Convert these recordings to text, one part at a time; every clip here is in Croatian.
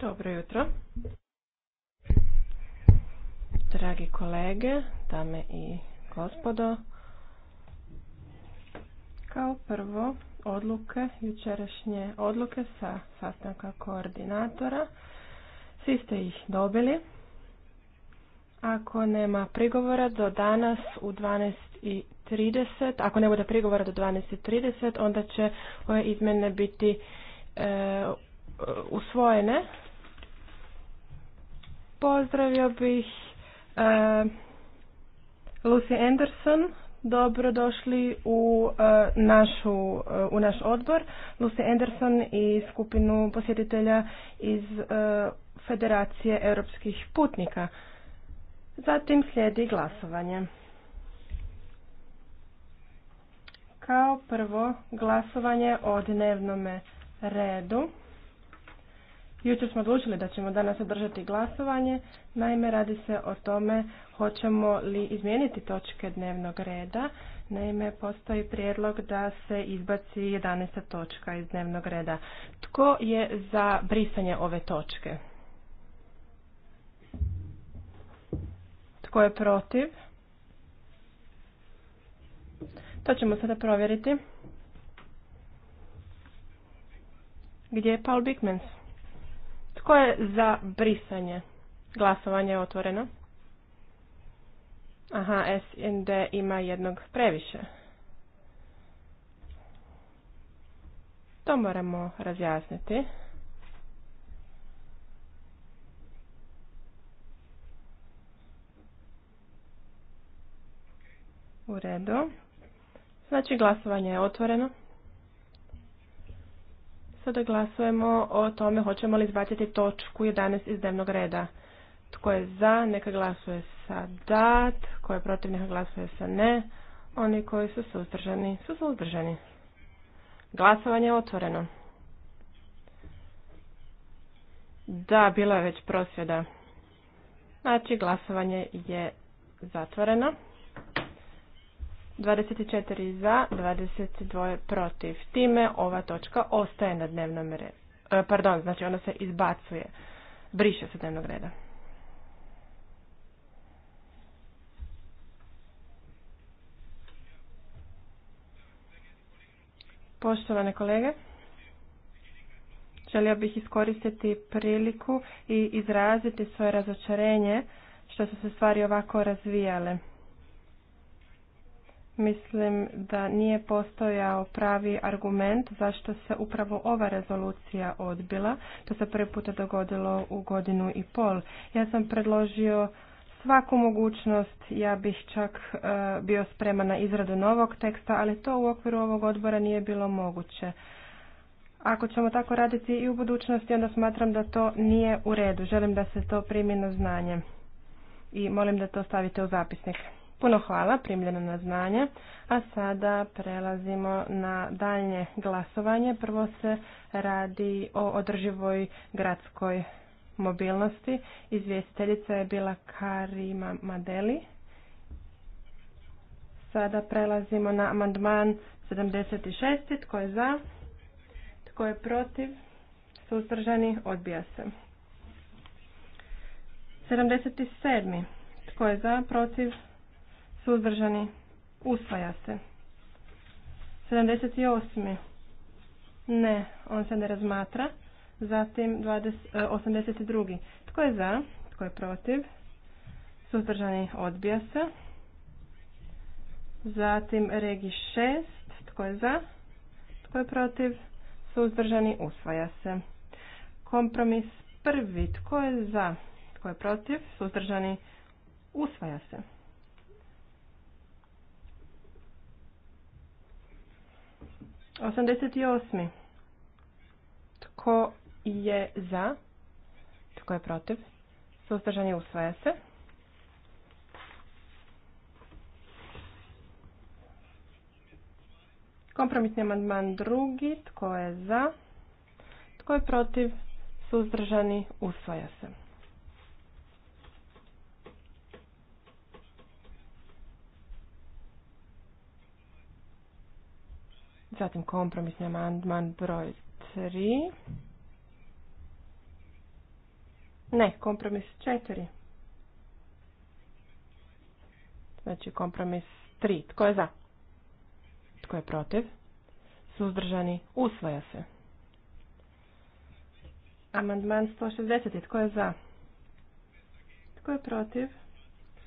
Dobro jutro. Dragi kolege, dame i gospodo. Kao prvo, odluke, jučerašnje odluke sa sastanka koordinatora. Svi ste ih dobili. Ako nema prigovora do danas u 12.30, ako ne bude prigovora do 12.30, onda će ove izmjene biti e, usvojene. Pozdravio bih e, Lucy Anderson, dobrodošli u e, našu e, u naš odbor Lucy Anderson i skupinu posjetitelja iz e, Federacije europskih putnika. Zatim slijedi glasovanje. Kao prvo glasovanje o dnevnome redu. Jučer smo odlučili da ćemo danas održati glasovanje. Naime, radi se o tome hoćemo li izmijeniti točke dnevnog reda. Naime, postoji prijedlog da se izbaci 11. točka iz dnevnog reda. Tko je za brisanje ove točke? Tko je protiv? To ćemo sada provjeriti. Gdje je Paul Bickmans? Tko je za brisanje? Glasovanje je otvoreno. Aha, SND ima jednog previše. To moramo razjasniti. U redu. Znači glasovanje je otvoreno. Sada glasujemo o tome hoćemo li izbaciti točku 11 iz dnevnog reda. Tko je za, neka glasuje sa da, tko je protiv, neka glasuje sa ne. Oni koji su suzdržani, su suzdržani. Glasovanje je otvoreno. Da, bila je već prosvjeda. Znači, glasovanje je zatvoreno. 24 za, 22 protiv. Time ova točka ostaje na dnevnom redu. E, pardon, znači ona se izbacuje. Briše se dnevnog reda. Poštovane kolege, želio bih iskoristiti priliku i izraziti svoje razočarenje što su se stvari ovako razvijale. Mislim da nije postojao pravi argument zašto se upravo ova rezolucija odbila. To se prvi puta dogodilo u godinu i pol. Ja sam predložio svaku mogućnost, ja bih čak e, bio spreman na izradu novog teksta, ali to u okviru ovog odbora nije bilo moguće. Ako ćemo tako raditi i u budućnosti, onda smatram da to nije u redu. Želim da se to primi na znanje i molim da to stavite u zapisnik. Puno hvala, primljeno na znanje. A sada prelazimo na daljnje glasovanje. Prvo se radi o održivoj gradskoj mobilnosti. Izvjestiteljica je bila Karima Madeli. Sada prelazimo na amandman 76. Tko je za? Tko je protiv? Suzdržani? Odbija se. 77. Tko je za? Protiv? Suzdržani. Usvaja se. 78. Ne, on se ne razmatra. Zatim 20, 82. E, Tko je za? Tko je protiv? Suzdržani odbija se. Zatim regi 6. Tko je za? Tko je protiv? Suzdržani usvaja se. Kompromis prvi. Tko je za? Tko je protiv? Suzdržani usvaja se. 88. Tko je za? Tko je protiv? Suzdržanje usvaja se. Kompromisni amandman drugi. Tko je za? Tko je protiv? Suzdržani usvaja se. Zatim kompromisni amandman broj 3. Ne, kompromis 4. Znači kompromis 3. Tko je za? Tko je protiv? Suzdržani usvaja se. Amandman 160. Tko je za? Tko je protiv?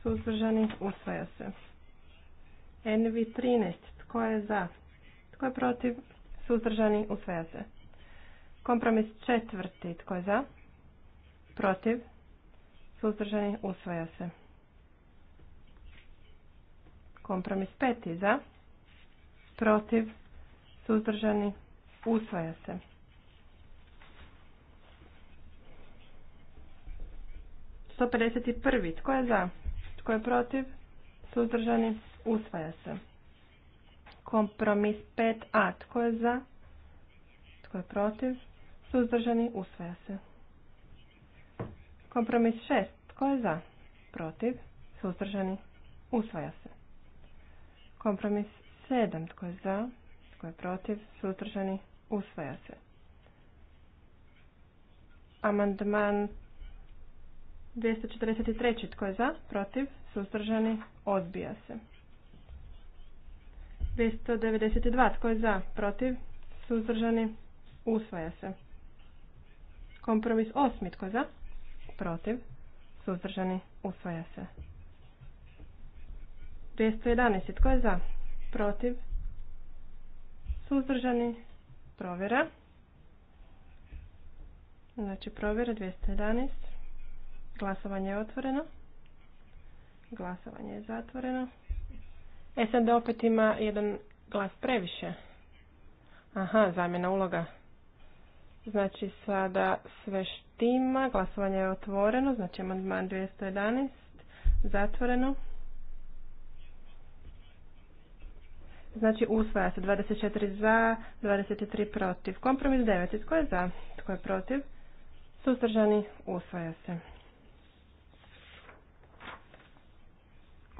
Suzdržani usvaja se. NV13. Tko je za? Tko je protiv? Suzdržani usvaja se. Kompromis četvrti. Tko je za? Protiv? Suzdržani usvaja se. Kompromis peti. Za? Protiv? Suzdržani usvaja se. Sto tko je za? Tko je protiv? Suzdržani usvaja se. Kompromis 5a. Tko je za? Tko je protiv? Suzdržani usvaja se. Kompromis 6. Tko je za? Protiv? Suzdržani usvaja se. Kompromis 7. Tko je za? Tko je protiv? Suzdržani usvaja se. Amandman 243. Tko je za? Protiv? Suzdržani? Odbija se. 292. Tko je za? Protiv? Suzdržani? Usvaja se. Kompromis osmi Tko je za? Protiv? Suzdržani? Usvaja se. 211. Tko je za? Protiv? Suzdržani? Provjera. Znači provjera 211. Glasovanje je otvoreno. Glasovanje je zatvoreno. E sad opet ima jedan glas previše. Aha, zamjena uloga. Znači sada sve štima, glasovanje je otvoreno, znači amandman 211, zatvoreno. Znači usvaja se 24 za, 23 protiv. Kompromis 9, tko je za, tko je protiv? Sustržani, usvaja se.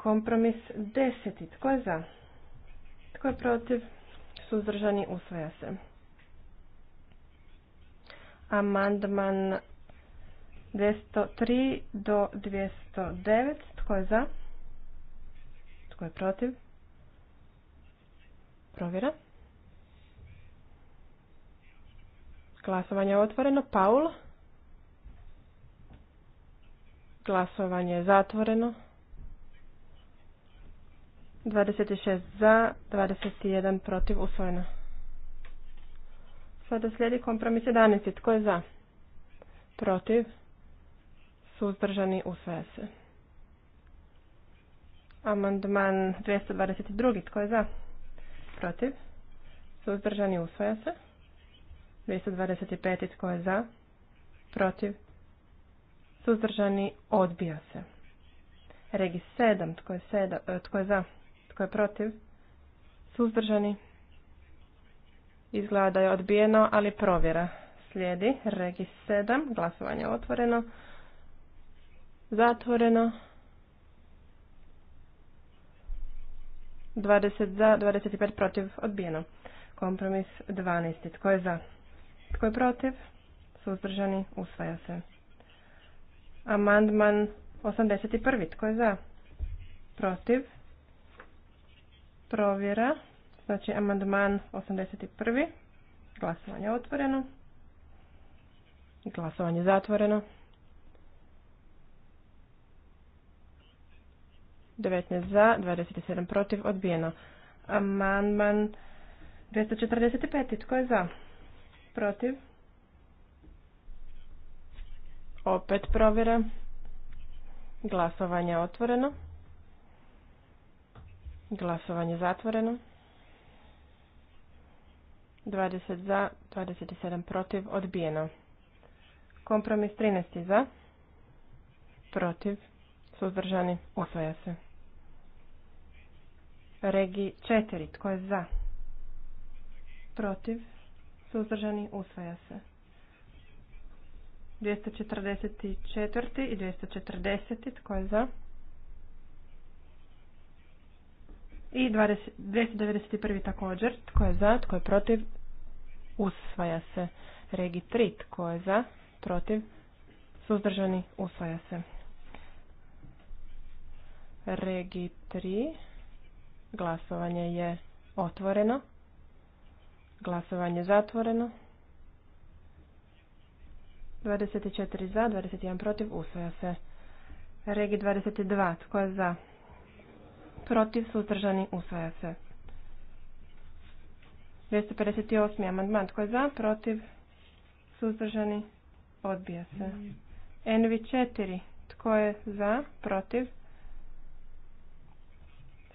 Kompromis deseti. Tko je za? Tko je protiv? Suzdržani usvaja se. Amandman 203 do 209. Tko je za? Tko je protiv? Provjera. Glasovanje otvoreno. Paul. Glasovanje je zatvoreno. 26 za, 21 protiv usvojeno. Sada slijedi kompromis 11. Tko je za? Protiv? Suzdržani usvaja se. Amandman 222. Tko je za? Protiv? Suzdržani usvaja se. 225. Tko je za? Protiv? Suzdržani odbija se. Regis 7. Tko je, eh, tko je za? Tko je protiv? Suzdržani? Izgleda je odbijeno, ali provjera. Slijedi regis 7. Glasovanje otvoreno. Zatvoreno. 20 za, 25 protiv, odbijeno. Kompromis 12. Tko je za? Tko je protiv? Suzdržani, usvaja se. Amandman 81. Tko je za? Protiv? Provjera. Znači amandman 81. Glasovanje otvoreno. glasovanje zatvoreno. 19 za, 27 protiv, odbijeno. Amandman 245. Tko je za? Protiv? Opet provjera. Glasovanje otvoreno. Glasovanje zatvoreno. 20 za, 27 protiv, odbijeno. Kompromis 13 za, protiv, suzdržani, usvaja se. Regi 4, tko je za? Protiv, suzdržani, usvaja se. 244. i 240. Tko je za? I 291. također. Tko je za? Tko je protiv? Usvaja se. Regi 3. Tko je za? Protiv? Suzdržani? Usvaja se. Regi 3. Glasovanje je otvoreno. Glasovanje je zatvoreno. 24 za, 21 protiv, usvaja se. Regi 22, tko je za? protiv, suzdržani, usvaja se. 258. amandman, tko je za, protiv, suzdržani, odbija se. NV4, tko je za, protiv,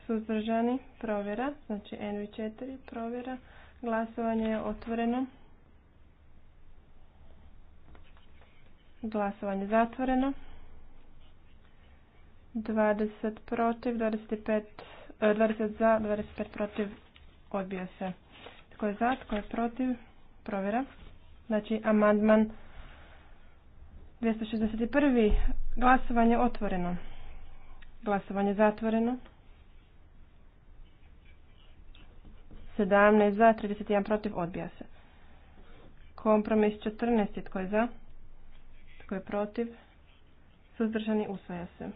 suzdržani, provjera, znači NV4, provjera, glasovanje je otvoreno. Glasovanje zatvoreno. 20 protiv, 25, 20 e, za, 25 protiv, odbija se. Tko je za, tko je protiv, provjera. Znači, amandman 261. Glasovanje otvoreno. Glasovanje zatvoreno. 17 za, 31 protiv, odbija se. Kompromis 14. Tko je za? Tko je protiv? Suzdržani usvaja se.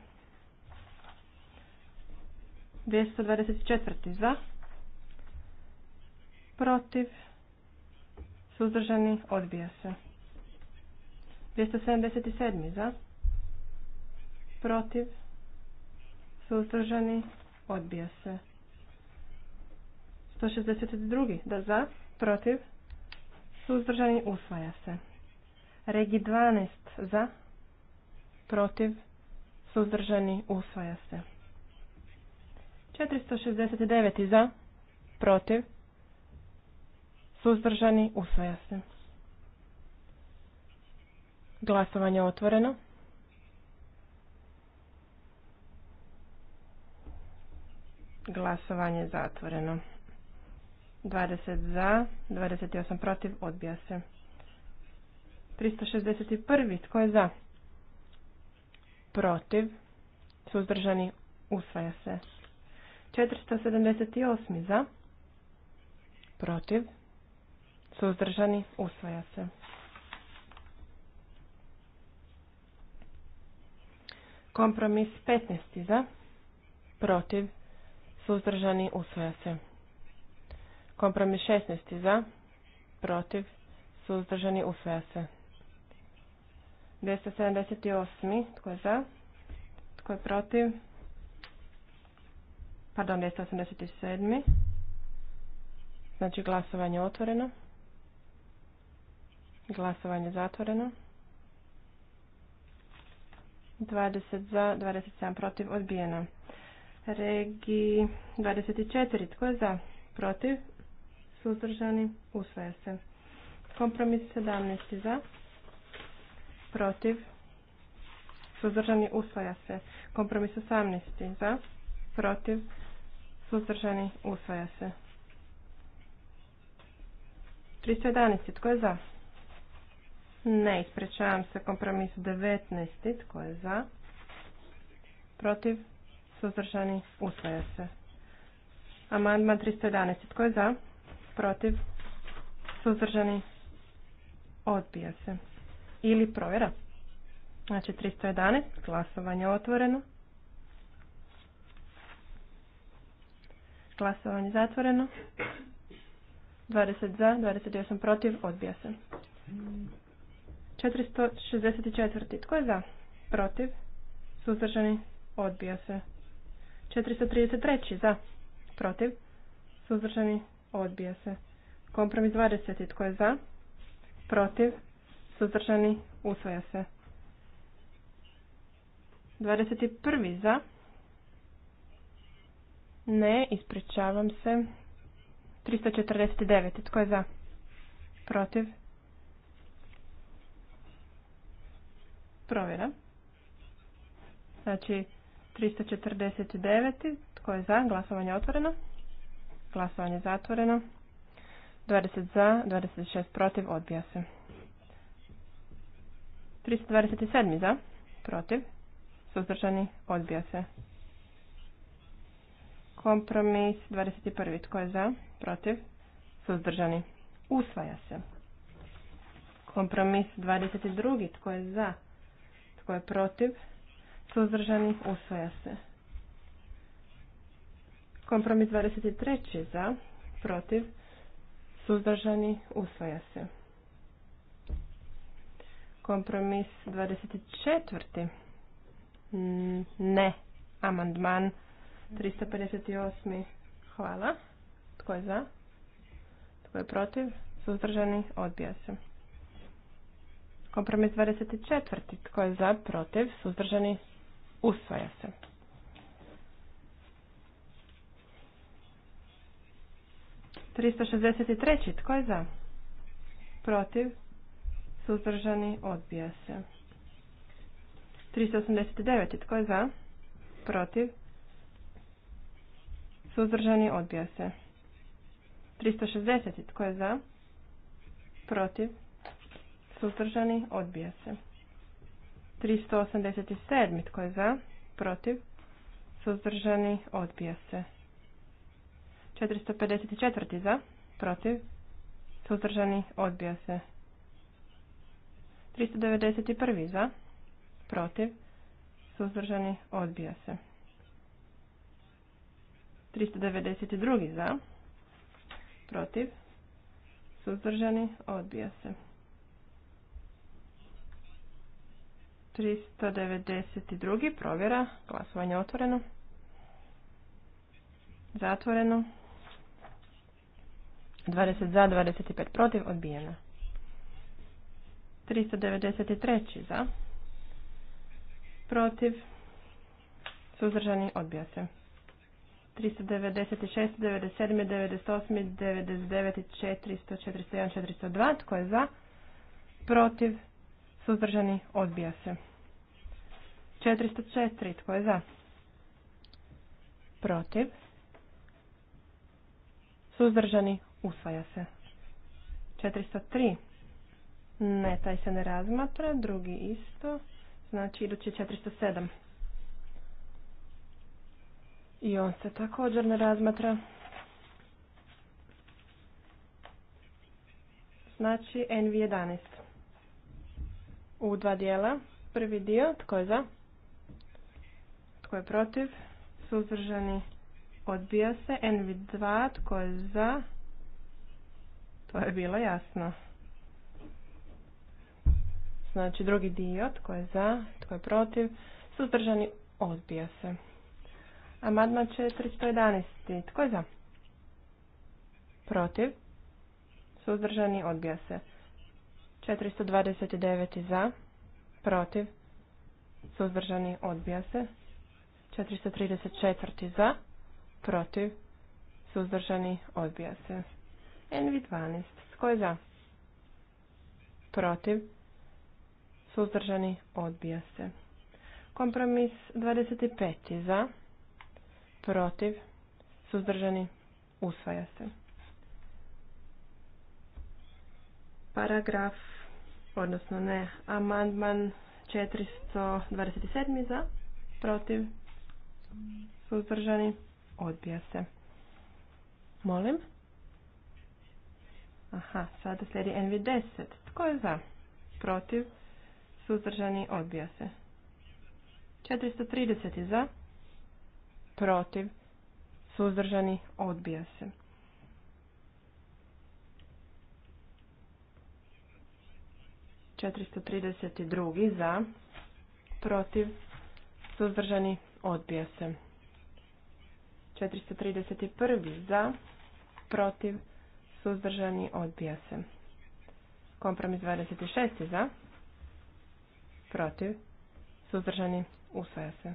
224. za. Protiv. Suzdržani. Odbija se. 277. za. Protiv. Suzdržani. Odbija se. 162. Da za. Protiv. Suzdržani. Usvaja se. Regi 12. Za. Protiv. Suzdržani. Usvaja se. 469. za, protiv, suzdržani, usvaja se. Glasovanje otvoreno. Glasovanje zatvoreno. 20 za, 28 protiv, odbija se. 361. Tko je za? Protiv. Suzdržani. Usvaja se. 478. za, protiv, suzdržani, usvaja se. Kompromis 15. za, protiv, suzdržani, usvaja se. Kompromis 16. za, protiv, suzdržani, usvaja se. 278. tko je za, tko je protiv, Pardon, 287. Znači glasovanje otvoreno. Glasovanje zatvoreno. 20 za, 27 protiv, odbijeno. Regi 24. Tko je za? Protiv? Suzdržani? Usvaja se. Kompromis 17. Za? Protiv? Suzdržani? Usvaja se. Kompromis 18. Za? Protiv? Suzdržani? Usvaja se. 311. Tko je za? Ne, ispričavam se. Kompromis 19. Tko je za? Protiv? Suzdržani? Usvaja se. Amandman 311. Tko je za? Protiv? Suzdržani? Odbija se. Ili provjera. Znači 311. Glasovanje otvoreno. Glasovanje zatvoreno. 20 za, 28 protiv, odbija se. 464. Tko je za? Protiv. Suzdržani. Odbija se. 433. Za. Protiv. Suzdržani. Odbija se. Kompromis 20. Tko je za? Protiv. Suzdržani. Usvaja se. 21. Za. Ne, ispričavam se. 349. Tko je za? Protiv? Provjera. Znači, 349. Tko je za? Glasovanje je otvoreno. Glasovanje je zatvoreno. 20 za, 26 protiv, odbija se. 327. za, protiv, suzdržani, odbija se. Kompromis 21. Tko je za? Protiv? Suzdržani? Usvaja se. Kompromis 22. Tko je za? Tko je protiv? Suzdržani? Usvaja se. Kompromis 23. Za? Protiv? Suzdržani? Usvaja se. Kompromis 24. Ne. Amandman 358. Hvala. Tko je za? Tko je protiv? Suzdržani? Odbija se. Kompromis 24. Tko je za? Protiv? Suzdržani? Usvaja se. Tristo Tko je za? Protiv? Suzdržani? Odbija se. 389. Tko je za? Protiv? Suzdržani odbija se. 360. Tko je za? Protiv. Suzdržani odbija se. 387. Tko je za? Protiv. Suzdržani odbija se. 454. Za? Protiv. Suzdržani odbija se. 391. Za? Protiv. Suzdržani odbija se. 392. za. Protiv. Suzdržani. Odbija se. 392. Provjera. Glasovanje otvoreno. Zatvoreno. 20 za, 25 protiv. Odbijeno. 393. za. Protiv. Suzdržani. Odbija se. 396, 97, 98, 99 i 400, 401, 402. Tko je za? Protiv? Suzdržani? Odbija se. 404. Tko je za? Protiv? Suzdržani? Usvaja se. 403. Ne, taj se ne razmatra. Drugi isto. Znači, idući 407. I on se također ne razmatra. Znači NV11. U dva dijela. Prvi dio, tko je za? Tko je protiv? Suzdržani odbija se. NV2, tko je za? To je bilo jasno. Znači drugi dio, tko je za, tko je protiv, suzdržani odbija se. Amandman 411. Tko je za? Protiv. Suzdržani odbija se. 429. za. Protiv. Suzdržani odbija se. 434. za. Protiv. Suzdržani odbija se. NV12. Tko je za? Protiv. Suzdržani odbija se. Kompromis 25. za protiv, suzdržani, usvaja se. Paragraf, odnosno ne, amandman 427. za, protiv, suzdržani, odbija se. Molim. Aha, sada slijedi NV10. Tko je za? Protiv, suzdržani, odbija se. 430 za, protiv, suzdržani, odbija se. 432 za, protiv, suzdržani, odbija se. 431 za, protiv, suzdržani, odbija se. Kompromis 26 za, protiv, suzdržani, usvaja se.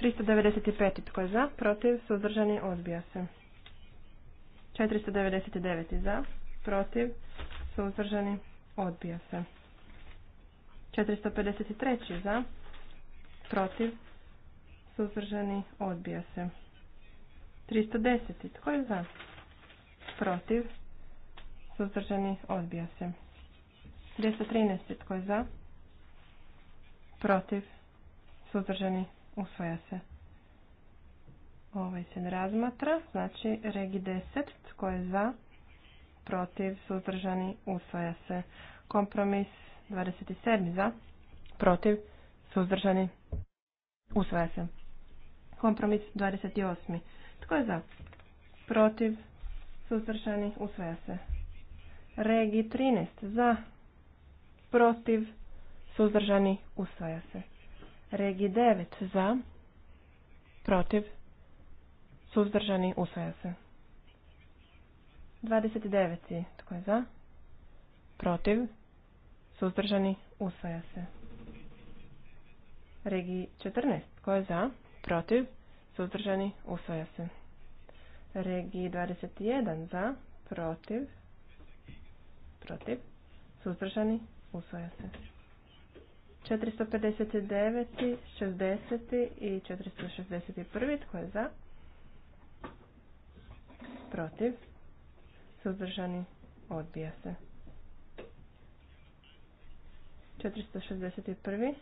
395. Tko je za? Protiv? Suzdržani? Odbija se. 499. Za? Protiv? Suzdržani? Odbija se. 453. Za? Protiv? Suzdržani? Odbija se. 310. Tko je za? Protiv? Suzdržani? Odbija se. 213. Tko je za? Protiv? Suzdržani? Usvaja se. Ovaj se ne razmatra. Znači, regi 10. Tko je za? Protiv. Suzdržani. Usvaja se. Kompromis 27. Za. Protiv. Suzdržani. Usvaja se. Kompromis 28. Tko je za? Protiv. Suzdržani. Usvaja se. Regi 13. Za. Protiv. Suzdržani. Usvaja se. Regi 9 za, protiv, suzdržani, usvaja se. 29. Tko je za? Protiv, suzdržani, usvaja se. Regi 14. Tko je za? Protiv, suzdržani, usvaja se. Regi 21 za, protiv, protiv, suzdržani, usvaja se. 459, 60 i 461. Tko je za? Protiv. Suzdržani. Odbija se. 461.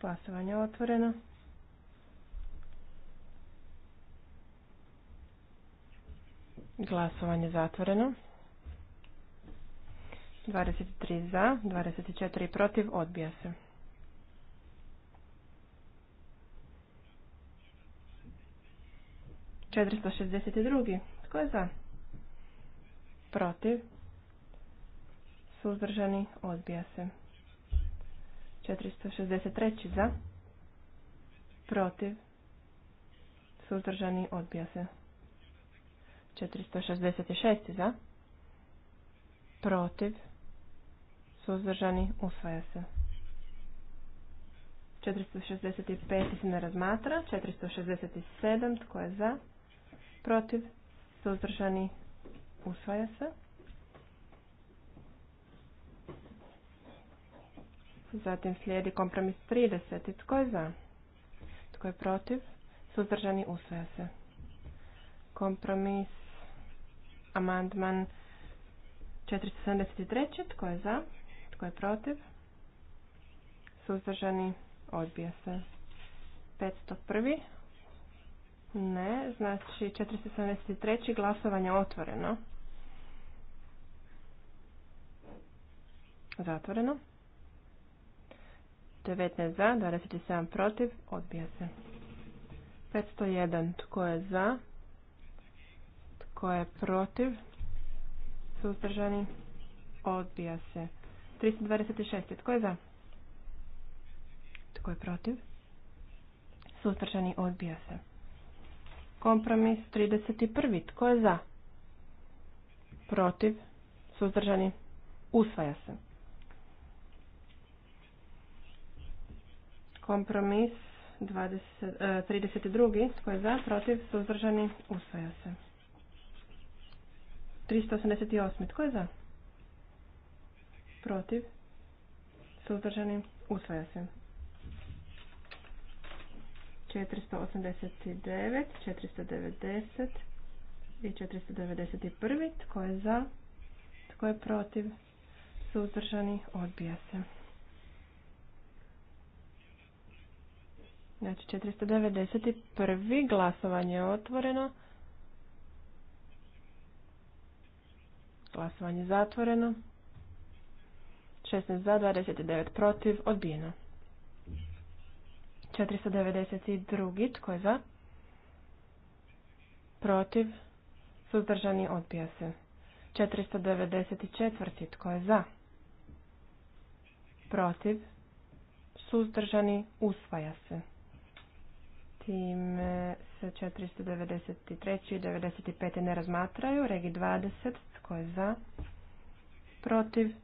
Glasovanje otvoreno. Glasovanje zatvoreno. 23 za, 24 protiv, odbija se. 462. Tko je za? Protiv. Suzdržani odbija se. 463. Za. Protiv. Suzdržani odbija se. 466. Za. Protiv. Suzdržani usvaja se. 465 se ne razmatra. 467. Tko je za? protiv, suzdržani, usvaja se. Zatim slijedi kompromis 30. Tko je za? Tko je protiv? Suzdržani usvaja se. Kompromis amandman 473. Tko je za? Tko je protiv? Suzdržani odbija se. 501. Ne, znači 473. glasovanje otvoreno. Zatvoreno. 19 za, 27 protiv, odbija se. 501. Tko je za? Tko je protiv? Suzdržani? Odbija se. 326. Tko je za? Tko je protiv? Suzdržani? Odbija se. Kompromis 31. Tko je za? Protiv? Suzdržani? Usvaja se. Kompromis 32. E, Tko je za? Protiv? Suzdržani? Usvaja se. 388. Tko je za? Protiv? Suzdržani? Usvaja se. 489, 490 i 491. Tko je za? Tko je protiv? Suzdržani odbija se. Znači 491. glasovanje je otvoreno. Glasovanje je zatvoreno. 16 za, 29 protiv, odbijeno. 492. Tko je za? Protiv? Suzdržani odbija se. 494. Tko je za? Protiv? Suzdržani usvaja se. Time se 493. i 95. ne razmatraju. Regi 20. Tko je za? Protiv?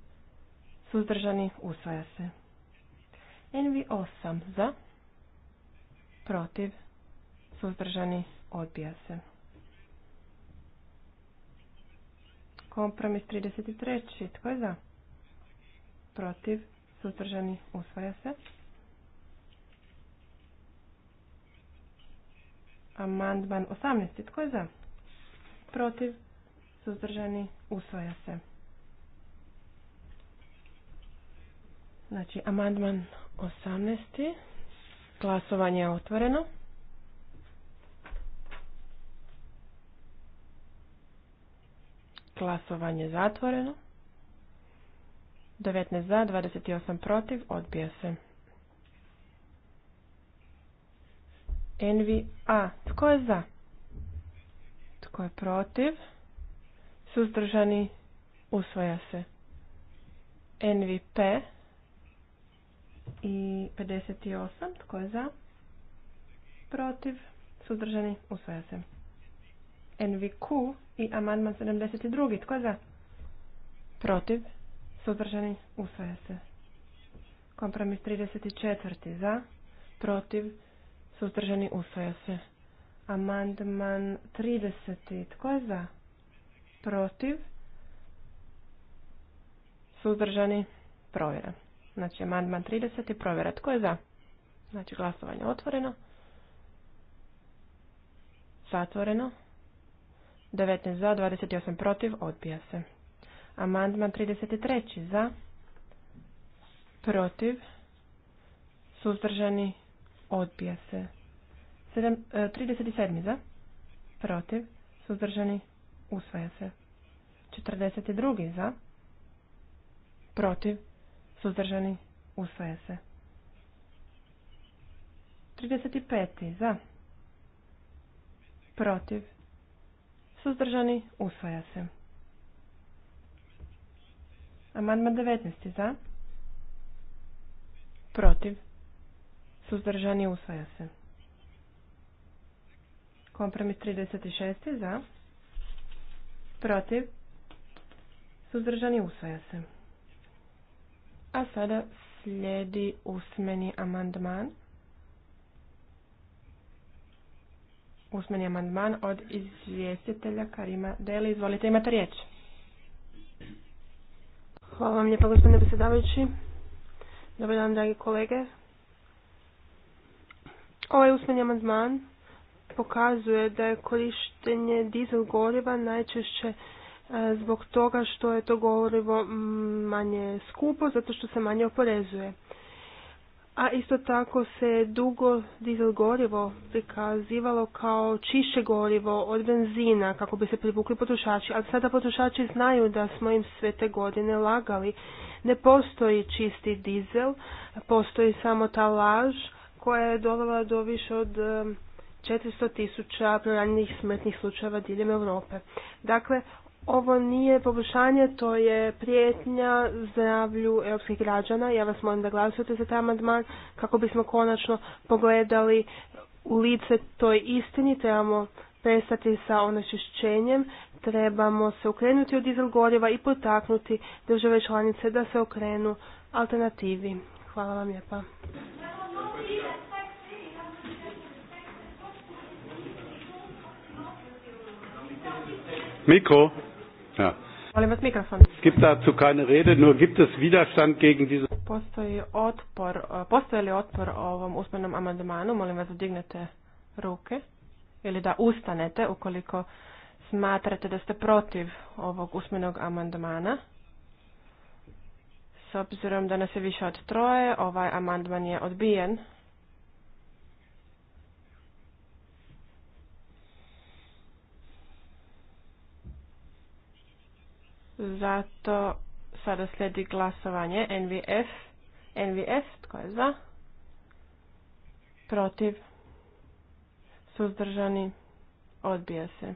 Suzdržani usvaja se. NV8 za? protiv, suzdržani, odbija se. Kompromis 33. Tko je za? Protiv, suzdržani, usvaja se. Amandman 18. Tko je za? Protiv, suzdržani, usvaja se. Znači, amandman 18. Glasovanje je otvoreno. Glasovanje je zatvoreno. 19 za, 28 protiv, odbija se. Envi A. Tko je za? Tko je protiv? Suzdržani usvaja se. NVP i 58. Tko je za? Protiv? Suzdržani? Usvaja se. NVQ i amandman 72. Tko je za? Protiv? Suzdržani? Usvaja se. Kompromis 34. Za? Protiv? Suzdržani? Usvaja se. Amandman 30. Tko je za? Protiv? Suzdržani? Provjera. Znači, amandman 30 i provjera. Tko je za? Znači, glasovanje otvoreno. Zatvoreno. 19 za, 28 protiv, odbija se. Amandman 33 za, protiv, suzdržani, odbija se. 37 e, za, protiv, suzdržani, usvaja se. 42 za, protiv, Suzdržani. Usvaja se. 35. Za. Protiv. Suzdržani. Usvaja se. Amandman 19. Za. Protiv. Suzdržani. Usvaja se. Kompromis 36. Za. Protiv. Suzdržani. Usvaja se. A sada slijedi usmeni amandman. Usmeni amandman od izvjestitelja Karima Deli. Izvolite, imate riječ. Hvala vam lijepa gospodine predsjedavajući. Dobar dan dragi kolege. Ovaj usmeni amandman pokazuje da je korištenje dizel goriva najčešće E, zbog toga što je to govorivo manje skupo, zato što se manje oporezuje. A isto tako se dugo dizel gorivo prikazivalo kao čišće gorivo od benzina kako bi se privukli potrošači, ali sada potrošači znaju da smo im sve te godine lagali. Ne postoji čisti dizel, postoji samo ta laž koja je dovela do više od 400.000 e, tisuća proranjenih smrtnih slučajeva diljem Europe. Dakle, ovo nije poboljšanje, to je prijetnja zdravlju europskih građana. Ja vas molim da glasujete za taj amandman kako bismo konačno pogledali u lice toj istini. Trebamo prestati sa onečišćenjem, trebamo se okrenuti od dizel goriva i potaknuti države članice da se okrenu alternativi. Hvala vam lijepa. Molim vas mikrofon. Rede, nur gibt es Widerstand gegen diese... Postoji eh, postoji li otpor ovom usmenom amandmanu? Molim vas da dignete ruke ili da ustanete ukoliko smatrate da ste protiv ovog usmenog amandmana. S obzirom da nas je više od troje, ovaj amandman je odbijen. Zato sada slijedi glasovanje NVF. NVF, tko je za? Protiv? Suzdržani? Odbija se.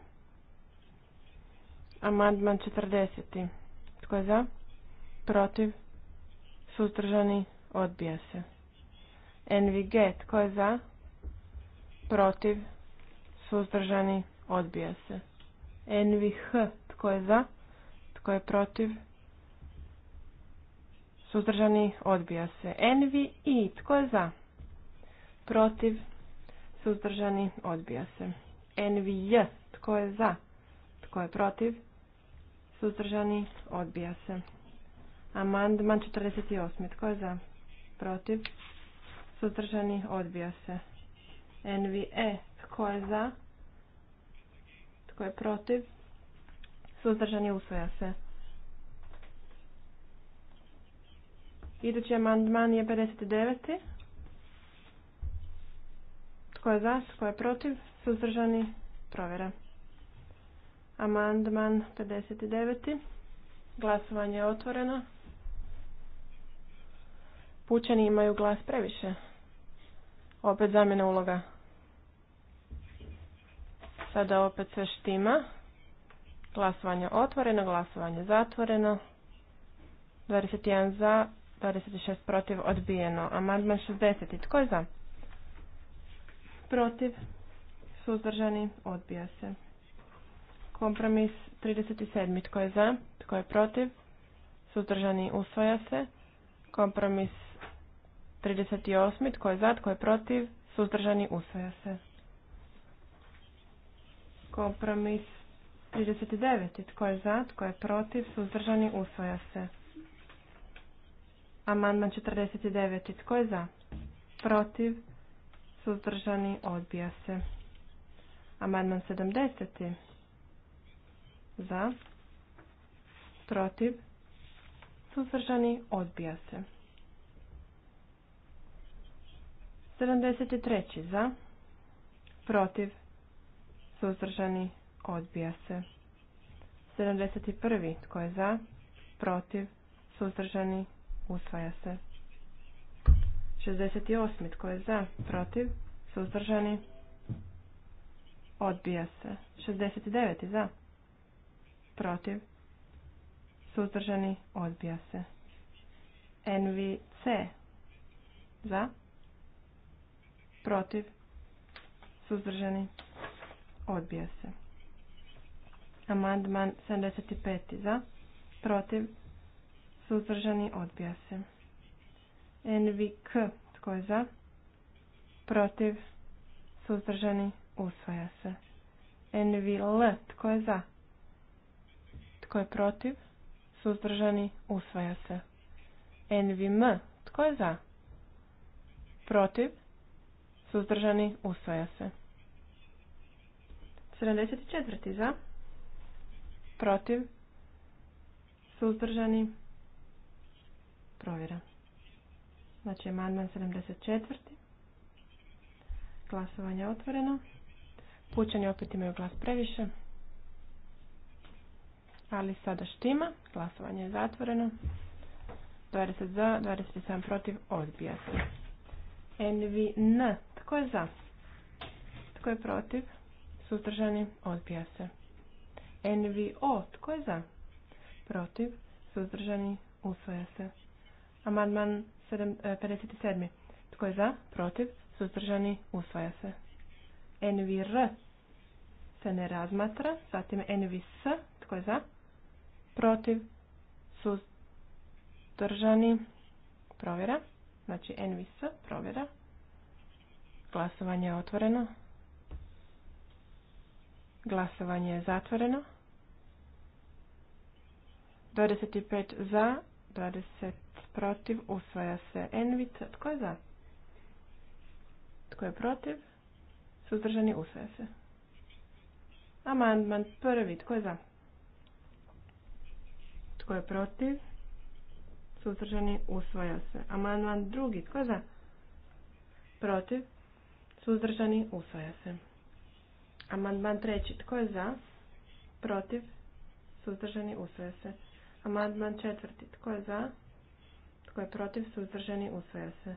Amandman 40. Tko je za? Protiv? Suzdržani? Odbija se. NVG. Tko je za? Protiv? Suzdržani? Odbija se. NVH. Tko je za? Tko je protiv? Suzdržani odbija se. Envi i tko je za? Protiv? Suzdržani odbija se. Envi j. Tko je za? Tko je protiv? Suzdržani odbija se. Amandman 48. Tko je za? Protiv? Suzdržani odbija se. e. Tko je za? Tko je protiv? Suzdržani usvoja se. Idući amandman je 59. Tko je za? Tko je protiv? Suzdržani provjera. Amandman 59. Glasovanje je otvoreno. Pućani imaju glas previše. Opet zamjena uloga. Sada opet sve štima. Glasovanje otvoreno, glasovanje zatvoreno. 21 za, 26 protiv, odbijeno. Amandman 60. Tko je za? Protiv, suzdržani, odbija se. Kompromis 37. Tko je za? Tko je protiv? Suzdržani, Usvoja se. Kompromis 38. Tko je za? Tko je protiv? Suzdržani, usvaja se. Kompromis 39. Tko je za? Tko je protiv? Suzdržani? usvoja se. Amandman 49. Tko je za? Protiv? Suzdržani? Odbija se. Amandman 70. Za? Protiv? Suzdržani? Odbija se. 73. Za? Protiv? Suzdržani? odbija se. 71. tko je za, protiv, suzdržani, usvaja se. 68. tko je za, protiv, suzdržani, odbija se. 69. za, protiv, suzdržani, odbija se. NVC za, protiv, suzdržani, odbija se. Amandman 75. za. Protiv. Suzdržani odbija se. NVK. Tko je za? Protiv. Suzdržani usvaja se. NVL. Tko je za? Tko je protiv? Suzdržani usvaja se. NVM. Tko je za? Protiv. Suzdržani usvaja se. 74. za. Protiv? Suzdržani? Provjera. Znači, amandman 74. Glasovanje je otvoreno. Pućani opet imaju glas previše. Ali sada štima. Glasovanje je zatvoreno. 20 za, 27 protiv, odbija se. NVN. Tko je za? Tko je protiv? Suzdržani, odbija se. NVO. Tko je za? Protiv. Suzdržani. Usvaja se. Amandman 57. E, Tko je za? Protiv. Suzdržani. Usvaja se. NVR se ne razmatra. Zatim NVS. Tko je za? Protiv. Suzdržani. Provjera. Znači NVS. Provjera. Glasovanje je otvoreno. Glasovanje je zatvoreno. 25 za, 20 protiv, usvaja se Envit. Tko je za? Tko je protiv? Suzdržani usvaja se. Amandman prvi. Tko je za? Tko je protiv? Suzdržani usvaja se. Amandman drugi. Tko je za? Protiv? Suzdržani usvaja se. Amandman treći. Tko je za? Protiv? Suzdržani? Usvaja se. Amandman četvrti. Tko je za? Tko je protiv? Suzdržani? Usvaja se.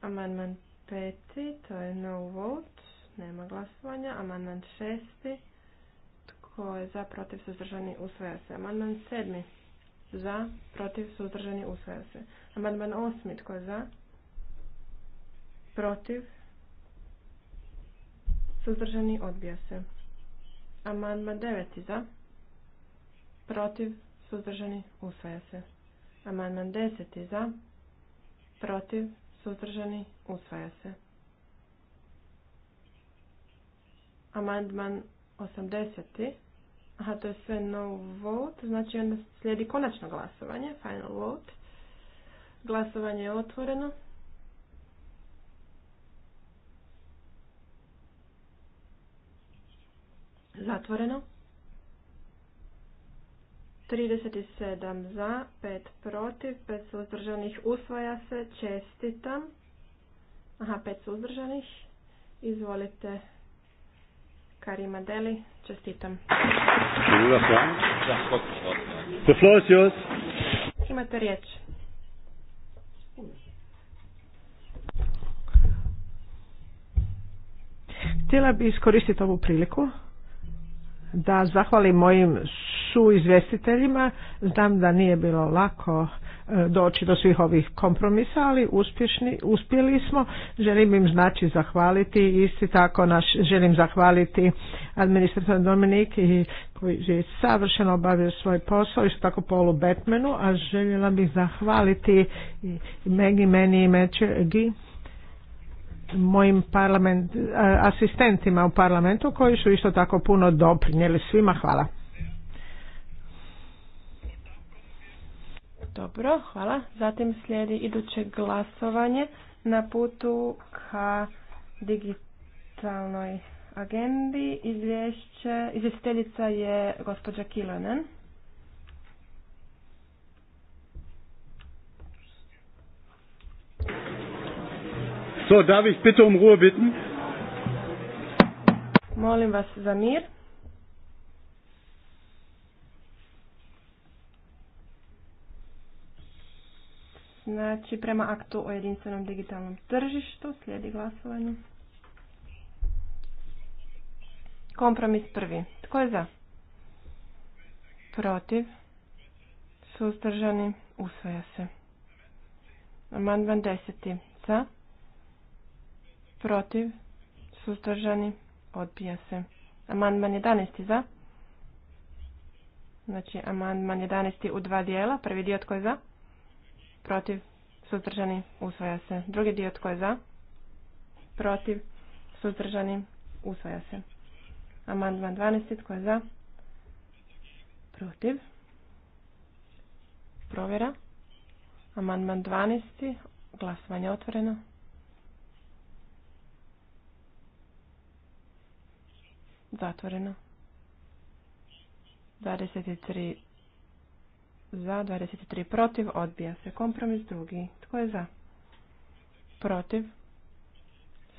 Amandman peti. To je no vote. Nema glasovanja. Amandman šesti. Tko je za? Protiv? Suzdržani? Usvaja se. Amandman sedmi. Za? Protiv? Suzdržani? Usvaja se. Amandman osmi. Tko je za? Protiv? Suzdržani odbija se. Amandman 9 za. Protiv. Suzdržani usvaja se. Amandman 10 za. Protiv. Suzdržani usvaja se. Amandman 80. Aha, to je sve no vote. Znači onda slijedi konačno glasovanje. Final vote. Glasovanje je otvoreno. Zatvoreno. 37 za, 5 protiv, 5 suzdržanih. Usvaja se. Čestitam. Aha, 5 suzdržanih. Izvolite. Karima Deli, čestitam. The floor is yours. Imate riječ. Htjela bi iskoristiti ovu priliku da zahvalim mojim suizvestiteljima. Znam da nije bilo lako e, doći do svih ovih kompromisa, ali uspješni, uspjeli smo. Želim im znači zahvaliti, isti tako naš, želim zahvaliti administraciju Dominik i koji je savršeno obavio svoj posao, isto tako Polu Batmanu, a željela bih zahvaliti i Megi, meni i mojim parlament, e, asistentima u parlamentu koji su isto tako puno doprinijeli svima. Hvala. Dobro, hvala. Zatim slijedi iduće glasovanje na putu ka digitalnoj agendi. Izvješće, izvjestiteljica je gospođa Kilonen. So, darf ich bitte um Ruhe bitten? Molim vas za mir. Znači, prema aktu o jedinstvenom digitalnom tržištu slijedi glasovanje. Kompromis prvi. Tko je za? Protiv. Sustržani. Usvaja se. Amandman deseti. Za protiv, suzdržani, odbija se. Amandman 11. za. Znači, amandman 11. u dva dijela. Prvi dio tko je za, protiv, suzdržani, usvaja se. Drugi dio tko je za, protiv, suzdržani, usvaja se. Amandman 12. tko je za, protiv, provjera. Amandman 12. Glasovanje otvoreno. Zatvoreno. 23 za, 23 protiv, odbija se kompromis drugi. Tko je za? Protiv.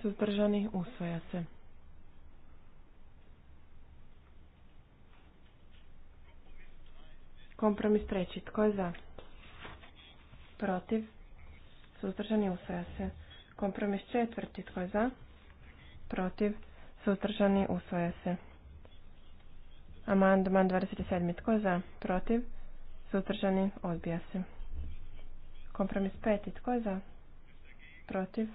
Suzdržani, usvoja se. Kompromis treći. Tko je za? Protiv. Suzdržani, usvoja se. Kompromis četvrti. Tko je za? Protiv Suzdržani usvoja se. Amandman 27. Tko za? Protiv? Suzdržani odbija se. Kompromis 5. Tko je za? Protiv?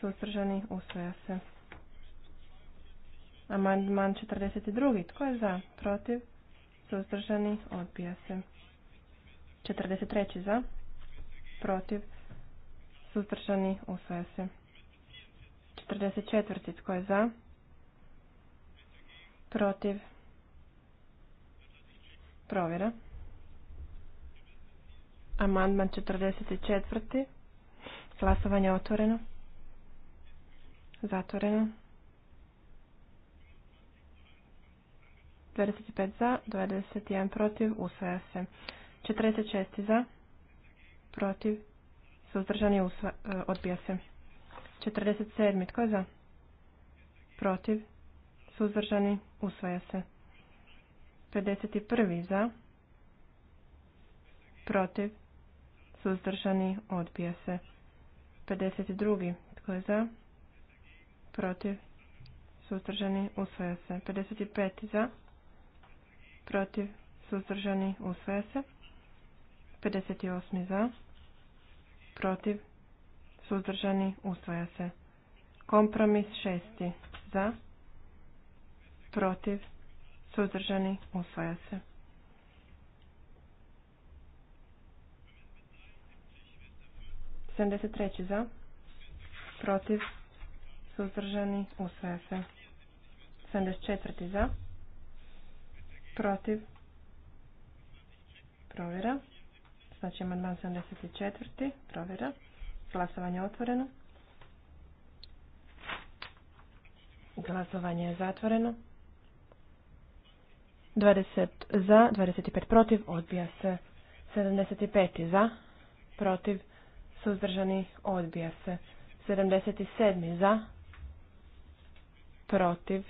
Suzdržani usvoja se. Amandman 42. Tko je za? Protiv? Suzdržani odbija se. 43. Za? Protiv? Suzdržani usvoja se. 44. Tko je za? Protiv. Provjera. Amandman 44. Glasovanje otvoreno. Zatvoreno. 25 za, 21 protiv, usvaja se. 46 za, protiv, suzdržani i e, odbija se. 47. Tko je za? Protiv, suzdržani, usvaja se. 51. za, protiv, suzdržani, odbija se. 52. tko je za, protiv, suzdržani, usvaja se. 55. za, protiv, suzdržani, usvaja se. 58. za, protiv, suzdržani, usvaja se. Kompromis šesti za, protiv, suzdržani, usvaja se. Sedamdeset treći za, protiv, suzdržani, usvaja se. Sedamdeset četvrti za, protiv, provjera. Znači, amandman 74. Provjera. Glasovanje otvoreno. Glasovanje je zatvoreno. 20 za, 25 protiv, odbija se. 75 za, protiv, suzdržani, odbija se. 77 za, protiv,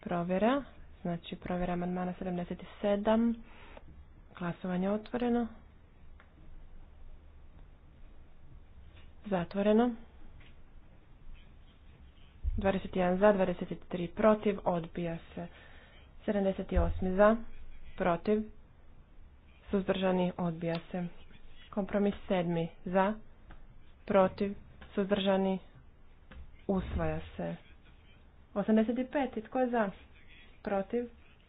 provjera, znači provjera amandmana 77, glasovanje otvoreno, zatvoreno, 21 za, 23 protiv, odbija se. 78 za, protiv, suzdržani odbija se. Kompromis 7 za, protiv, suzdržani usvaja se. 85 tko je za, protiv,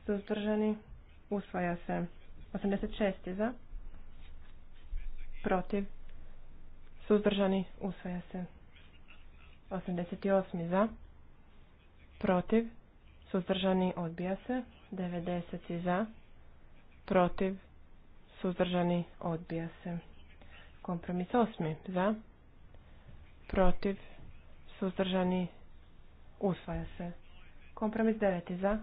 suzdržani usvaja se. 86 za, protiv, suzdržani usvaja se. 88 za, protiv, suzdržani odbija se 90 za protiv suzdržani odbija se kompromis osmi za protiv suzdržani usvaja se kompromis 9 za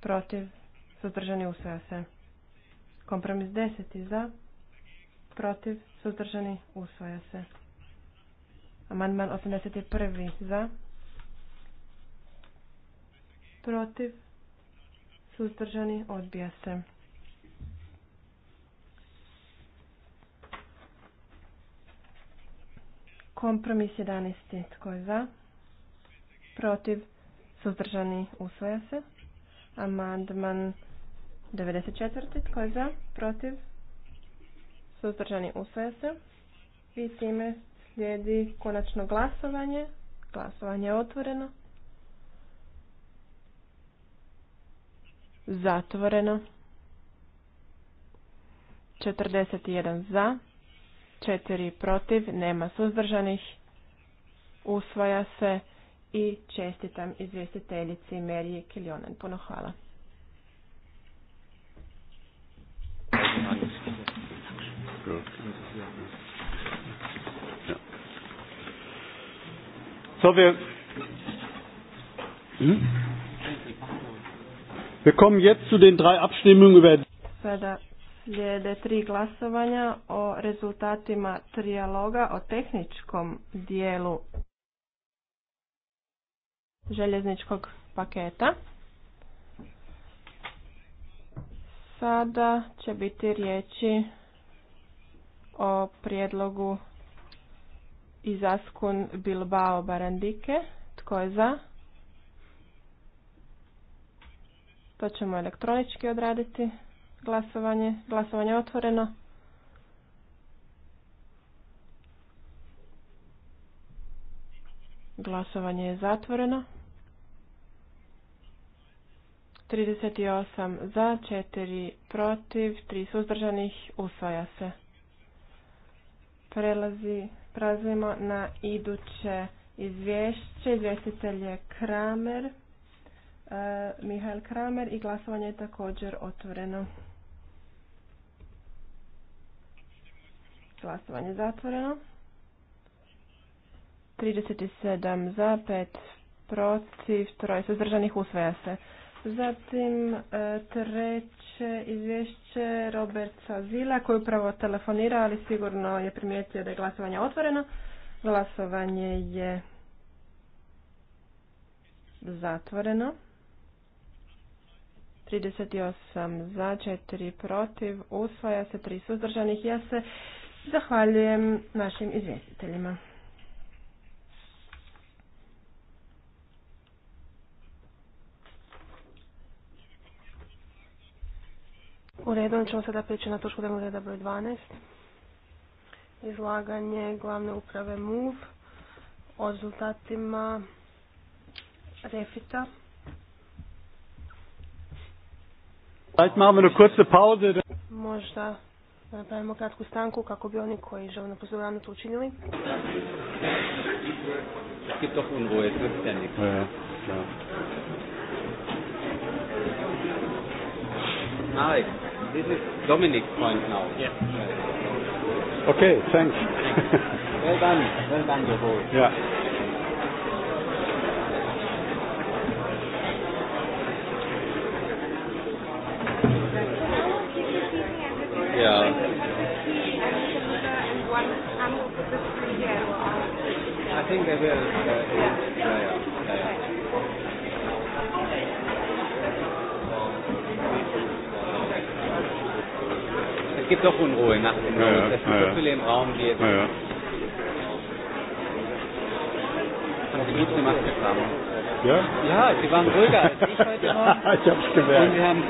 protiv suzdržani usvaja se kompromis 10 za protiv suzdržani usvaja se amandman 81 za protiv, suzdržani, odbija se. Kompromis 11. Tko je za? Protiv, suzdržani, usvoje se. Amandman 94. Tko je za? Protiv, suzdržani, usvaja se. I time slijedi konačno glasovanje. Glasovanje je otvoreno. zatvoreno 41 za 4 protiv nema suzdržanih usvaja se i čestitam izvjestiteljici Merije Kiljonen puno hvala So hmm? Wir kommen jetzt den über Sada slijede tri glasovanja o rezultatima trijaloga o tehničkom dijelu željezničkog paketa. Sada će biti riječi o prijedlogu Izaskun Bilbao Barandike. Tko je za? To ćemo elektronički odraditi. Glasovanje. Glasovanje je otvoreno. Glasovanje je zatvoreno. 38 za, 4 protiv, 3 suzdržanih, usvaja se. Prelazi, prazimo na iduće izvješće. Izvjestitelj je Kramer. E, Mihael Kramer i glasovanje je također otvoreno. Glasovanje je zatvoreno. 37 za, 5 protiv, troje suzdržanih usvaja se. Zatim e, treće izvješće Roberta Zila koji upravo telefonira, ali sigurno je primijetio da je glasovanje otvoreno. Glasovanje je zatvoreno. 38 za, 4 protiv, usvaja se 3 suzdržanih. Ja se zahvaljujem našim izvjestiteljima. U redu ćemo sada prići na točku dnevnog reda broj 12. Izlaganje glavne uprave MUV o rezultatima refita. Možda napravimo kratku stanku kako bi oni koji žele na pozoranu to učinili. E, Alex, this is Dominic's point now. Yes. Okay, thanks. well done, well done, your boy. Yeah. think they will. Uh, yeah, yeah, yeah. yeah, Es gibt doch Unruhe nach dem ja, Raum. Es sind so viele im Raum, die jetzt. Ja, ja. Haben Sie gut gemacht, Herr Kramer? Ja? Ja, Sie waren ruhiger als ich heute Morgen. ich hab's gemerkt. Und wir haben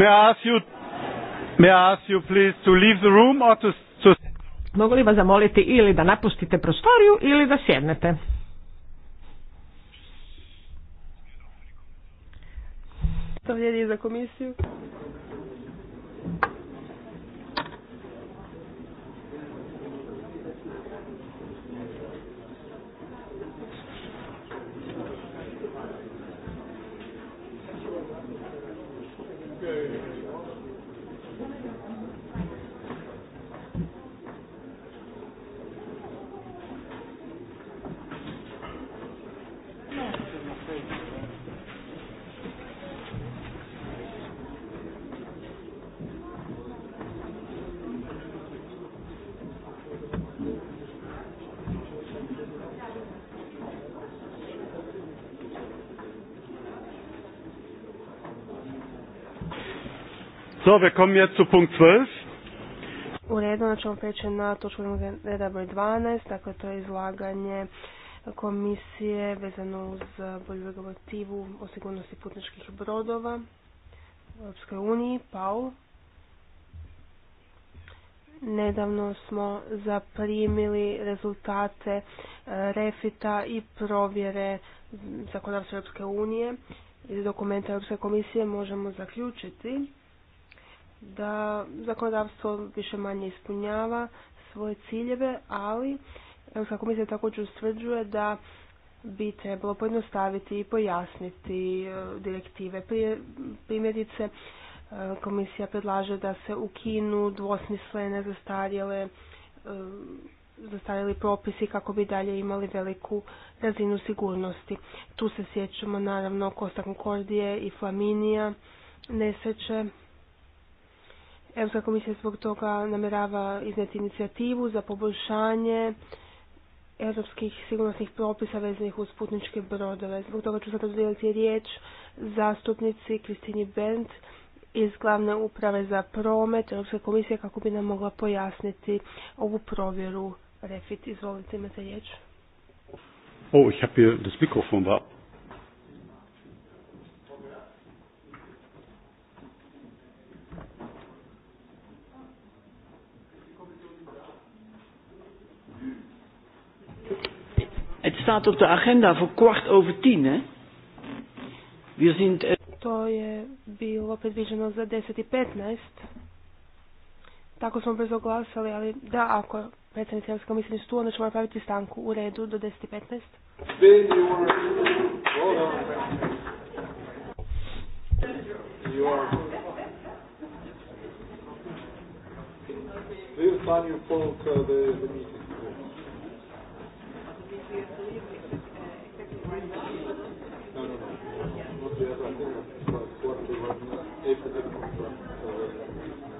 May I ask you, may I ask you please to leave the room or to, to... Mogu li vas zamoliti ili da napustite prostoriju ili da sjednete? To je za komisiju. So, wir kommen jetzt 12. U redu, znači ćemo prijeći na točku reda broj 12, dakle to je izlaganje komisije vezano uz bolju regulativu o sigurnosti putničkih brodova u Europskoj uniji, PAU. Nedavno smo zaprimili rezultate e, refita i provjere zakonodavstva Europske unije. Iz dokumenta Europske komisije možemo zaključiti da zakonodavstvo više manje ispunjava svoje ciljeve, ali Europska komisija također ustvrđuje da bi trebalo pojednostaviti i pojasniti e, direktive. primjerice, e, komisija predlaže da se ukinu dvosmislene zastarjele e, zastarjeli propisi kako bi dalje imali veliku razinu sigurnosti. Tu se sjećamo naravno Kosta Concordije i Flaminija nesreće Europska komisija zbog toga namjerava iznijeti inicijativu za poboljšanje europskih sigurnosnih propisa vezanih uz putničke brodove. Zbog toga ću sada dodijeliti riječ zastupnici Kristini Bent iz glavne uprave za promet Europske komisije kako bi nam mogla pojasniti ovu provjeru Refit. Izvolite, imate riječ. Oh, ich habe hier das Mikrofon staat op de agenda voor kwart over tien, hè? Wir het... Eh, to je bilo predviđeno za 10 i 15. Tako smo brzo glasali, ali da, ako predsjednici Europske komisije nisu tu, onda ćemo napraviti stanku u redu do 10 i 15. You are... you uh, the meeting? No, no, no.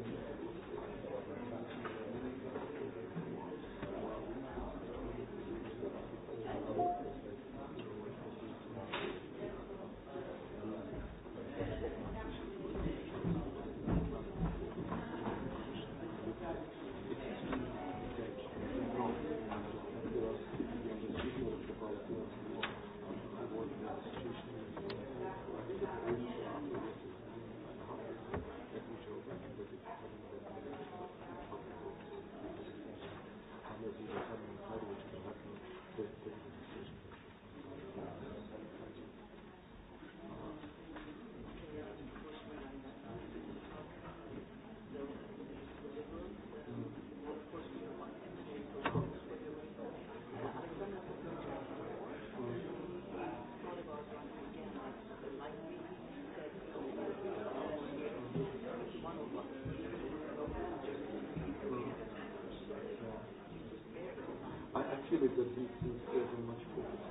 Hvala što feel da that se do very much focus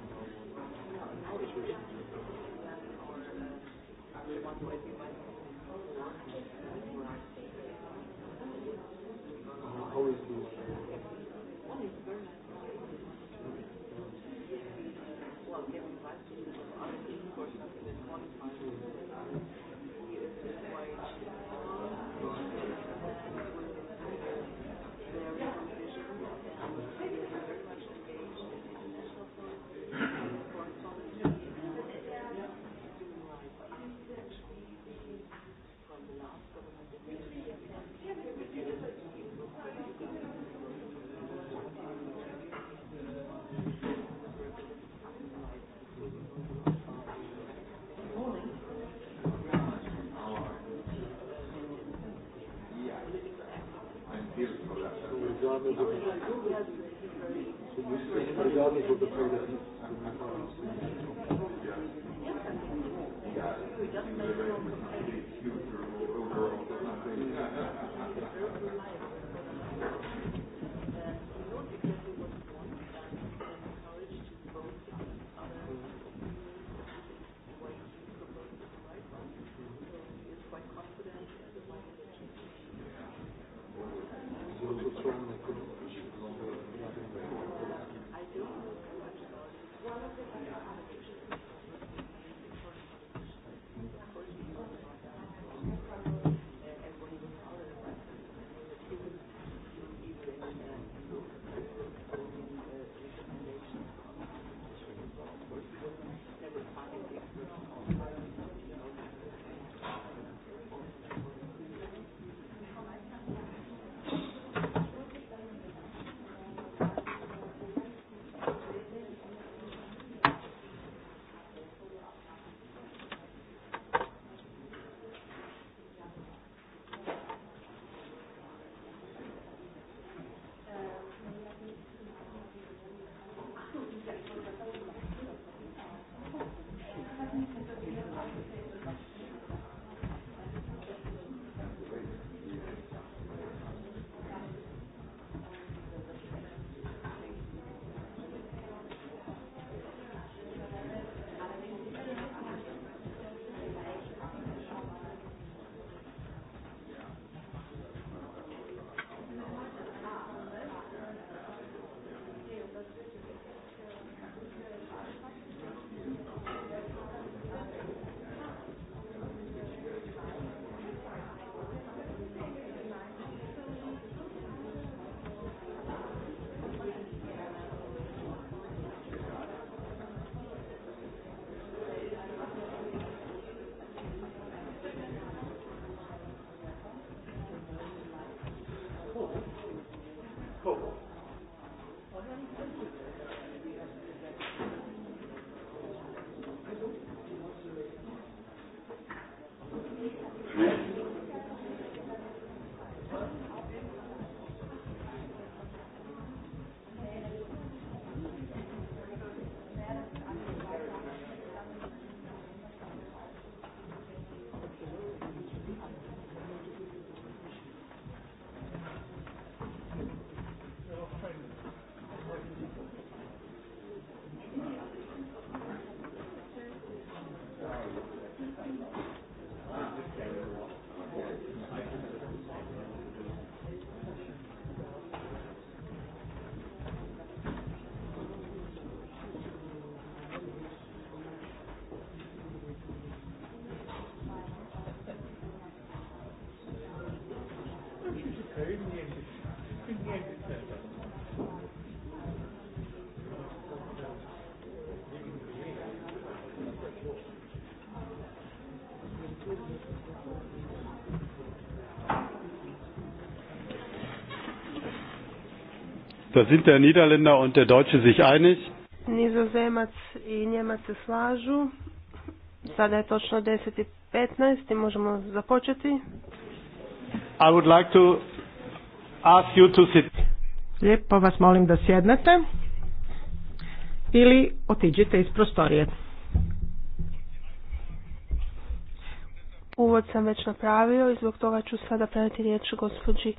Da sind der Niederländer und der Deutsche sich einig. Nizozemac i Njemac se slažu. Sada je točno deset i i možemo započeti. I would like to ask you to sit. Lijepo vas molim da sjednete ili otiđite iz prostorije. Uvod sam već napravio i zbog toga ću sada preneti riječ gospođi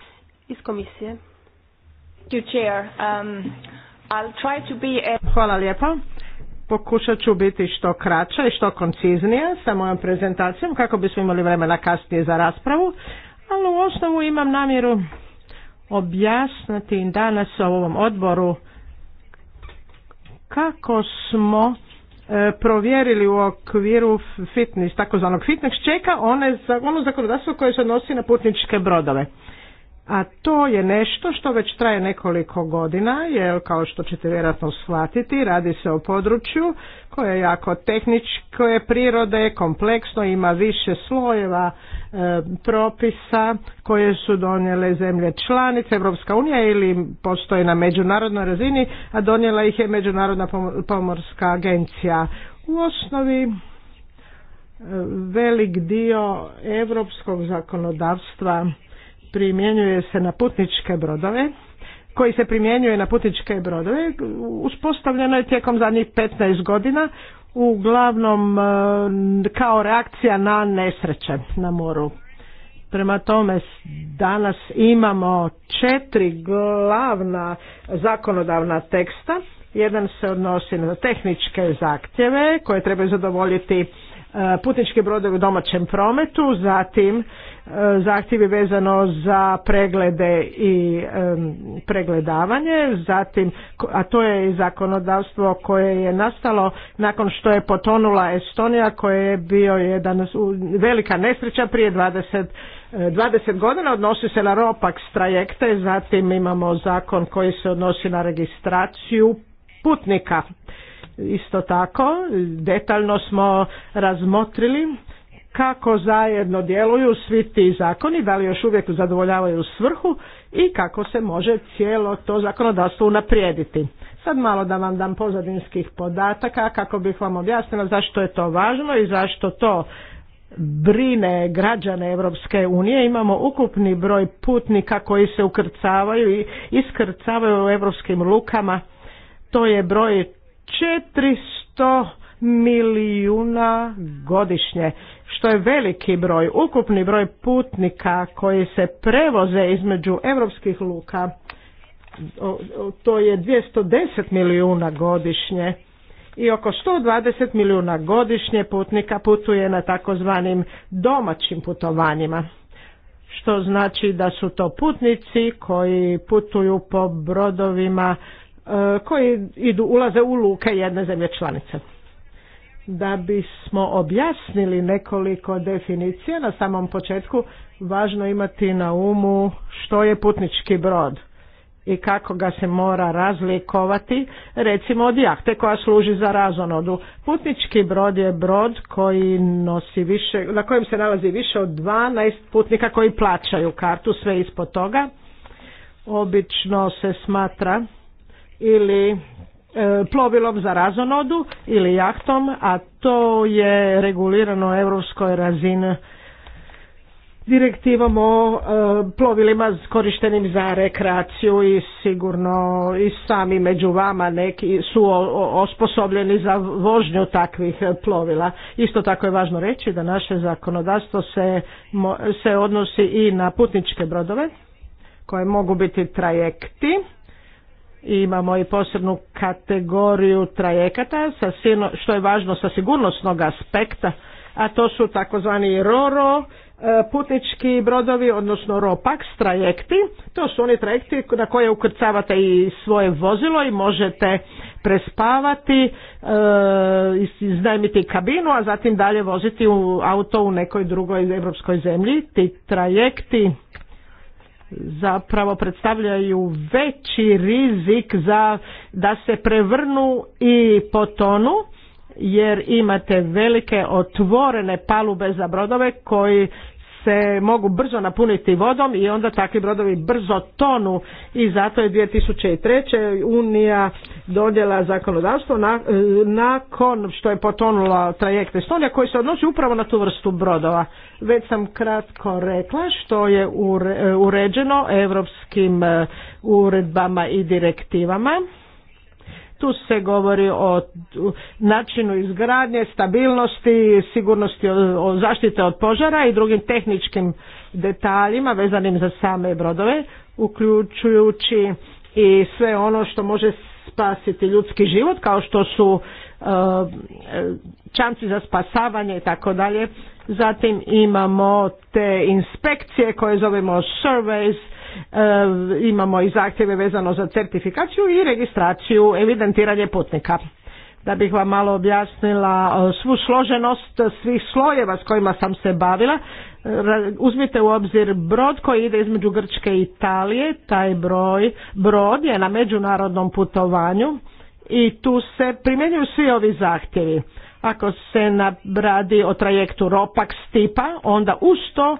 iz komisije. Um, Hvala lijepo, Pokušat ću biti što kraća i što konciznija sa mojom prezentacijom kako bismo imali vremena kasnije za raspravu, ali u osnovu imam namjeru objasniti danas u ovom odboru kako smo e, provjerili u okviru fitness, takozvanog fitness čeka one, ono zakonodavstvo koje se odnosi na putničke brodove a to je nešto što već traje nekoliko godina, jer kao što ćete vjerojatno shvatiti, radi se o području koje je jako tehničke prirode, kompleksno, ima više slojeva e, propisa koje su donijele zemlje članice Evropska unija ili postoje na međunarodnoj razini, a donijela ih je Međunarodna pomorska agencija. U osnovi e, velik dio europskog zakonodavstva primjenjuje se na putničke brodove koji se primjenjuje na putničke brodove uspostavljeno je tijekom zadnjih 15 godina uglavnom e, kao reakcija na nesreće na moru. Prema tome danas imamo četiri glavna zakonodavna teksta. Jedan se odnosi na tehničke zahtjeve koje trebaju zadovoljiti E, putnički brodovi u domaćem prometu, zatim e, zahtjevi vezano za preglede i e, pregledavanje, zatim, a to je i zakonodavstvo koje je nastalo nakon što je potonula Estonija koje je bio jedan velika nesreća prije 20 20 godina odnosi se na ropak trajekte, zatim imamo zakon koji se odnosi na registraciju putnika Isto tako, detaljno smo razmotrili kako zajedno djeluju svi ti zakoni, da li još uvijek zadovoljavaju svrhu i kako se može cijelo to zakonodavstvo unaprijediti. Sad malo da vam dam pozadinskih podataka kako bih vam objasnila zašto je to važno i zašto to brine građane Europske unije. Imamo ukupni broj putnika koji se ukrcavaju i iskrcavaju u europskim lukama. To je broj 400 milijuna godišnje, što je veliki broj. Ukupni broj putnika koji se prevoze između europskih luka, to je 210 milijuna godišnje i oko 120 milijuna godišnje putnika putuje na takozvanim domaćim putovanjima. Što znači da su to putnici koji putuju po brodovima E, koji idu, ulaze u luke jedne zemlje članice. Da bismo objasnili nekoliko definicija na samom početku, važno imati na umu što je putnički brod i kako ga se mora razlikovati, recimo od jahte koja služi za razonodu. Putnički brod je brod koji nosi više, na kojem se nalazi više od 12 putnika koji plaćaju kartu, sve ispod toga. Obično se smatra ili e, plovilom za razonodu ili jahtom, a to je regulirano europskoj razini direktivom o e, plovilima korištenim za rekreaciju i sigurno i sami među vama neki su osposobljeni za vožnju takvih plovila. Isto tako je važno reći da naše zakonodavstvo se, se odnosi i na putničke brodove koje mogu biti trajekti imamo i posebnu kategoriju trajekata sa što je važno sa sigurnosnog aspekta a to su takozvani RORO e, putnički brodovi odnosno ROPAX trajekti to su oni trajekti na koje ukrcavate i svoje vozilo i možete prespavati e, iznajmiti kabinu a zatim dalje voziti u auto u nekoj drugoj europskoj zemlji ti trajekti zapravo predstavljaju veći rizik za da se prevrnu i potonu jer imate velike otvorene palube za brodove koji se mogu brzo napuniti vodom i onda takvi brodovi brzo tonu i zato je 2003. Unija donijela zakonodavstvo e, nakon što je potonula trajekt Estonija koji se odnosi upravo na tu vrstu brodova. Već sam kratko rekla što je e, uređeno europskim e, uredbama i direktivama tu se govori o načinu izgradnje, stabilnosti, sigurnosti zaštite od požara i drugim tehničkim detaljima vezanim za same brodove, uključujući i sve ono što može spasiti ljudski život kao što su e, čamci za spasavanje i tako dalje. Zatim imamo te inspekcije koje zovemo surveys E, imamo i zahtjeve vezano za certifikaciju i registraciju, evidentiranje putnika. Da bih vam malo objasnila e, svu složenost svih slojeva s kojima sam se bavila, e, uzmite u obzir brod koji ide između Grčke i Italije, taj broj, brod je na međunarodnom putovanju i tu se primjenjuju svi ovi zahtjevi. Ako se radi o trajektu Ropak-Stipa, onda uz to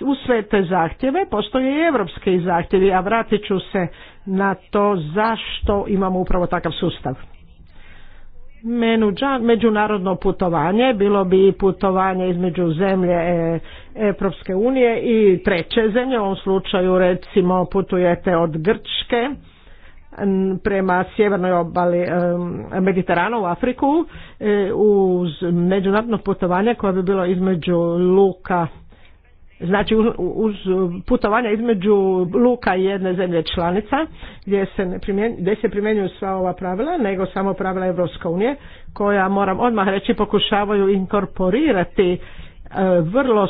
u sve te zahtjeve postoje i evropske zahtjevi, a vratit ću se na to zašto imamo upravo takav sustav. Međunarodno putovanje, bilo bi putovanje između zemlje e, Evropske unije i treće zemlje, u ovom slučaju recimo putujete od Grčke prema sjevernoj obali e, Mediterana u Afriku e, uz međunarodno putovanje koje bi bilo između Luka Znači uz putovanja između luka i jedne zemlje članica gdje se, ne gdje se primjenjuju sva ova pravila nego samo pravila Evropske unije koja moram odmah reći pokušavaju inkorporirati e, vrlo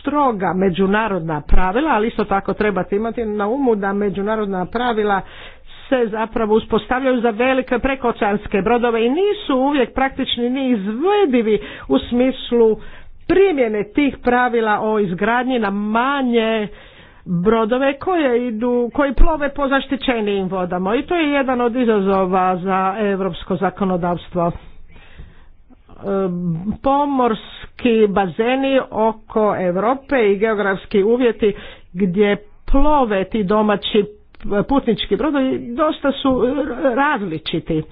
stroga međunarodna pravila, ali isto tako trebate imati na umu da međunarodna pravila se zapravo uspostavljaju za velike prekoćanske brodove i nisu uvijek praktični ni izvedivi u smislu primjene tih pravila o izgradnji na manje brodove koje idu, koji plove po zaštićenijim vodama i to je jedan od izazova za europsko zakonodavstvo. E, pomorski bazeni oko Europe i geografski uvjeti gdje plove ti domaći putnički brodovi dosta su različiti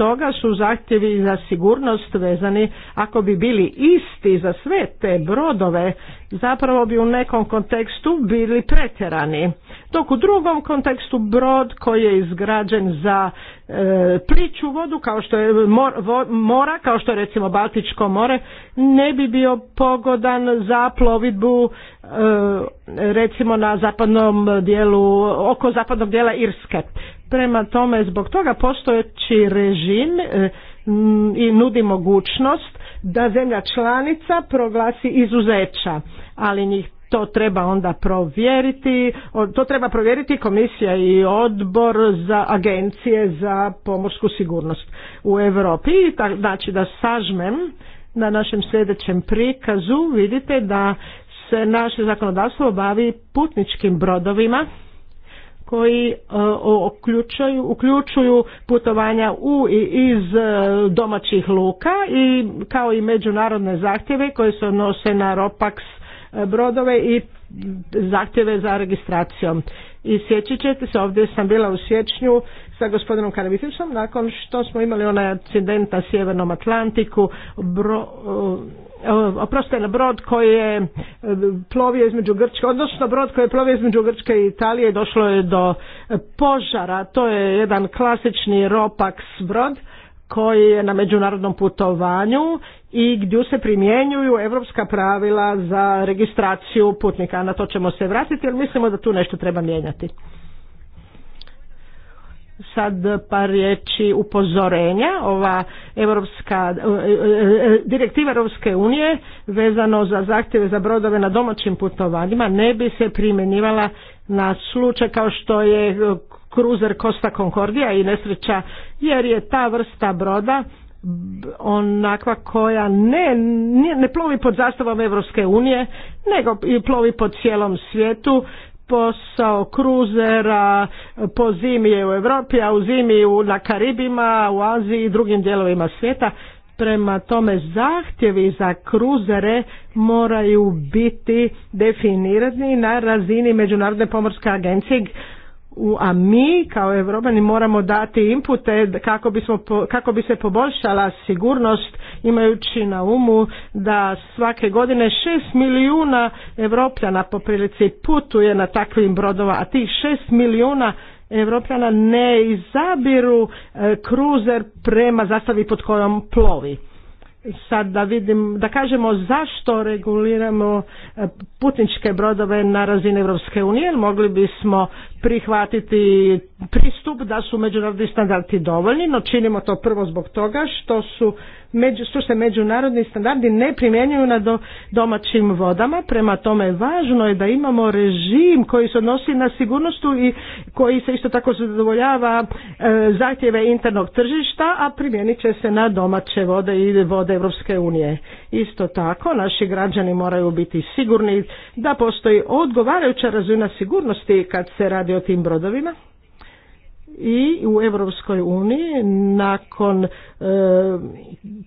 toga su zahtjevi za sigurnost vezani ako bi bili isti za sve te brodove zapravo bi u nekom kontekstu bili pretjerani. Dok u drugom kontekstu brod koji je izgrađen za e, vodu kao što je mora, kao što je recimo Baltičko more, ne bi bio pogodan za plovidbu e, recimo na zapadnom dijelu, oko zapadnog dijela Irske. Prema tome, zbog toga postojeći režim e, i nudi mogućnost da zemlja članica proglasi izuzeća, ali njih to treba onda provjeriti, to treba provjeriti komisija i odbor za agencije za pomorsku sigurnost u Europi. Znači da sažmem na našem sljedećem prikazu vidite da se naše zakonodavstvo bavi putničkim brodovima koji e, uključuju, putovanja u i iz e, domaćih luka i kao i međunarodne zahtjeve koje se odnose na Ropax e, brodove i zahtjeve za registracijom. I sjećat ćete se, ovdje sam bila u siječnju sa gospodinom Karavitićom nakon što smo imali onaj incident na Sjevernom Atlantiku, oprostite na brod koji je e, plovio između Grčke, odnosno brod koji je plovio između Grčke i Italije došlo je do e, požara, to je jedan klasični ropax brod koji je na međunarodnom putovanju i gdje se primjenjuju europska pravila za registraciju putnika. Na to ćemo se vratiti jer mislimo da tu nešto treba mijenjati sad par riječi upozorenja. Ova europska e, e, e, direktiva Europske unije vezano za zahtjeve za brodove na domaćim putovanjima ne bi se primjenjivala na slučaj kao što je kruzer Costa Concordia i nesreća jer je ta vrsta broda onakva koja ne, ne, plovi pod zastavom Europske unije nego i plovi po cijelom svijetu posao kruzera po zimi u Europi, a u zimi na Karibima, u Aziji i drugim dijelovima svijeta. Prema tome zahtjevi za kruzere moraju biti definirani na razini Međunarodne pomorske agencije a mi kao Evropani moramo dati inpute kako, bismo, kako bi se poboljšala sigurnost imajući na umu da svake godine 6 milijuna Evropljana po prilici putuje na takvim brodova, a tih 6 milijuna Evropljana ne izabiru e, kruzer prema zastavi pod kojom plovi sad da vidim, da kažemo zašto reguliramo e, putničke brodove na razini Europske unije, mogli bismo prihvatiti pristup da su međunarodni standardi dovoljni, no činimo to prvo zbog toga što su među, što se međunarodni standardi ne primjenjuju na do, domaćim vodama, prema tome važno je da imamo režim koji se odnosi na sigurnost i koji se isto tako zadovoljava e, zahtjeve internog tržišta, a primjenit će se na domaće vode i vode Europske unije. Isto tako, naši građani moraju biti sigurni da postoji odgovarajuća razina sigurnosti kad se radi o tim brodovima i u Europskoj uniji nakon e,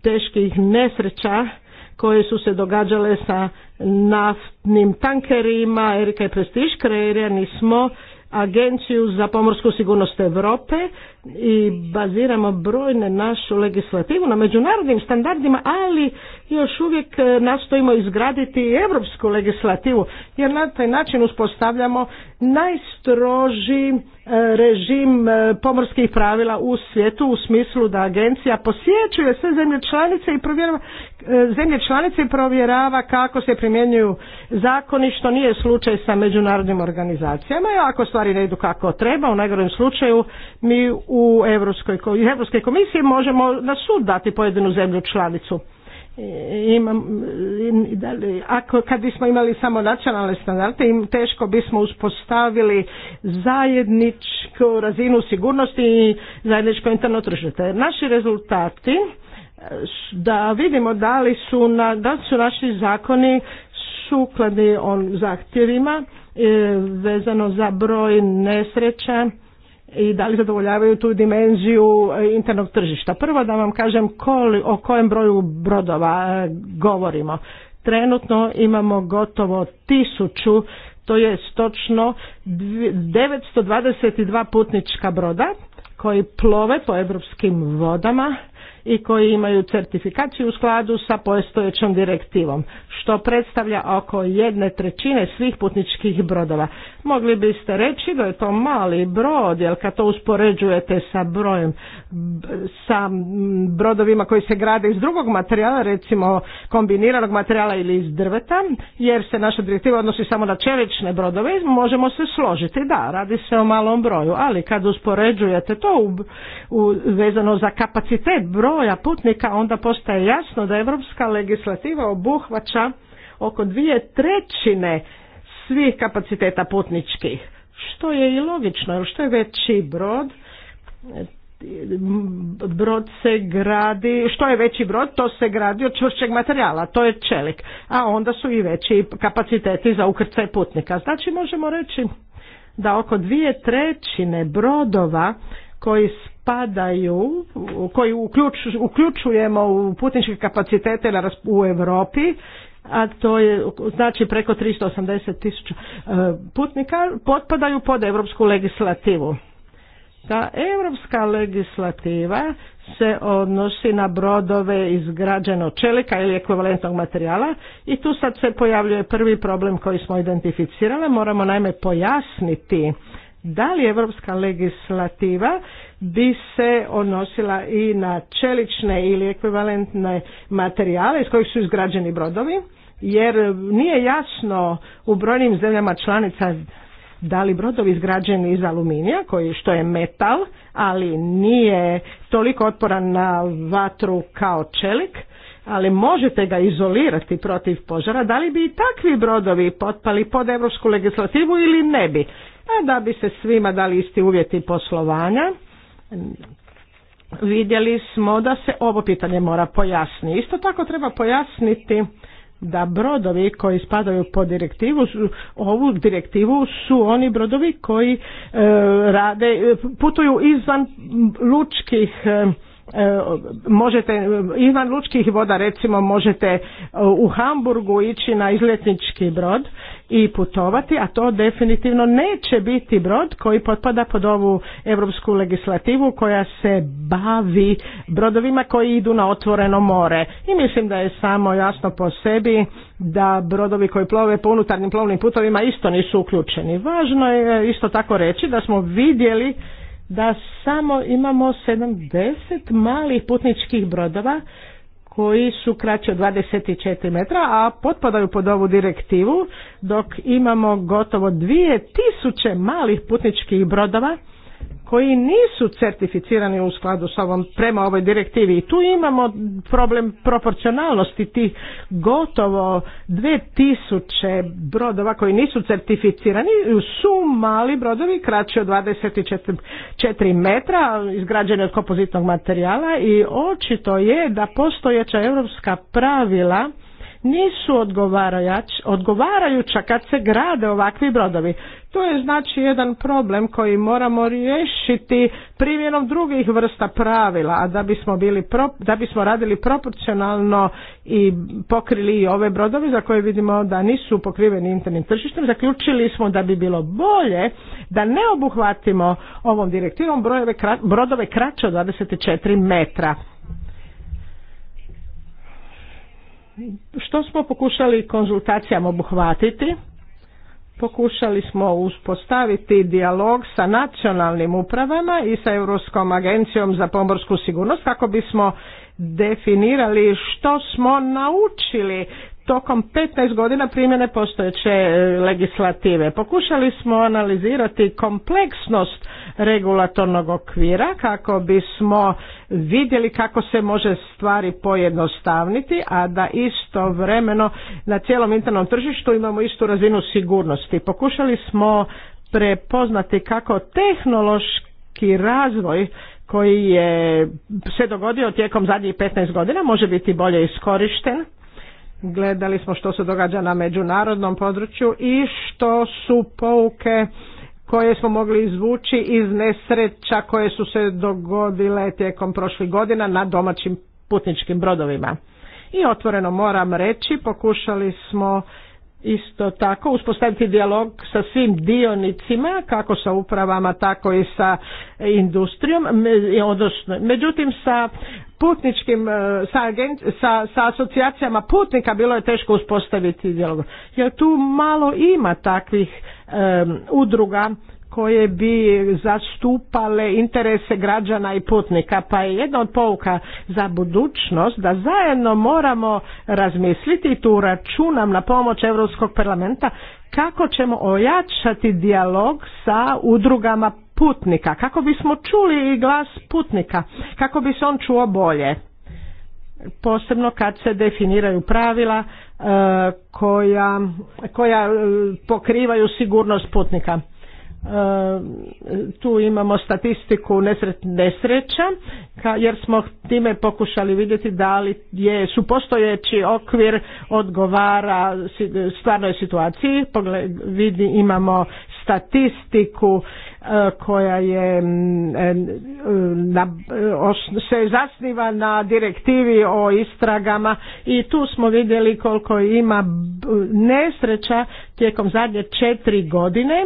teških nesreća koje su se događale sa naftnim tankerima Erika i Prestiž kreirani smo Agenciju za pomorsku sigurnost Europe i baziramo brojne našu legislativu na međunarodnim standardima, ali još uvijek e, nastojimo izgraditi europsku legislativu, jer na taj način uspostavljamo najstroži e, režim e, pomorskih pravila u svijetu u smislu da agencija posjećuje sve zemlje članice i provjerava zemlje članice provjerava kako se primjenjuju zakoni što nije slučaj sa međunarodnim organizacijama i ako stvari ne idu kako treba u najgorem slučaju mi u Europskoj, Europskoj komisiji možemo na sud dati pojedinu zemlju članicu. ako kad bismo imali samo nacionalne standarde im teško bismo uspostavili zajedničku razinu sigurnosti i zajedničko interno tržište. Naši rezultati da vidimo da li su, na, da su naši zakoni sukladni on zahtjevima e, vezano za broj nesreća i da li zadovoljavaju tu dimenziju e, internog tržišta. Prvo da vam kažem o kojem broju brodova e, govorimo. Trenutno imamo gotovo tisuću, to je točno 922 putnička broda koji plove po europskim vodama i koji imaju certifikaciju u skladu sa postojećom direktivom, što predstavlja oko jedne trećine svih putničkih brodova. Mogli biste reći da je to mali brod, jer kad to uspoređujete sa brojem sa brodovima koji se grade iz drugog materijala, recimo kombiniranog materijala ili iz drveta, jer se naša direktiva odnosi samo na čelične brodove, možemo se složiti, da, radi se o malom broju, ali kad uspoređujete to u, vezano za kapacitet broja putnika, onda postaje jasno da evropska legislativa obuhvaća oko dvije trećine svih kapaciteta putničkih, što je i logično, jer što je veći brod, brod se gradi, što je veći brod, to se gradi od čvršćeg materijala, to je čelik, a onda su i veći kapaciteti za ukrcaj putnika. Znači možemo reći da oko dvije trećine brodova koji spadaju, koji uključujemo u putničke kapacitete u Europi, a to je znači preko 380 tisuća e, putnika, potpadaju pod europsku legislativu. Ta europska legislativa se odnosi na brodove izgrađeno čelika ili ekvivalentnog materijala i tu sad se pojavljuje prvi problem koji smo identificirali. Moramo naime pojasniti da li evropska legislativa bi se odnosila i na čelične ili ekvivalentne materijale iz kojih su izgrađeni brodovi jer nije jasno u brojnim zemljama članica da li brodovi izgrađeni iz aluminija, koji što je metal, ali nije toliko otporan na vatru kao čelik, ali možete ga izolirati protiv požara, da li bi i takvi brodovi potpali pod evropsku legislativu ili ne bi? A pa da bi se svima dali isti uvjeti poslovanja, vidjeli smo da se ovo pitanje mora pojasniti. Isto tako treba pojasniti da brodovi koji spadaju po direktivu ovu direktivu su oni brodovi koji e, rade e, putuju izvan lučkih e, možete izvan lučkih voda recimo možete u Hamburgu ići na izletnički brod i putovati, a to definitivno neće biti brod koji potpada pod ovu europsku legislativu koja se bavi brodovima koji idu na otvoreno more. I mislim da je samo jasno po sebi da brodovi koji plove po unutarnjim plovnim putovima isto nisu uključeni. Važno je isto tako reći da smo vidjeli da samo imamo 70 malih putničkih brodova koji su kraći od 24 metra, a potpadaju pod ovu direktivu, dok imamo gotovo 2000 malih putničkih brodova koji nisu certificirani u skladu s ovom, prema ovoj direktivi. I tu imamo problem proporcionalnosti tih gotovo 2000 brodova koji nisu certificirani su mali brodovi kraći od 24 metra izgrađeni od kompozitnog materijala i očito je da postojeća europska pravila nisu odgovarajuća kad se grade ovakvi brodovi. To je znači jedan problem koji moramo riješiti primjenom drugih vrsta pravila, a da bismo, bili da bismo radili proporcionalno i pokrili i ove brodove za koje vidimo da nisu pokriveni internim tržištem, zaključili smo da bi bilo bolje da ne obuhvatimo ovom direktivom brodove kraće od 24 metra. Što smo pokušali konzultacijama obuhvatiti? Pokušali smo uspostaviti dijalog sa nacionalnim upravama i sa Europskom agencijom za pomorsku sigurnost kako bismo definirali što smo naučili tokom 15 godina primjene postojeće e, legislative. Pokušali smo analizirati kompleksnost regulatornog okvira kako bismo vidjeli kako se može stvari pojednostavniti, a da istovremeno na cijelom internom tržištu imamo istu razinu sigurnosti. Pokušali smo prepoznati kako tehnološki razvoj koji je se dogodio tijekom zadnjih 15 godina može biti bolje iskorišten. Gledali smo što se događa na međunarodnom području i što su pouke koje smo mogli izvući iz nesreća koje su se dogodile tijekom prošlih godina na domaćim putničkim brodovima. I otvoreno moram reći, pokušali smo isto tako uspostaviti dijalog sa svim dionicima, kako sa upravama, tako i sa industrijom, međutim sa putničkim, e, sa, sa, sa asocijacijama putnika bilo je teško uspostaviti dijalog. Jer tu malo ima takvih e, udruga koje bi zastupale interese građana i putnika. Pa je jedna od pouka za budućnost da zajedno moramo razmisliti, tu računam na pomoć Europskog parlamenta, kako ćemo ojačati dijalog sa udrugama putnika, kako bismo čuli glas putnika, kako bi se on čuo bolje. Posebno kad se definiraju pravila e, koja, koja e, pokrivaju sigurnost putnika. E, tu imamo statistiku nesreća jer smo time pokušali vidjeti da li je, su postojeći okvir odgovara stvarnoj situaciji. Pogled, vidi, imamo statistiku koja je mm, na, se zasniva na direktivi o istragama i tu smo vidjeli koliko ima nesreća tijekom zadnje četiri godine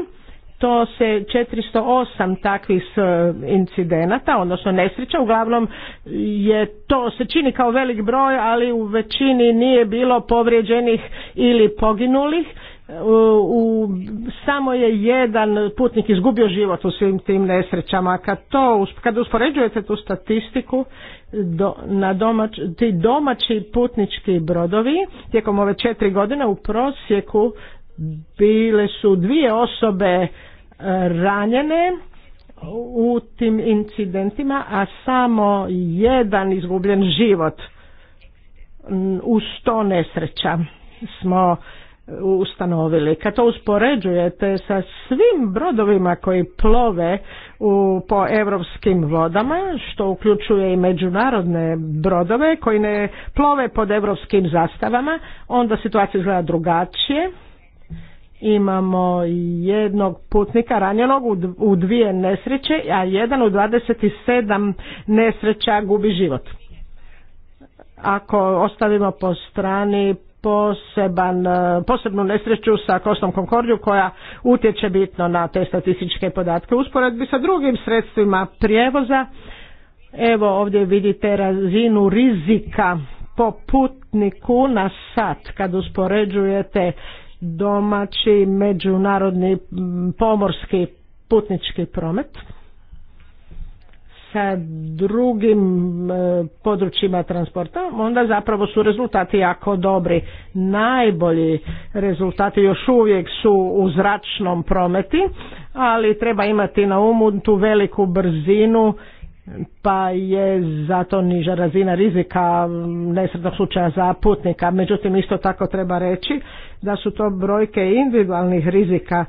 to se 408 takvih incidenata, odnosno nesreća, uglavnom je to se čini kao velik broj, ali u većini nije bilo povrijeđenih ili poginulih u, samo je jedan putnik izgubio život u svim tim nesrećama. Kad, to, kad uspoređujete tu statistiku, do, na domać, ti domaći putnički brodovi tijekom ove četiri godine u prosjeku bile su dvije osobe e, ranjene u tim incidentima, a samo jedan izgubljen život u sto nesreća smo ustanovili. Kad to uspoređujete sa svim brodovima koji plove u, po europskim vodama, što uključuje i međunarodne brodove koji ne plove pod europskim zastavama, onda situacija izgleda drugačije. Imamo jednog putnika ranjenog u dvije nesreće, a jedan u 27 nesreća gubi život ako ostavimo po strani poseban, e, posebnu nesreću sa Kostom Konkordiju koja utječe bitno na te statističke podatke. Usporedbi sa drugim sredstvima prijevoza, evo ovdje vidite razinu rizika po putniku na sat kad uspoređujete domaći međunarodni pomorski putnički promet sa drugim e, područjima transporta, onda zapravo su rezultati jako dobri. Najbolji rezultati još uvijek su u zračnom prometi, ali treba imati na umu tu veliku brzinu pa je zato niža razina rizika nesretnog slučaja za putnika. Međutim, isto tako treba reći da su to brojke individualnih rizika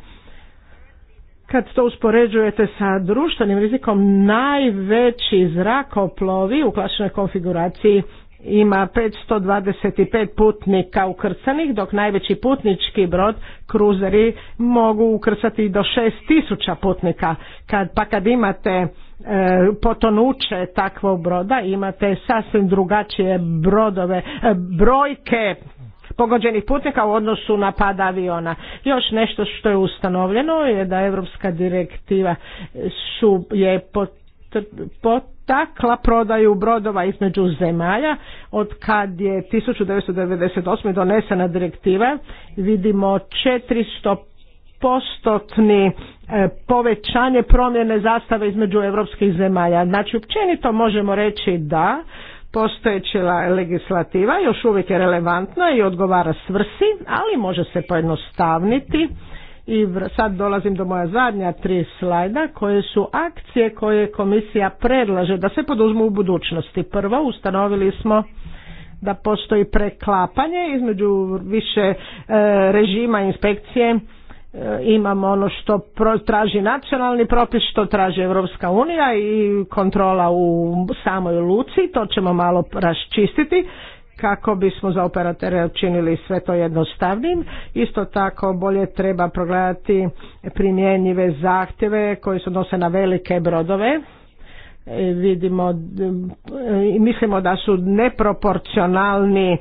kad to uspoređujete sa društvenim rizikom, najveći zrakoplovi u klasičnoj konfiguraciji ima 525 putnika ukrcanih, dok najveći putnički brod, kruzeri, mogu ukrcati do 6000 putnika. Kad, pa kad imate e, potonuće takvog broda, imate sasvim drugačije brodove, e, brojke pogođenih putnika u odnosu na pad aviona. Još nešto što je ustanovljeno je da Europska direktiva su, je pot, prodaju brodova između zemalja od kad je 1998. donesena direktiva vidimo 400 postotni e, povećanje promjene zastave između europskih zemalja. Znači općenito možemo reći da postojeća legislativa još uvijek je relevantna i odgovara svrsi, ali može se pojednostavniti. I sad dolazim do moja zadnja tri slajda koje su akcije koje komisija predlaže da se poduzmu u budućnosti. Prvo, ustanovili smo da postoji preklapanje između više e, režima inspekcije E, imamo ono što traži nacionalni propis, što traži Europska unija i kontrola u samoj luci, to ćemo malo raščistiti kako bismo za operatere učinili sve to jednostavnim. Isto tako bolje treba progledati primjenjive zahtjeve koji se odnose na velike brodove. E, vidimo, e, mislimo da su neproporcionalni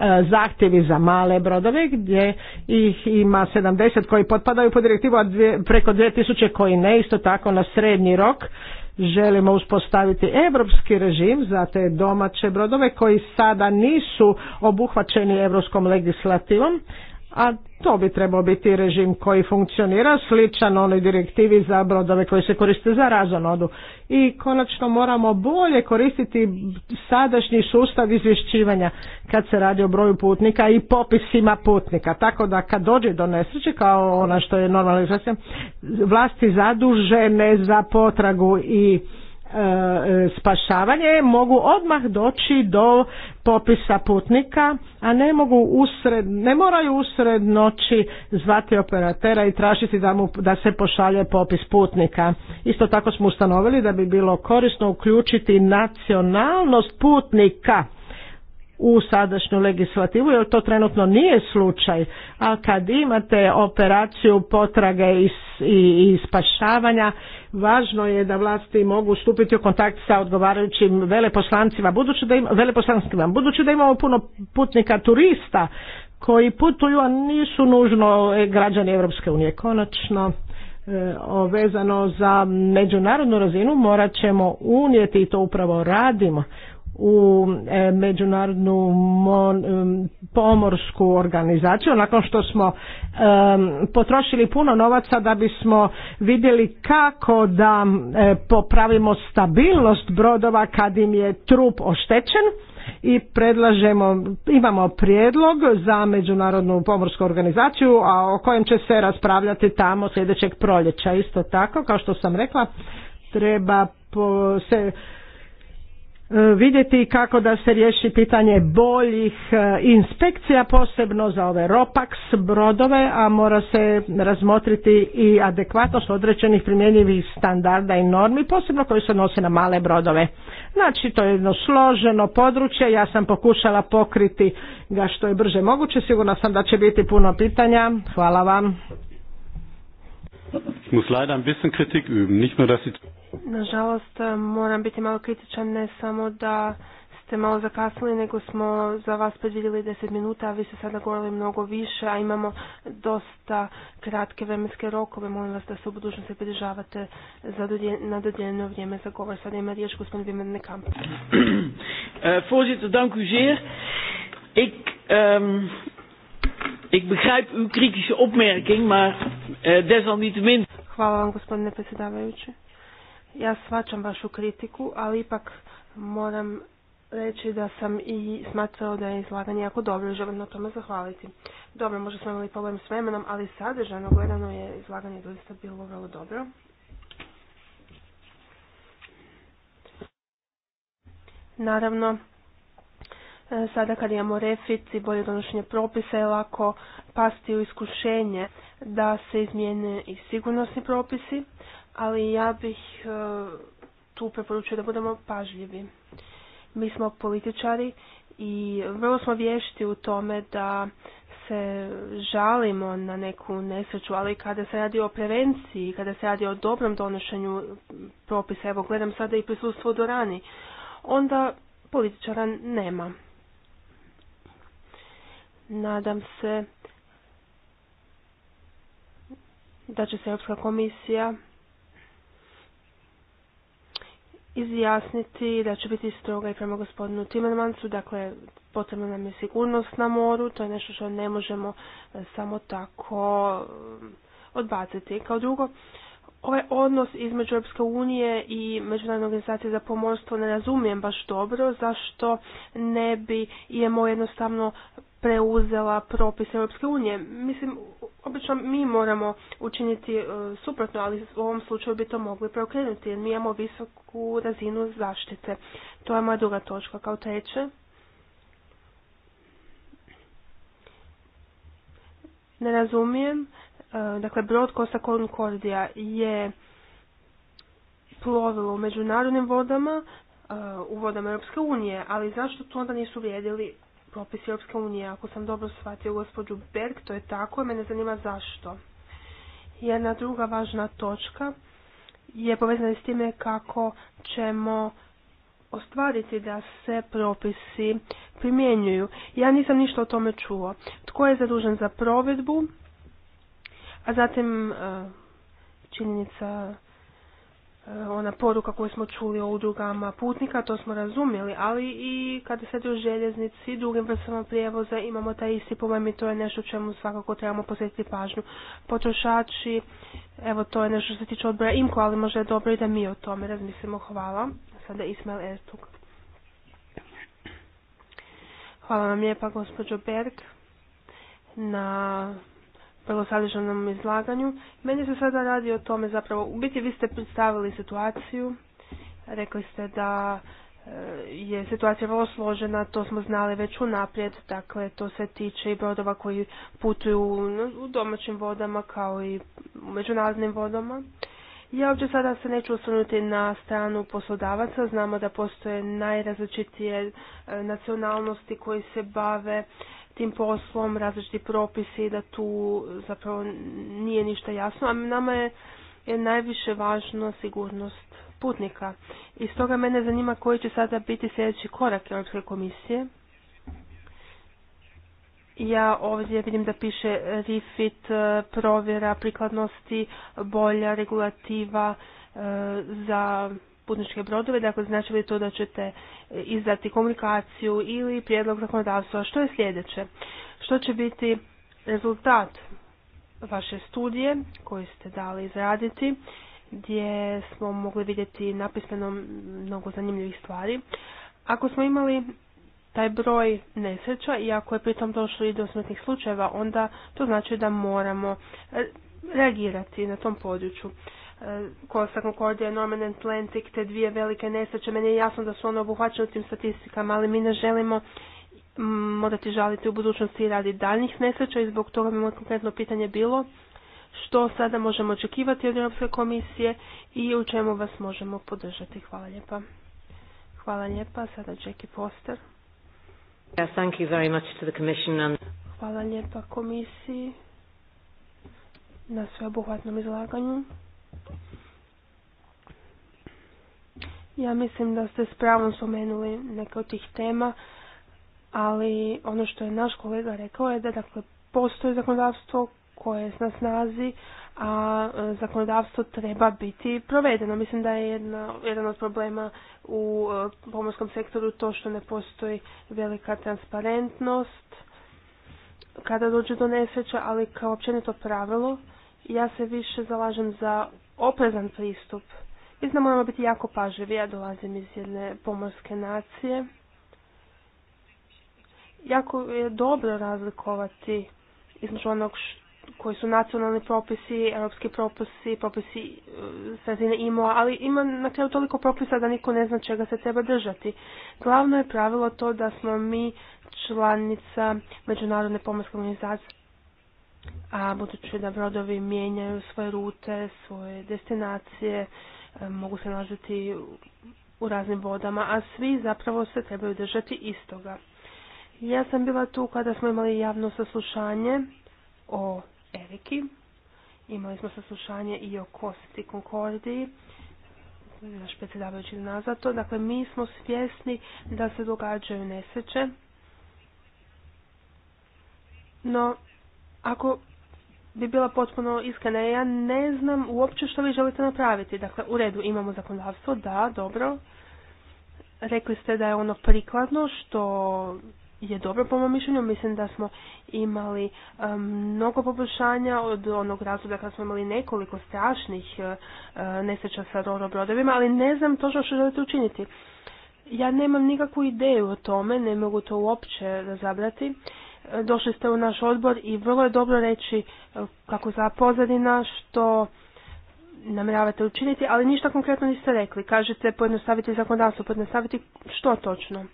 E, zahtjevi za male brodove gdje ih ima 70 koji potpadaju pod direktivu, a dvije, preko 2000 koji ne, isto tako na srednji rok želimo uspostaviti europski režim za te domaće brodove koji sada nisu obuhvaćeni europskom legislativom, a to bi trebao biti režim koji funkcionira sličan onoj direktivi za brodove koji se koriste za razonodu. I konačno moramo bolje koristiti sadašnji sustav izvješćivanja kad se radi o broju putnika i popisima putnika. Tako da kad dođe do nesreće kao ona što je normalizacija, vlasti zadužene za potragu i E, spašavanje mogu odmah doći do popisa putnika, a ne mogu usred, ne moraju usred noći zvati operatera i tražiti da, mu, da se pošalje popis putnika. Isto tako smo ustanovili da bi bilo korisno uključiti nacionalnost putnika u sadašnju legislativu jer to trenutno nije slučaj a kad imate operaciju potrage i, i spašavanja važno je da vlasti mogu stupiti u kontakt sa odgovarajućim veleposlancima budući da, ima, veleposlancima, budući da imamo puno putnika turista koji putuju a nisu nužno e, građani Europske unije konačno e, vezano za međunarodnu razinu morat ćemo unijeti i to upravo radimo u e, međunarodnu e, pomorsku organizaciju nakon što smo e, potrošili puno novaca da bismo vidjeli kako da popravimo stabilnost brodova kad im je trup oštećen i predlažemo, imamo prijedlog za međunarodnu pomorsku organizaciju a o kojem će se raspravljati tamo sljedećeg proljeća. Isto tako, kao što sam rekla, treba se E, vidjeti kako da se riješi pitanje boljih e, inspekcija posebno za ove ROPAX brodove, a mora se razmotriti i adekvatnost određenih primjenjivih standarda i normi, posebno koji se odnose na male brodove. Znači to je jedno složeno područje, ja sam pokušala pokriti ga što je brže moguće, sigurna sam da će biti puno pitanja. Hvala vam. Nažalost, eh, moram biti malo kritičan, ne samo da ste malo zakasnili, nego smo za vas predvidjeli deset minuta, a vi ste sada govorili mnogo više, a imamo dosta kratke vremenske rokove. Molim vas da se u budućnosti pridržavate za na dodjeljeno vrijeme za govor. Sada ima riječ gospodin Kamp. Eh, voorzitter, dank u Ik ehm, Ik begrijp uw kritische opmerking, maar eh, desalniettemin... Hvala vam gospodine predsjedavajući. Ja svačam vašu kritiku, ali ipak moram reći da sam i smatrao da je izlaganje jako dobro i želim na tome zahvaliti. Dobro, možda smo imali problem s vremenom, ali sadržajno gledano je izlaganje doista bilo vrlo dobro. Naravno, E, sada kad imamo refit i bolje donošenje propisa je lako pasti u iskušenje da se izmijene i sigurnosni propisi, ali ja bih e, tu preporučio da budemo pažljivi. Mi smo političari i vrlo smo vješti u tome da se žalimo na neku nesreću, ali kada se radi o prevenciji, kada se radi o dobrom donošenju propisa, evo gledam sada i prisustvo u dorani, onda političara nema. Nadam se da će se Europska komisija izjasniti da će biti stroga i prema gospodinu Timmermansu, dakle potrebna nam je sigurnost na moru, to je nešto što ne možemo e, samo tako e, odbaciti. Kao drugo, ovaj odnos između Europske unije i Međunarodne organizacije za pomorstvo ne razumijem baš dobro, zašto ne bi IMO jednostavno preuzela propis Europske unije. Mislim, obično mi moramo učiniti e, suprotno, ali u ovom slučaju bi to mogli preokrenuti jer mi imamo visoku razinu zaštite. To je moja druga točka. Kao treće, ne razumijem, e, dakle, brod Costa Concordia je plovilo u međunarodnim vodama, e, u vodama Europske unije, ali zašto to onda nisu vrijedili propisi Europske unije. Ako sam dobro shvatio gospođu Berg, to je tako i mene zanima zašto. Jedna druga važna točka je povezana s time kako ćemo ostvariti da se propisi primjenjuju. Ja nisam ništa o tome čuo. Tko je zadužen za provedbu, a zatim e, činjenica Eh, ona poruka koju smo čuli o udrugama putnika, to smo razumjeli, ali i kada se u željeznici i drugim vrstama prijevoza imamo taj isti problem i to je nešto čemu svakako trebamo posjetiti pažnju. Potrošači, evo to je nešto što se tiče odbora IMKO, ali možda je dobro i da mi o tome razmislimo. Hvala. Sada Ismail Ertug. Hvala vam lijepa gospođo Berg na vrlo sadržanom izlaganju. Meni se sada radi o tome zapravo, u biti vi ste predstavili situaciju, rekli ste da e, je situacija vrlo složena, to smo znali već unaprijed, dakle to se tiče i brodova koji putuju u domaćim vodama kao i u međunarodnim vodama. Ja ovdje sada se neću osvrnuti na stranu poslodavaca, znamo da postoje najrazličitije e, nacionalnosti koji se bave tim poslom, različiti propisi, da tu zapravo nije ništa jasno, a nama je, najviše važno sigurnost putnika. I stoga mene zanima koji će sada biti sljedeći korak Europske komisije. Ja ovdje vidim da piše refit, e, provjera prikladnosti, bolja regulativa e, za putničke brodove, dakle znači li to da ćete e, izdati komunikaciju ili prijedlog zakonodavstva? Što je sljedeće? Što će biti rezultat vaše studije koju ste dali izraditi, gdje smo mogli vidjeti napisano mnogo zanimljivih stvari. Ako smo imali taj broj nesreća i ako je pritom došlo i do smrtnih slučajeva, onda to znači da moramo e, reagirati na tom području. Kosa Concordia, Norman Atlantic, te dvije velike nesreće. Meni je jasno da su one obuhvaćene u tim statistikama, ali mi ne želimo mm, morati žaliti u budućnosti radi daljnjih nesreća i zbog toga bi je konkretno pitanje bilo što sada možemo očekivati od Europske komisije i u čemu vas možemo podržati. Hvala lijepa. Hvala lijepa. Sada Jackie Foster. Hvala lijepa komisiji na sveobuhvatnom izlaganju. Ja mislim da ste s pravom spomenuli neke od tih tema, ali ono što je naš kolega rekao je da dakle, postoji zakonodavstvo koje je na snazi, a e, zakonodavstvo treba biti provedeno. Mislim da je jedna, jedan od problema u e, pomorskom sektoru to što ne postoji velika transparentnost kada dođe do nesreća, ali kao općenito pravilo ja se više zalažem za oprezan pristup. znamo da moramo biti jako pažljivi. Ja dolazim iz jedne pomorske nacije. Jako je dobro razlikovati između onog koji su nacionalni propisi, europski propisi, propisi e, s IMO, ali ima na kraju toliko propisa da niko ne zna čega se treba držati. Glavno je pravilo to da smo mi članica Međunarodne pomorske organizacije a budući da brodovi mijenjaju svoje rute, svoje destinacije, e, mogu se nalaziti u raznim vodama, a svi zapravo se trebaju držati istoga. Ja sam bila tu kada smo imali javno saslušanje o Eriki, imali smo saslušanje i o Kosti Konkordiji, naš predsjedavajući nazad to. Dakle, mi smo svjesni da se događaju neseće. no ako bi bila potpuno iskrena, ja ne znam uopće što vi želite napraviti. Dakle, u redu imamo zakonodavstvo, da, dobro. Rekli ste da je ono prikladno, što je dobro po mom mišljenju. Mislim da smo imali um, mnogo poboljšanja od onog razloga kad smo imali nekoliko strašnih uh, nesreća sa roro ali ne znam točno što želite učiniti. Ja nemam nikakvu ideju o tome, ne mogu to uopće razabrati došli ste u naš odbor i vrlo je dobro reći e, kako za pozadina što namjeravate učiniti, ali ništa konkretno niste rekli. Kažete pojednostaviti zakonodavstvo, pojednostaviti što točno?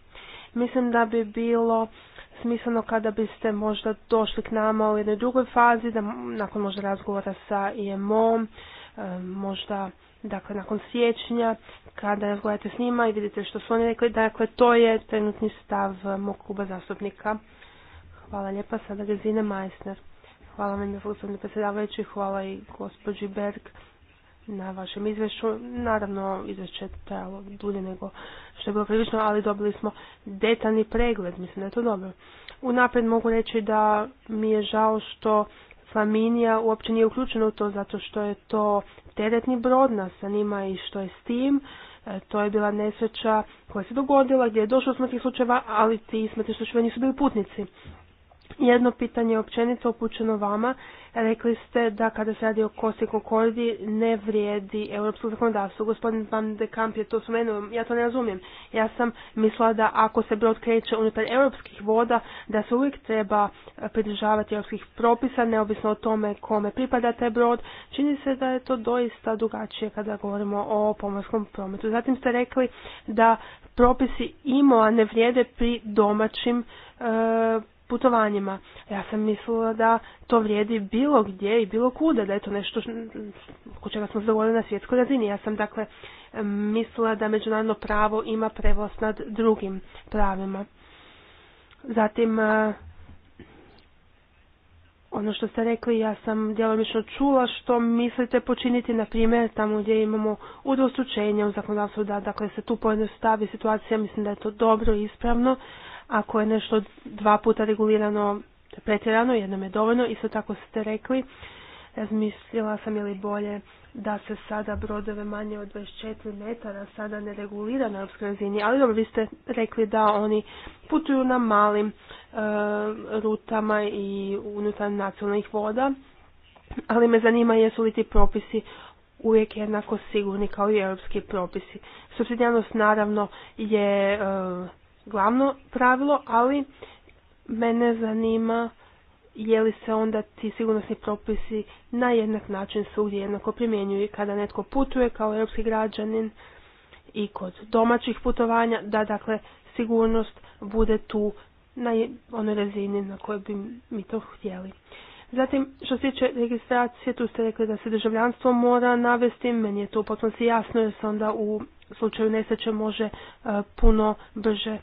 Mislim da bi bilo smisleno kada biste možda došli k nama u jednoj drugoj fazi, da nakon možda razgovora sa IMO, e, možda dakle nakon siječnja, kada razgovarate s njima i vidite što su oni rekli, dakle to je trenutni stav e, mog kluba zastupnika. Hvala lijepa. Sada Gazina Majsner. Hvala vam, gospodine predsjedavajući. Hvala i gospođi Berg na vašem izvješću. Naravno, izvješće je trajalo dulje nego što je bilo prilično, ali dobili smo detaljni pregled. Mislim da je to dobro. Unaprijed mogu reći da mi je žao što Flaminija uopće nije uključena u to zato što je to teretni brod, nas zanima i što je s tim. E, to je bila nesreća koja se dogodila gdje je došlo smrtnih slučajeva, ali ti smrtni slučajeva nisu bili putnici. Jedno pitanje općenito upućeno vama. Rekli ste da kada se radi o kordi ne vrijedi europsko zakonodavstvo. Gospodin Van de Kamp je to spomenuo, ja to ne razumijem. Ja sam mislila da ako se brod kreće unutar europskih voda, da se uvijek treba pridržavati europskih propisa, neovisno o tome kome pripada taj brod. Čini se da je to doista drugačije kada govorimo o pomorskom prometu. Zatim ste rekli da propisi IMO-a ne vrijede pri domaćim e, putovanjima. Ja sam mislila da to vrijedi bilo gdje i bilo kuda, da je to nešto ko čega smo zadovoljili na svjetskoj razini. Ja sam dakle mislila da međunarodno pravo ima prevlast nad drugim pravima. Zatim, eh, ono što ste rekli, ja sam djelomično čula što mislite počiniti, na primjer, tamo gdje imamo udostučenje u zakonodavstvu, da dakle, se tu pojednostavi situacija, mislim da je to dobro i ispravno, ako je nešto dva puta regulirano pretjerano, jednom je dovoljno, isto tako ste rekli, razmislila sam ili bolje da se sada brodove manje od 24 metara sada ne regulira na europskoj razini, ali dobro, vi ste rekli da oni putuju na malim e, rutama i unutar nacionalnih voda, ali me zanima jesu li ti propisi uvijek jednako sigurni kao i europski propisi. Subsidijalnost naravno je e, glavno pravilo, ali mene zanima je li se onda ti sigurnosni propisi na jednak način svugdje jednako primjenjuju i kada netko putuje kao europski građanin i kod domaćih putovanja, da dakle sigurnost bude tu na onoj razini na kojoj bi mi to htjeli. Zatim, što se tiče registracije, tu ste rekli da se državljanstvo mora navesti, meni je to potpuno jasno jer se onda u slučaju nesreće može e, puno brže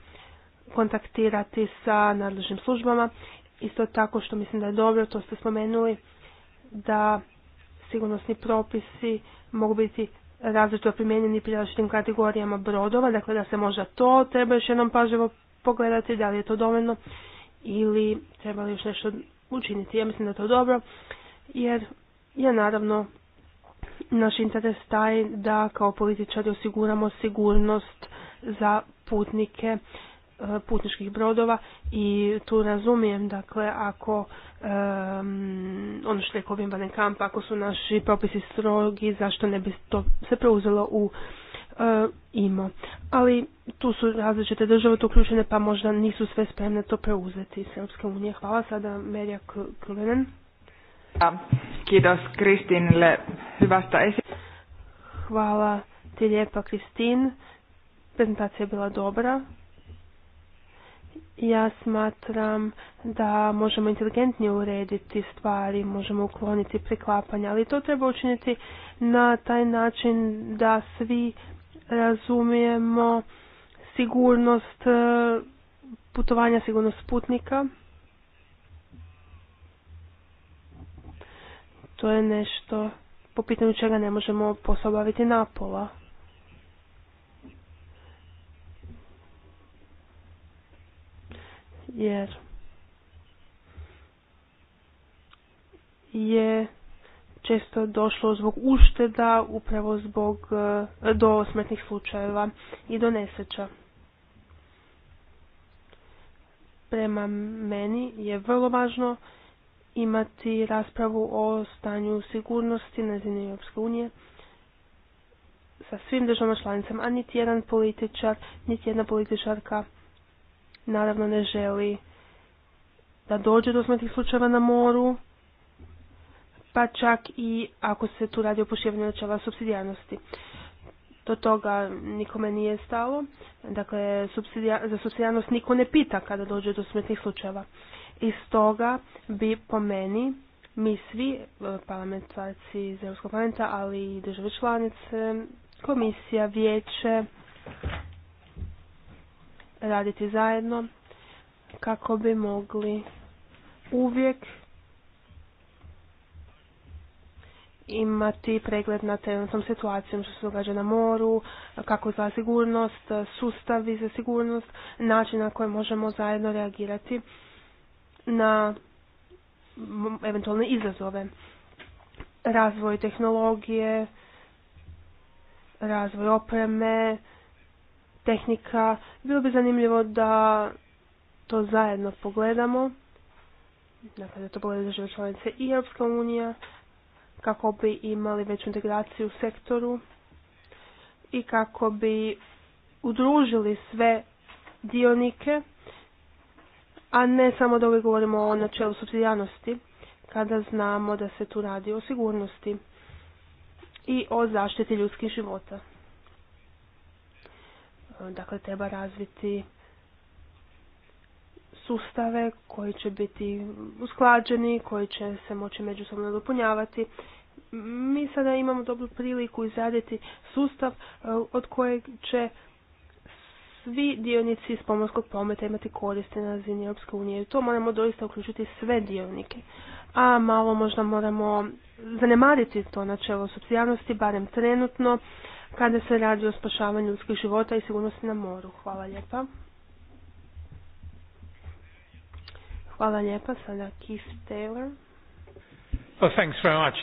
kontaktirati sa nadležnim službama. Isto tako što mislim da je dobro, to ste spomenuli, da sigurnosni propisi mogu biti različito primijenjeni pri različitim kategorijama brodova, dakle da se možda to treba još jednom pažljivo pogledati, da li je to dovoljno ili treba li još nešto učiniti. Ja mislim da je to dobro, jer je naravno naš interes taj da kao političari osiguramo sigurnost za putnike putničkih brodova i tu razumijem, dakle, ako ono što je kovim Kamp, ako su naši propisi strogi, zašto ne bi to se preuzelo u eh, IMO. Ali tu su različite države uključene, pa možda nisu sve spremne to preuzeti iz Europske unije. Hvala sada Merija Kulinen. Hvala ti lijepa Kristin. Prezentacija je bila dobra. Ja smatram da možemo inteligentnije urediti stvari, možemo ukloniti preklapanja, ali to treba učiniti na taj način da svi razumijemo sigurnost e, putovanja, sigurnost putnika. To je nešto po pitanju čega ne možemo posao napola. jer je često došlo zbog ušteda, upravo zbog e, do smrtnih slučajeva i do nesreća. Prema meni je vrlo važno imati raspravu o stanju sigurnosti na razini Europske unije sa svim državama članicama, a niti jedan političar, niti jedna političarka naravno ne želi da dođe do smrtnih slučajeva na moru, pa čak i ako se tu radi o poštivanju načela subsidijarnosti. Do toga nikome nije stalo. Dakle, za subsidijarnost niko ne pita kada dođe do smrtnih slučajeva. I stoga bi po meni mi svi, e, parlamentarci iz Europskog parlamenta, ali i države članice, komisija, vijeće, raditi zajedno kako bi mogli uvijek imati pregled na trenutnom situacijom što se događa na moru, kako za sigurnost, sustavi za sigurnost, način na koji možemo zajedno reagirati na eventualne izazove. Razvoj tehnologije, razvoj opreme, tehnika. Bilo bi zanimljivo da to zajedno pogledamo. Dakle, da to pogledaju države članice i Europska unija kako bi imali veću integraciju u sektoru i kako bi udružili sve dionike, a ne samo da uvijek govorimo o načelu subsidijanosti, kada znamo da se tu radi o sigurnosti i o zaštiti ljudskih života. E, dakle, treba razviti sustave koji će biti usklađeni, koji će se moći međusobno dopunjavati. Mi sada imamo dobru priliku izraditi sustav e, od kojeg će svi dionici iz pomorskog prometa imati koriste na razini Europske unije. To moramo doista uključiti sve dionike. A malo možda moramo zanemariti to načelo socijalnosti, barem trenutno, kada se radi o spašavanju ljudskih života i sigurnosti na moru. Hvala lijepa. Hvala lijepa. Sada Keith Taylor. Oh, thanks very much,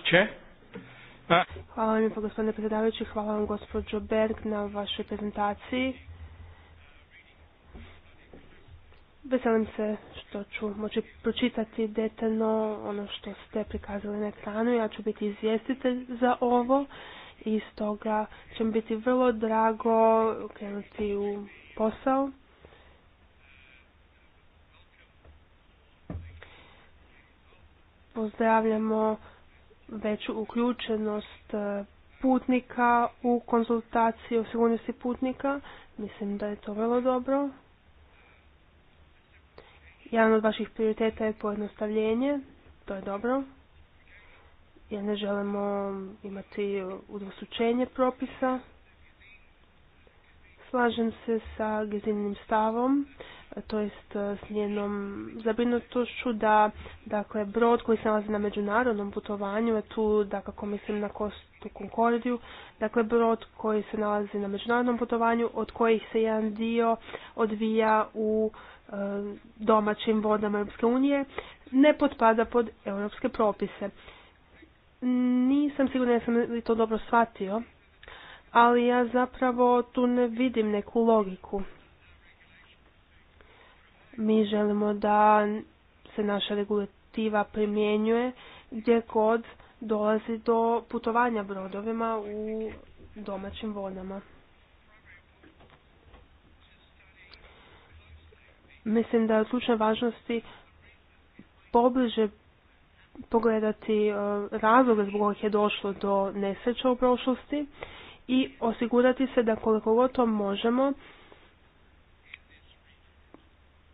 uh, Hvala vam lijepa gospodine predsjedavajući, hvala vam gospođo Berg na vašoj prezentaciji. Veselim se što ću moći pročitati detaljno ono što ste prikazali na ekranu. Ja ću biti izvjestitelj za ovo i stoga će mi biti vrlo drago krenuti u posao. Pozdravljamo veću uključenost e, putnika u konzultaciju o sigurnosti putnika. Mislim da je to vrlo dobro. Jedan od vaših prioriteta je pojednostavljenje. To je dobro jer ne želimo imati udvostručenje propisa. Slažem se sa gezinnim stavom, to jest e, s njenom zabrinutošću da dakle, brod koji se nalazi na međunarodnom putovanju, a tu dakako mislim na Kostu Konkordiju, dakle brod koji se nalazi na međunarodnom putovanju od kojih se jedan dio odvija u e, domaćim vodama Europske unije ne potpada pod europske propise. Nisam sigurna sam li to dobro shvatio, ali ja zapravo tu ne vidim neku logiku. Mi želimo da se naša regulativa primjenjuje gdje kod dolazi do putovanja brodovima u domaćim vodama. Mislim da je od važnosti pobliže pogledati e, razloge zbog kojih je došlo do nesreća u prošlosti i osigurati se da koliko god to možemo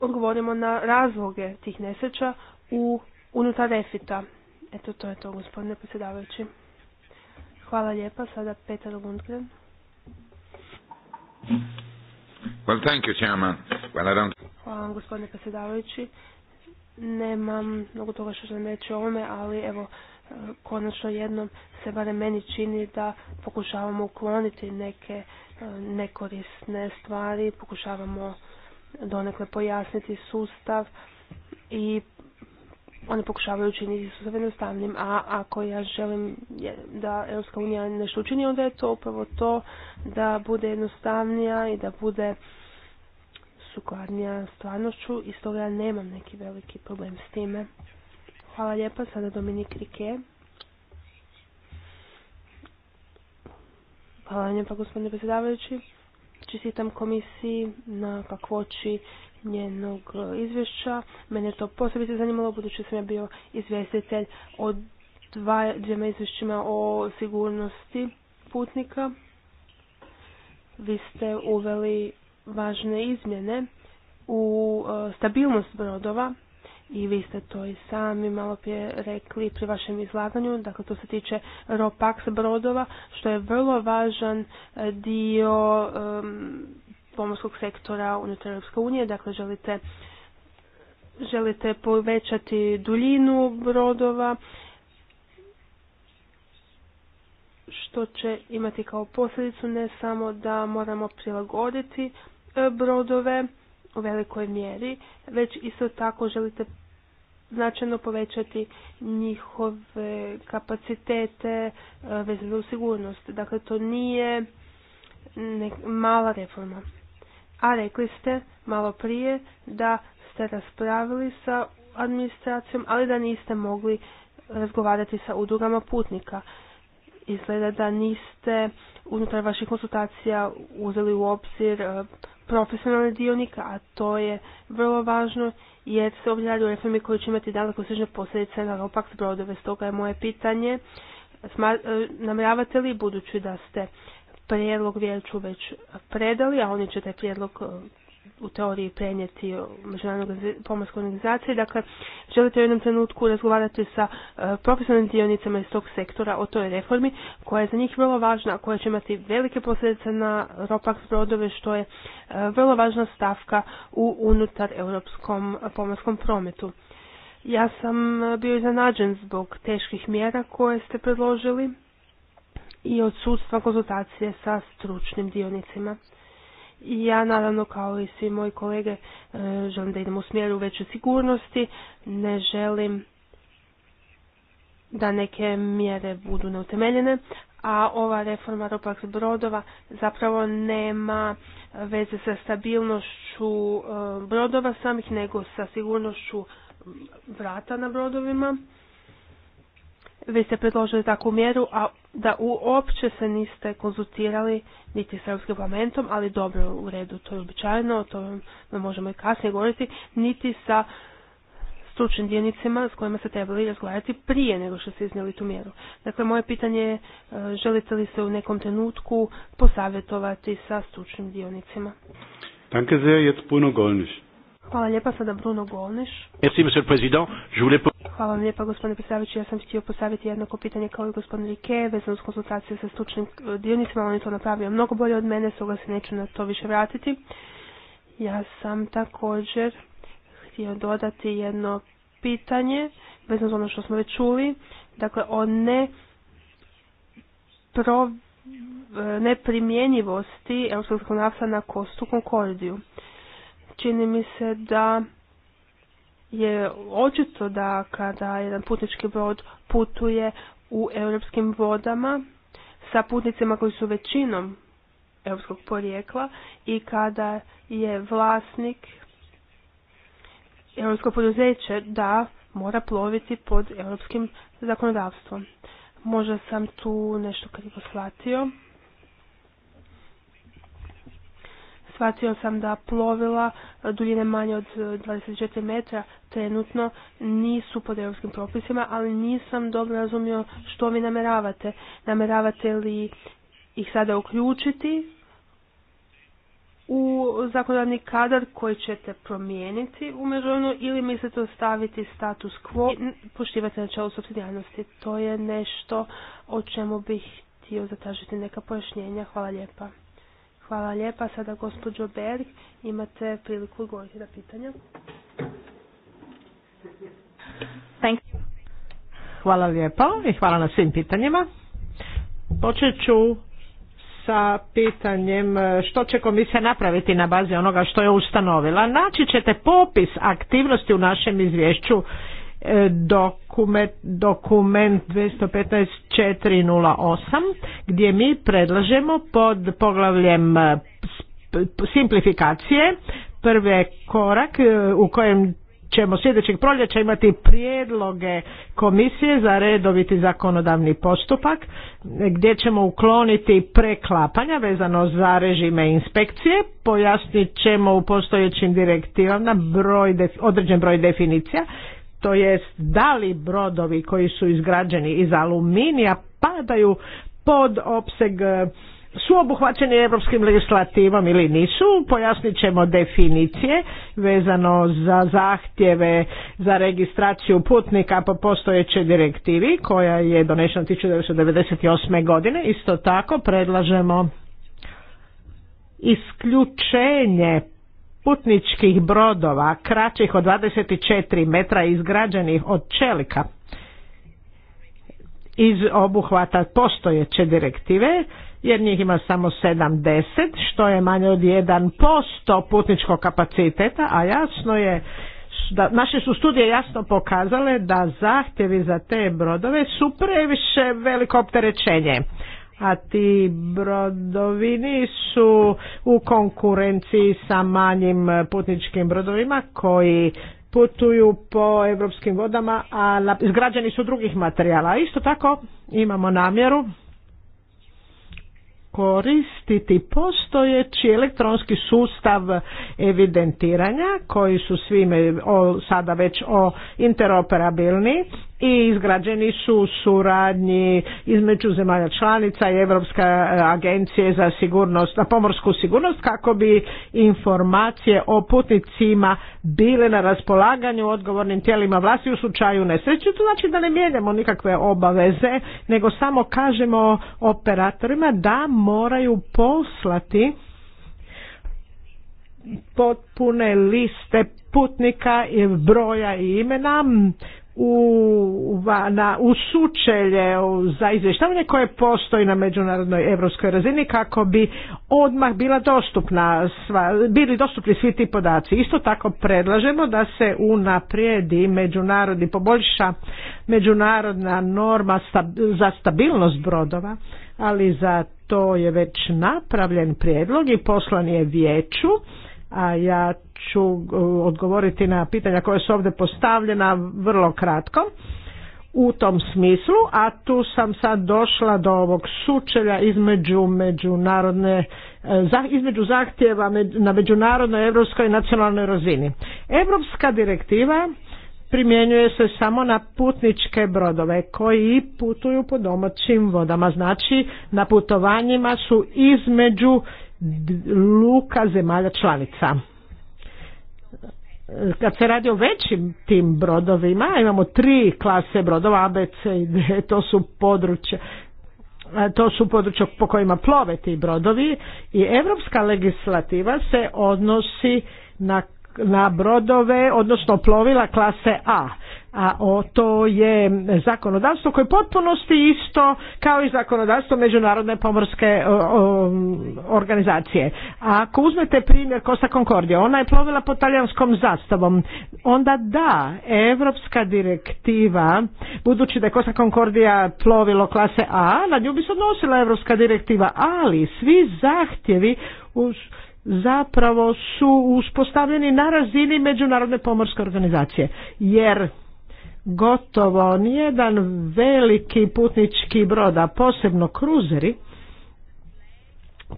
odgovorimo na razloge tih nesreća u unutar refita. Eto to je to gospodine predsjedavajući. Hvala lijepa. Sada Petar Lundgren. Well, thank you, Well, Hvala vam gospodine predsjedavajući. Nemam mnogo toga što želim reći o ovome, ali evo, e, konačno jednom se barem meni čini da pokušavamo ukloniti neke e, nekorisne stvari, pokušavamo donekle pojasniti sustav i oni pokušavaju učiniti sustav jednostavnim, a ako ja želim da EU nešto učini, onda je to upravo to da bude jednostavnija i da bude sukladnija stvarnošću i stoga ja nemam neki veliki problem s time. Hvala lijepa, sada Dominik Rike. Hvala lijepa gospodine predsjedavajući. Čestitam komisiji na kakvoći njenog e, izvješća. Mene je to posebice zanimalo budući sam ja bio izvjestitelj o dva, dvijema izvješćima o sigurnosti putnika. Vi ste uveli važne izmjene u e, stabilnost brodova i vi ste to i sami malo prije rekli pri vašem izlaganju, dakle to se tiče ROPAX brodova, što je vrlo važan e, dio pomorskog sektora unutar Europske unije, dakle želite, želite povećati duljinu brodova, što će imati kao posljedicu ne samo da moramo prilagoditi E, brodove u velikoj mjeri, već isto tako želite značajno povećati njihove kapacitete e, vezano u sigurnost. Dakle, to nije mala reforma. A rekli ste malo prije da ste raspravili sa administracijom, ali da niste mogli razgovarati sa udrugama putnika izgleda da niste unutar vaših konsultacija uzeli u obzir e, profesionalne dionike, a to je vrlo važno jer se ovdje radi o reformi koji će imati daleko posljedice na opak brodove. Stoga je moje pitanje, e, namravate li budući da ste prijedlog vijeću već predali, a oni će taj prijedlog e, u teoriji prenijeti međunarodnog pomorske organizacije. Dakle, želite u jednom trenutku razgovarati sa e, profesionalnim dionicama iz tog sektora o toj reformi koja je za njih vrlo važna, koja će imati velike posljedice na ropak brodove što je e, vrlo važna stavka u unutar europskom pomorskom prometu. Ja sam bio iznenađen zbog teških mjera koje ste predložili i odsudstva konzultacije sa stručnim dionicima. Ja naravno kao i svi moji kolege e, želim da idem u smjeru veće sigurnosti, ne želim da neke mjere budu neutemeljene, a ova reforma ropak brodova zapravo nema veze sa stabilnošću e, brodova samih, nego sa sigurnošću vrata na brodovima vi ste predložili takvu mjeru, a da uopće se niste konzultirali niti s Europskim parlamentom, ali dobro u redu, to je običajno, o to tome možemo i kasnije govoriti, niti sa stručnim djenicima s kojima ste trebali razgovarati prije nego što ste iznijeli tu mjeru. Dakle, moje pitanje je e, želite li se u nekom trenutku posavjetovati sa stručnim dionicima? Danke sehr, jetzt Bruno Hvala lijepa sada Bruno Golniš. monsieur le président. Je voulais... Hvala vam lijepa gospodine predsjedavajući. Ja sam htio postaviti jednako pitanje kao i gospodin Rike vezano s konsultacije sa stručnim e, dionicima. On je to napravio mnogo bolje od mene, stoga se neću na to više vratiti. Ja sam također htio dodati jedno pitanje vezano za ono što smo već čuli. Dakle, o ne e, neprimjenjivosti europskog zakonodavstva na kostu Konkordiju čini mi se da je očito da kada jedan putnički brod putuje u europskim vodama sa putnicima koji su većinom europskog porijekla i kada je vlasnik europsko poduzeće da mora ploviti pod europskim zakonodavstvom. Možda sam tu nešto krivo shvatio. shvatio sam da plovila e, duljine manje od 24 e, metra trenutno nisu pod europskim propisima, ali nisam dobro razumio što vi nameravate. Nameravate li ih sada uključiti u zakonodavni kadar koji ćete promijeniti umeđuvremenu ili mislite ostaviti status quo i poštivati načelo subsidijalnosti. To je nešto o čemu bih htio zatražiti neka pojašnjenja. Hvala lijepa. Hvala lijepa. Sada gospođo Berg, imate priliku odgovoriti na pitanja. Hvala lijepa i hvala na svim pitanjima. Počet ću sa pitanjem što će komisija napraviti na bazi onoga što je ustanovila. Naći ćete popis aktivnosti u našem izvješću E, dokument, dokument 215.408 gdje mi predlažemo pod poglavljem e, simplifikacije prve korak e, u kojem ćemo sljedećeg proljeća imati prijedloge komisije za redoviti zakonodavni postupak gdje ćemo ukloniti preklapanja vezano za režime inspekcije, pojasnit ćemo u postojećim direktivama broj, određen broj definicija to jest da li brodovi koji su izgrađeni iz aluminija padaju pod opseg e, su obuhvaćeni europskim legislativom ili nisu, pojasnit ćemo definicije vezano za zahtjeve za registraciju putnika po postojećoj direktivi koja je donešena 1998. godine. Isto tako predlažemo isključenje putničkih brodova kraćih od 24 metra izgrađenih od čelika iz obuhvata postojeće direktive jer njih ima samo 70 što je manje od 1% putničkog kapaciteta a jasno je da naše su studije jasno pokazale da zahtjevi za te brodove su previše veliko opterećenje a ti brodovini su u konkurenciji sa manjim putničkim brodovima koji putuju po europskim vodama, a izgrađeni su drugih materijala. Isto tako imamo namjeru koristiti postojeći elektronski sustav evidentiranja koji su svime sada već o interoperabilni i izgrađeni su suradnji između zemalja članica i Europska e, agencije za sigurnost, na pomorsku sigurnost kako bi informacije o putnicima bile na raspolaganju odgovornim tijelima vlasti u slučaju nesreće. To znači da ne mijenjamo nikakve obaveze, nego samo kažemo operatorima da moraju poslati potpune liste putnika i e, broja i imena u, na, u sučelje za izvještavanje koje postoji na međunarodnoj evropskoj razini kako bi odmah bila dostupna sva, bili dostupni svi ti podaci. Isto tako predlažemo da se unaprijedi međunarodni poboljša međunarodna norma za stabilnost brodova, ali za to je već napravljen prijedlog i poslan je vijeću a ja ću uh, odgovoriti na pitanja koja su ovdje postavljena vrlo kratko u tom smislu, a tu sam sad došla do ovog sučelja između međunarodne e, između zahtjeva na međunarodnoj, europskoj i nacionalnoj razini. Europska direktiva primjenjuje se samo na putničke brodove koji putuju po domaćim vodama, znači na putovanjima su između luka zemalja članica. Kad se radi o većim tim brodovima, imamo tri klase brodova, A, B, i D, to su područje to su područja po kojima plove ti brodovi i europska legislativa se odnosi na na brodove, odnosno plovila klase A. A o, to je zakonodavstvo koje je potpunosti isto kao i zakonodavstvo Međunarodne pomorske organizacije. A ako uzmete primjer Costa Concordia, ona je plovila pod talijanskom zastavom, onda da, evropska direktiva, budući da je Costa Concordia plovilo klase A, na nju bi se odnosila evropska direktiva, ali svi zahtjevi uz zapravo su uspostavljeni na razini Međunarodne pomorske organizacije. Jer gotovo nijedan veliki putnički brod, a posebno kruzeri,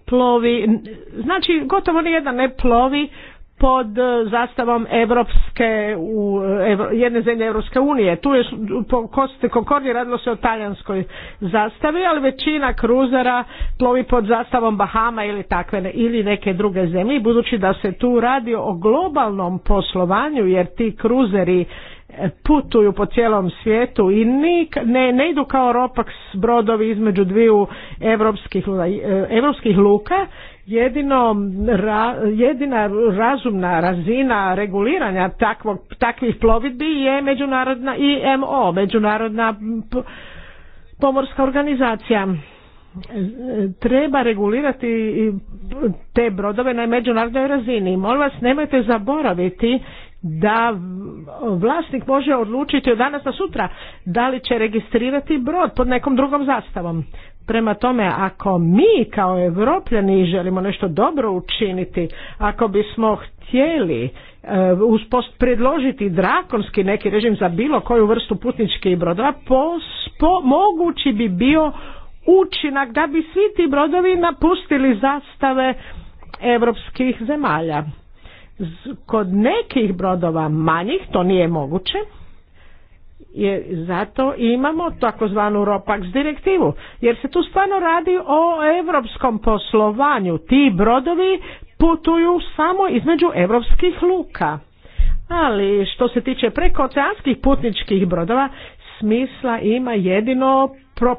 plovi, znači gotovo nijedan ne plovi pod e, zastavom Evropske, u, e, jedne zemlje Evropske unije. Tu je po Koste radilo se o talijanskoj zastavi, ali većina kruzera plovi pod zastavom Bahama ili takve ili neke druge zemlje, budući da se tu radi o globalnom poslovanju, jer ti kruzeri e, putuju po cijelom svijetu i ne, ne idu kao ropak s brodovi između dviju evropskih, evropskih luka Jedino, jedina razumna razina reguliranja takvog, takvih plovidbi je međunarodna IMO, međunarodna pomorska organizacija. Treba regulirati te brodove na međunarodnoj razini. Molim vas, nemojte zaboraviti da vlasnik može odlučiti od danas na sutra da li će registrirati brod pod nekom drugom zastavom. Prema tome, ako mi kao Evropljani želimo nešto dobro učiniti, ako bismo htjeli e, predložiti drakonski neki režim za bilo koju vrstu putničkih brodova, mogući bi bio učinak da bi svi ti brodovi napustili zastave europskih zemalja. Kod nekih brodova manjih to nije moguće, jer zato imamo takozvanu ROPAX direktivu, jer se tu stvarno radi o europskom poslovanju. Ti brodovi putuju samo između europskih luka. Ali što se tiče prekooceanskih putničkih brodova, smisla ima jedino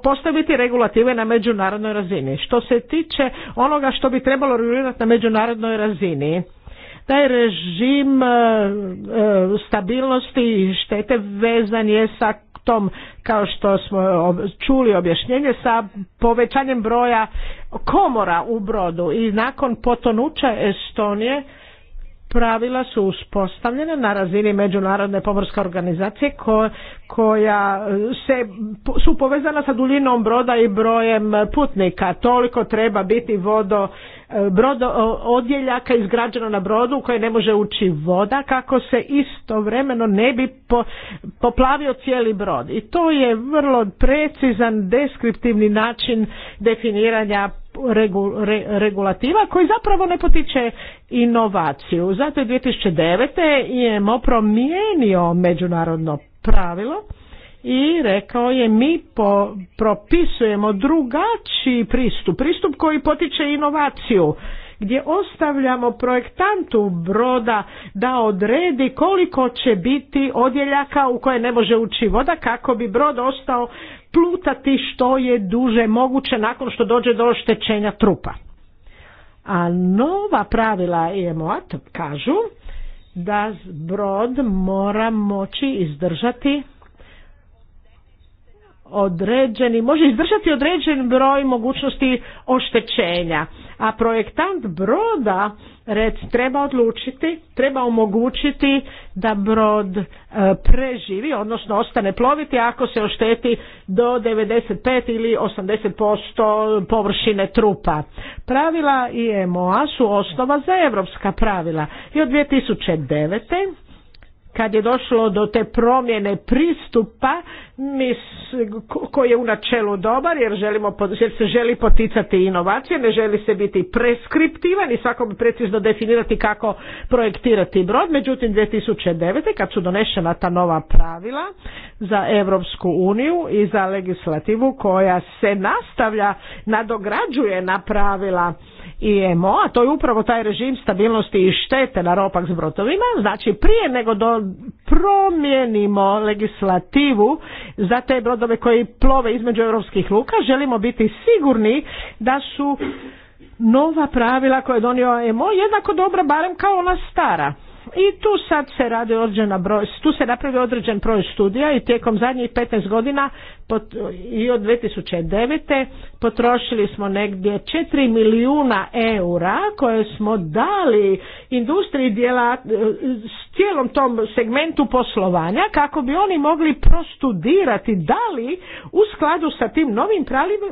postaviti regulative na međunarodnoj razini. Što se tiče onoga što bi trebalo regulirati na međunarodnoj razini, taj režim e, e, stabilnosti i štete vezan je sa tom kao što smo čuli objašnjenje sa povećanjem broja komora u brodu i nakon potonuća Estonije pravila su uspostavljena na razini Međunarodne pomorske organizacije koja eh, se, su povezana sa duljinom broda i brojem putnika. Toliko treba biti vodo eh, brodo, eh, odjeljaka izgrađeno na brodu u koje ne može ući voda kako se istovremeno ne bi poplavio cijeli brod. I to je vrlo precizan deskriptivni način definiranja regulativa koji zapravo ne potiče inovaciju. Zato je 2009. IMO promijenio međunarodno pravilo i rekao je mi propisujemo drugačiji pristup, pristup koji potiče inovaciju gdje ostavljamo projektantu broda da odredi koliko će biti odjeljaka u koje ne može ući voda kako bi brod ostao plutati što je duže moguće nakon što dođe do oštećenja trupa. A nova pravila IMO-a e kažu da brod mora moći izdržati određeni, može izdržati određen broj mogućnosti oštećenja a projektant broda rec treba odlučiti, treba omogućiti da brod e, preživi, odnosno ostane ploviti ako se ošteti do 95 ili 80% površine trupa. Pravila IMO-a su osnova za evropska pravila i od 2009 kad je došlo do te promjene pristupa mis, koji je u načelu dobar jer, želimo, jer se želi poticati inovacije, ne želi se biti preskriptivan i svako bi precizno definirati kako projektirati brod. Međutim, 2009. kad su donešena ta nova pravila za Europsku uniju i za legislativu koja se nastavlja, nadograđuje na pravila IMO, e a to je upravo taj režim stabilnosti i štete na ropak s brotovima, znači prije nego do promijenimo legislativu za te brodove koji plove između europskih luka, želimo biti sigurni da su nova pravila koje je donio EMO jednako dobra barem kao ona stara i tu sad se radi određena broj, tu se napravi određen broj studija i tijekom zadnjih 15 godina i od 2009. potrošili smo negdje 4 milijuna eura koje smo dali industriji e, s cijelom tom segmentu poslovanja kako bi oni mogli prostudirati da li u skladu sa tim novim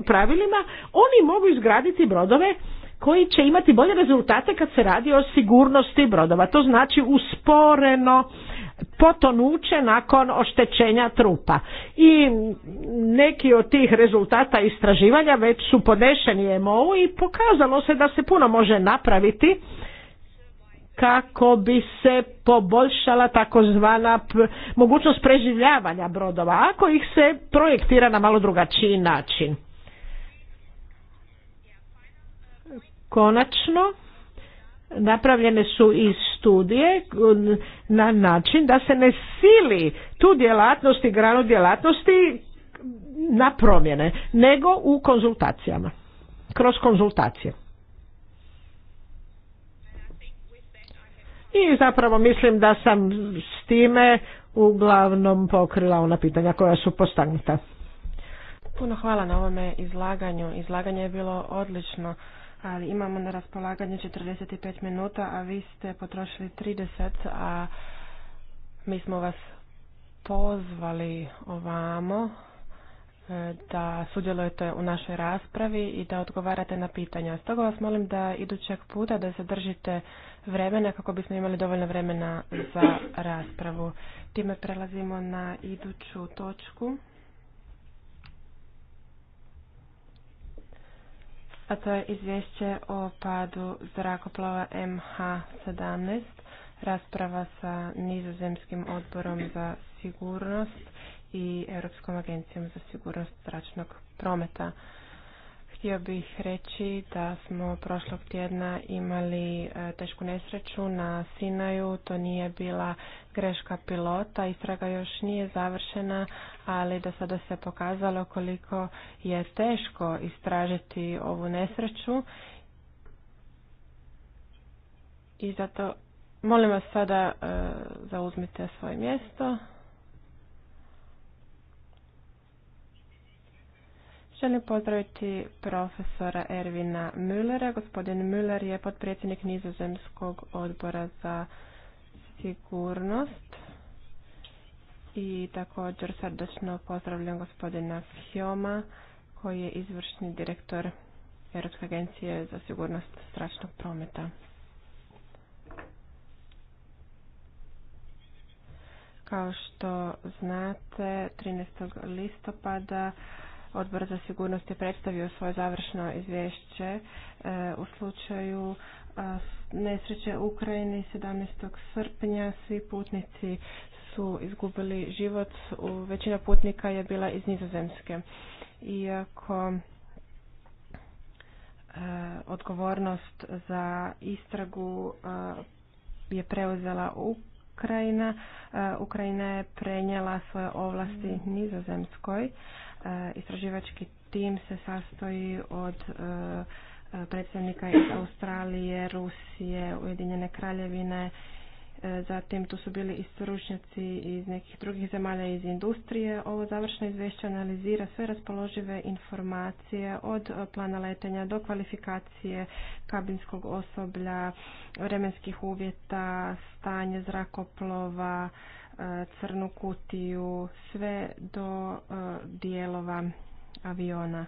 pravilima oni mogu izgraditi brodove koji će imati bolje rezultate kad se radi o sigurnosti brodova. To znači usporeno potonuće nakon oštećenja trupa. I neki od tih rezultata istraživanja već su podešeni MO i pokazalo se da se puno može napraviti kako bi se poboljšala takozvana mogućnost preživljavanja brodova ako ih se projektira na malo drugačiji način. Konačno, napravljene su i studije na način da se ne sili tu djelatnost i granu djelatnosti na promjene, nego u konzultacijama, kroz konzultacije. I zapravo mislim da sam s time uglavnom pokrila ona pitanja koja su postavljena. Puno hvala na ovome izlaganju. Izlaganje je bilo odlično ali imamo na raspolaganju 45 minuta, a vi ste potrošili 30, a mi smo vas pozvali ovamo e, da sudjelujete u našoj raspravi i da odgovarate na pitanja. Stoga vas molim da idućeg puta da zadržite vremena kako bismo imali dovoljno vremena za raspravu. Time prelazimo na iduću točku. a to je izvješće o padu zrakoplova MH17, rasprava sa nizozemskim odborom za sigurnost i Europskom agencijom za sigurnost zračnog prometa. Htio bih reći da smo prošlog tjedna imali e, tešku nesreću na Sinaju. To nije bila greška pilota. Istraga još nije završena, ali do sada se pokazalo koliko je teško istražiti ovu nesreću. I zato molim vas sada e, zauzmite svoje mjesto. Želim pozdraviti profesora Ervina Müllera. Gospodin Müller je potpredsjednik Nizozemskog odbora za sigurnost. I također srdačno pozdravljam gospodina Fjoma koji je izvršni direktor Europske agencije za sigurnost stračnog prometa. Kao što znate, 13. listopada Odbor za sigurnost je predstavio svoje završno izvješće e, u slučaju nesreće u Ukrajini 17. srpnja. Svi putnici su izgubili život. Većina putnika je bila iz Nizozemske. Iako e, odgovornost za istragu e, je preuzela Ukrajina. Ukrajina je prenijela svoje ovlasti Nizozemskoj, E, istraživački tim se sastoji od e, e, predstavnika iz Australije, Rusije, Ujedinjene kraljevine, zatim tu su bili i stručnjaci iz nekih drugih zemalja iz industrije. Ovo završno izvješće analizira sve raspoložive informacije od plana letenja do kvalifikacije kabinskog osoblja, vremenskih uvjeta, stanje zrakoplova, E, crnu kutiju sve do e, dijelova aviona.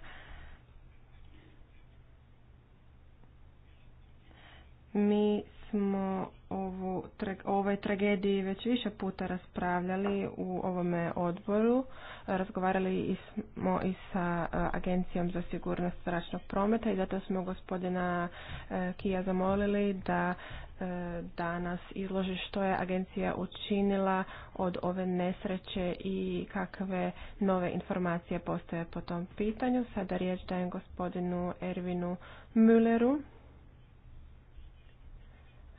Mi smo ovu, ovoj tragediji već više puta raspravljali u ovome odboru. Razgovarali smo i sa e, Agencijom za sigurnost zračnog prometa i zato smo gospodina e, Kija zamolili da e, danas izloži što je agencija učinila od ove nesreće i kakve nove informacije postoje po tom pitanju. Sada riječ dajem gospodinu Ervinu Mülleru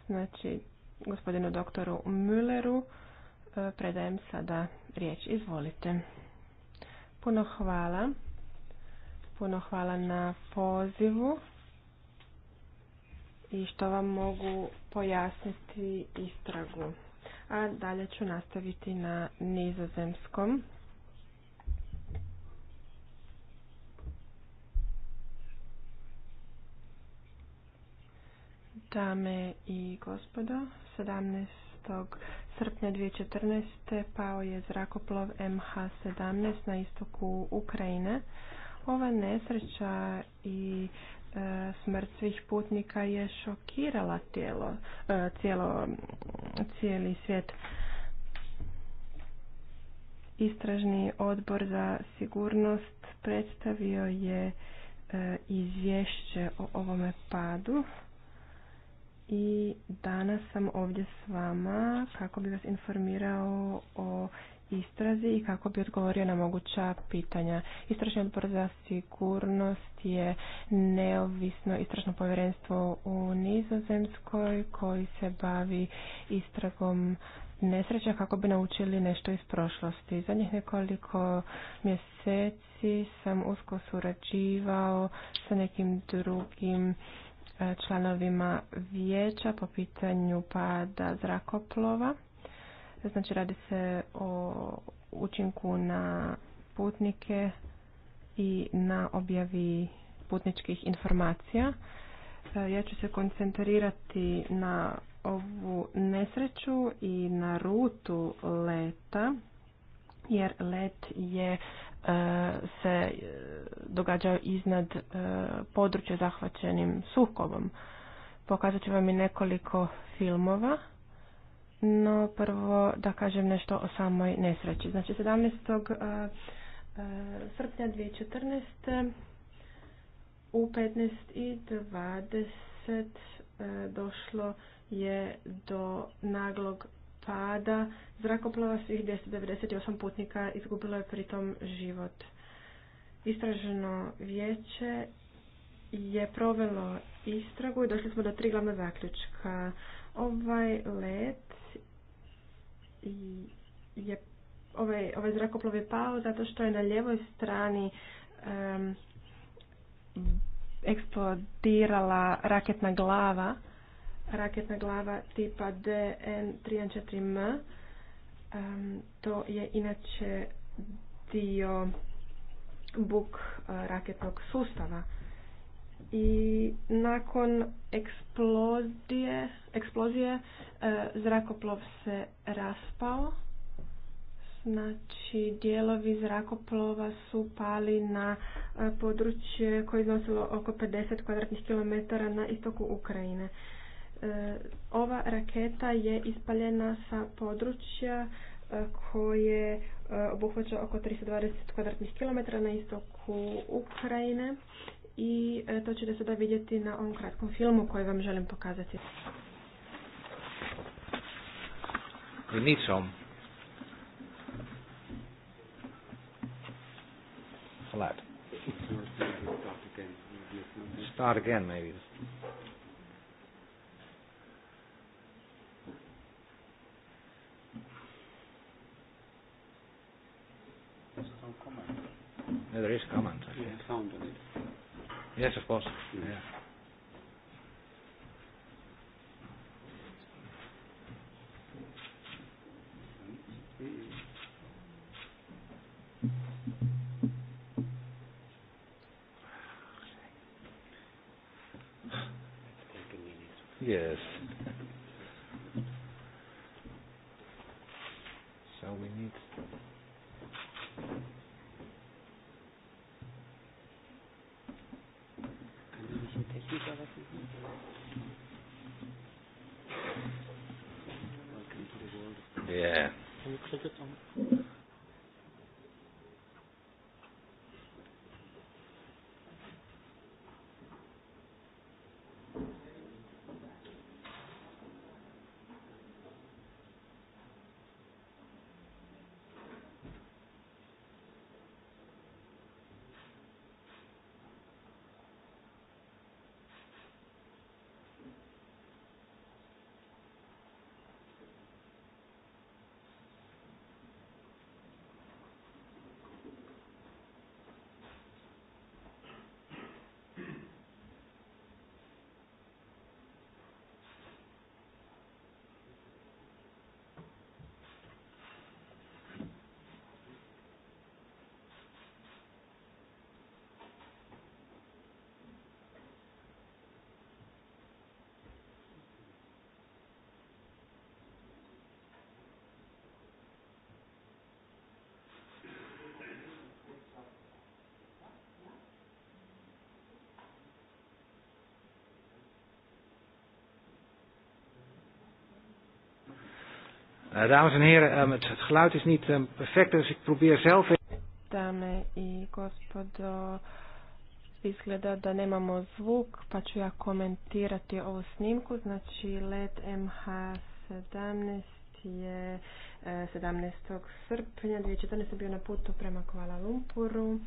Znači, gospodinu doktoru Mülleru e, predajem sada riječ. Izvolite. Puno hvala. Puno hvala na pozivu i što vam mogu pojasniti istragu. A dalje ću nastaviti na nizozemskom. Dame i gospodo, 17. srpnja 2014. pao je zrakoplov MH17 na istoku Ukrajine. Ova nesreća i e, smrt svih putnika je šokirala e, cijeli svijet. Istražni odbor za sigurnost predstavio je e, izvješće o ovome padu i danas sam ovdje s vama kako bi vas informirao o istrazi i kako bi odgovorio na moguća pitanja. Istražni odbor za sigurnost je neovisno istražno povjerenstvo u Nizozemskoj koji se bavi istragom nesreća kako bi naučili nešto iz prošlosti. Zadnjih nekoliko mjeseci sam usko surađivao sa nekim drugim E, članovima vijeća po pitanju pada zrakoplova. Znači radi se o učinku na putnike i na objavi putničkih informacija. E, ja ću se koncentrirati na ovu nesreću i na rutu leta jer let je se e, događaju iznad e, područja zahvaćenim sukobom. Pokazat ću vam i nekoliko filmova, no prvo da kažem nešto o samoj nesreći. Znači 17. E, srpnja 2014. u 15 i 20 došlo je do naglog pada zrakoplova svih 298 putnika izgubilo je pritom život. Istraženo vijeće je provelo istragu i došli smo do tri glavna zaključka. Ovaj let je ovaj, ovaj zrakoplov je pao zato što je na ljevoj strani eksplodirala raketna glava raketna glava tipa dn 34 m To je inače dio buk e, raketnog sustava. I nakon eksplozije, eksplozije e, zrakoplov se raspao. Znači, dijelovi zrakoplova su pali na e, područje koje je iznosilo oko 50 kvadratnih kilometara na istoku Ukrajine. E, ova raketa je ispaljena sa područja e, koje e, obuhvaća oko 320 kvadratnih kilometra na istoku Ukrajine i to ćete sada vidjeti na ovom kratkom filmu koji vam želim pokazati. Start again maybe. Yes, of course. Yeah. Eh, dames en heren, ehm, het, geluid is niet ehm, perfect, dus ik probeer zelf... Dame i gospodo, izgleda da nemamo zvuk, pa ću ja komentirati ovu snimku. Znači, let MH17 je 17. Eh, srpnja 2014. bio na putu prema Kuala Lumpuru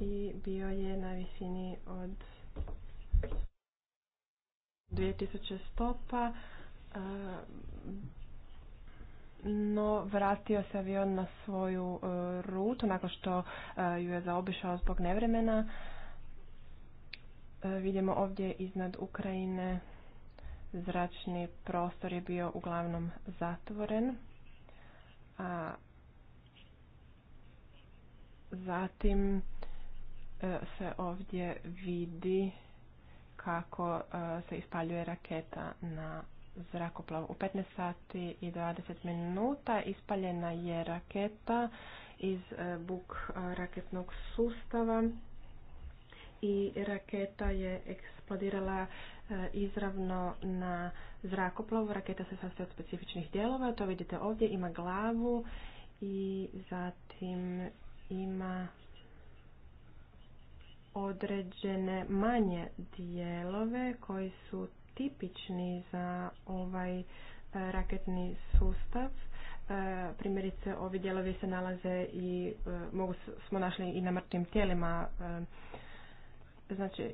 i bio je na visini od 2000 stopa no vratio se avion na svoju e, rutu nakon što e, ju je zaobišao zbog nevremena. E, vidimo ovdje iznad Ukrajine zračni prostor je bio uglavnom zatvoren. A zatim se ovdje vidi kako se ispaljuje raketa na zrakoplov. U 15 sati i 20 minuta ispaljena je raketa iz e, buk e, raketnog sustava i raketa je eksplodirala e, izravno na zrakoplov. Raketa se sastoji od specifičnih dijelova, to vidite ovdje, ima glavu i zatim ima određene manje dijelove koji su tipični za ovaj e, raketni sustav. E, primjerice, ovi dijelovi se nalaze i e, mogu smo našli i na mrtvim tijelima. Znači,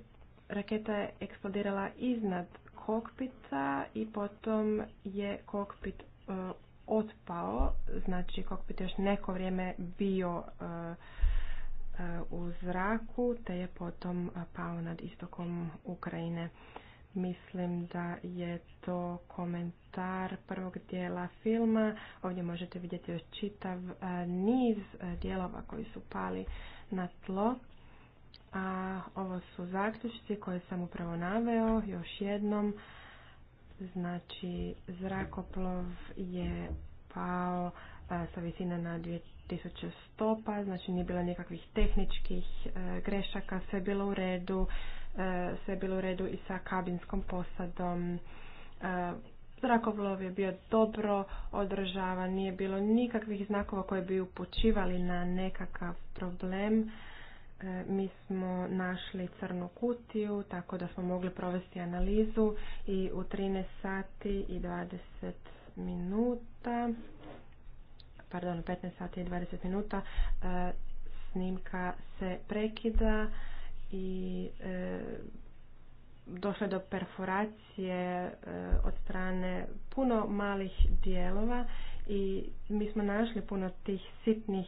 raketa je eksplodirala iznad kokpita i potom je kokpit otpao, znači kokpit još neko vrijeme bio u zraku, te je potom pao nad istokom Ukrajine. Mislim da je to komentar prvog dijela filma. Ovdje možete vidjeti još čitav e, niz e, dijelova koji su pali na tlo. A ovo su zaključci koje sam upravo naveo još jednom. Znači, zrakoplov je pao e, sa visine na 2100, stopa. znači nije bilo nikakvih tehničkih grešaka, sve bilo u redu, E, sve bilo u redu i sa kabinskom posadom. E, Zrakoplov je bio dobro održavan, nije bilo nikakvih znakova koje bi upućivali na nekakav problem. E, mi smo našli crnu kutiju, tako da smo mogli provesti analizu i u 13 sati i 20 minuta, pardon, 15 sati i 20 minuta snimka se prekida i e, došlo do perforacije e, od strane puno malih dijelova i mi smo našli puno tih sitnih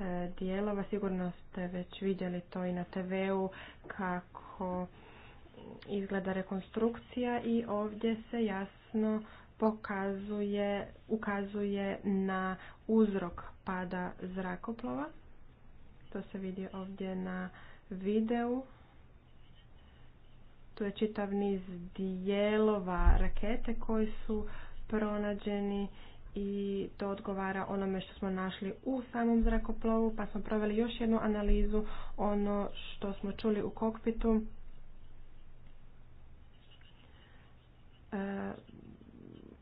e, dijelova. Sigurno ste već vidjeli to i na TV-u kako izgleda rekonstrukcija i ovdje se jasno pokazuje, ukazuje na uzrok pada zrakoplova. To se vidi ovdje na videu. Tu je čitav niz dijelova rakete koji su pronađeni i to odgovara onome što smo našli u samom zrakoplovu, pa smo proveli još jednu analizu ono što smo čuli u kokpitu. E,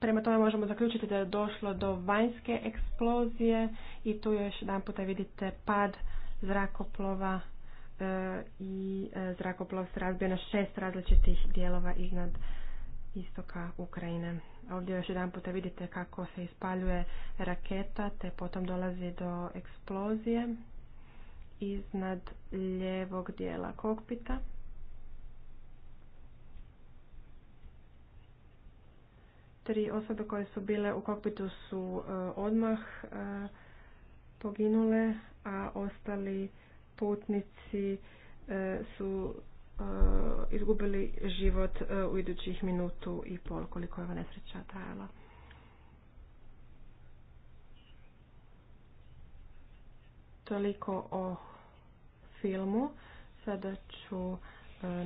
prema tome možemo zaključiti da je došlo do vanjske eksplozije i tu još jedan puta vidite pad zrakoplova E, i e, zrakoplov se razbio na šest različitih dijelova iznad istoka Ukrajine. Ovdje još jedan puta vidite kako se ispaljuje raketa, te potom dolazi do eksplozije iznad ljevog dijela kokpita. Tri osobe koje su bile u kokpitu su e, odmah poginule, a ostali putnici e, su e, izgubili život e, u idućih minutu i pol koliko je ova nesreća trajala. Toliko o filmu. Sada ću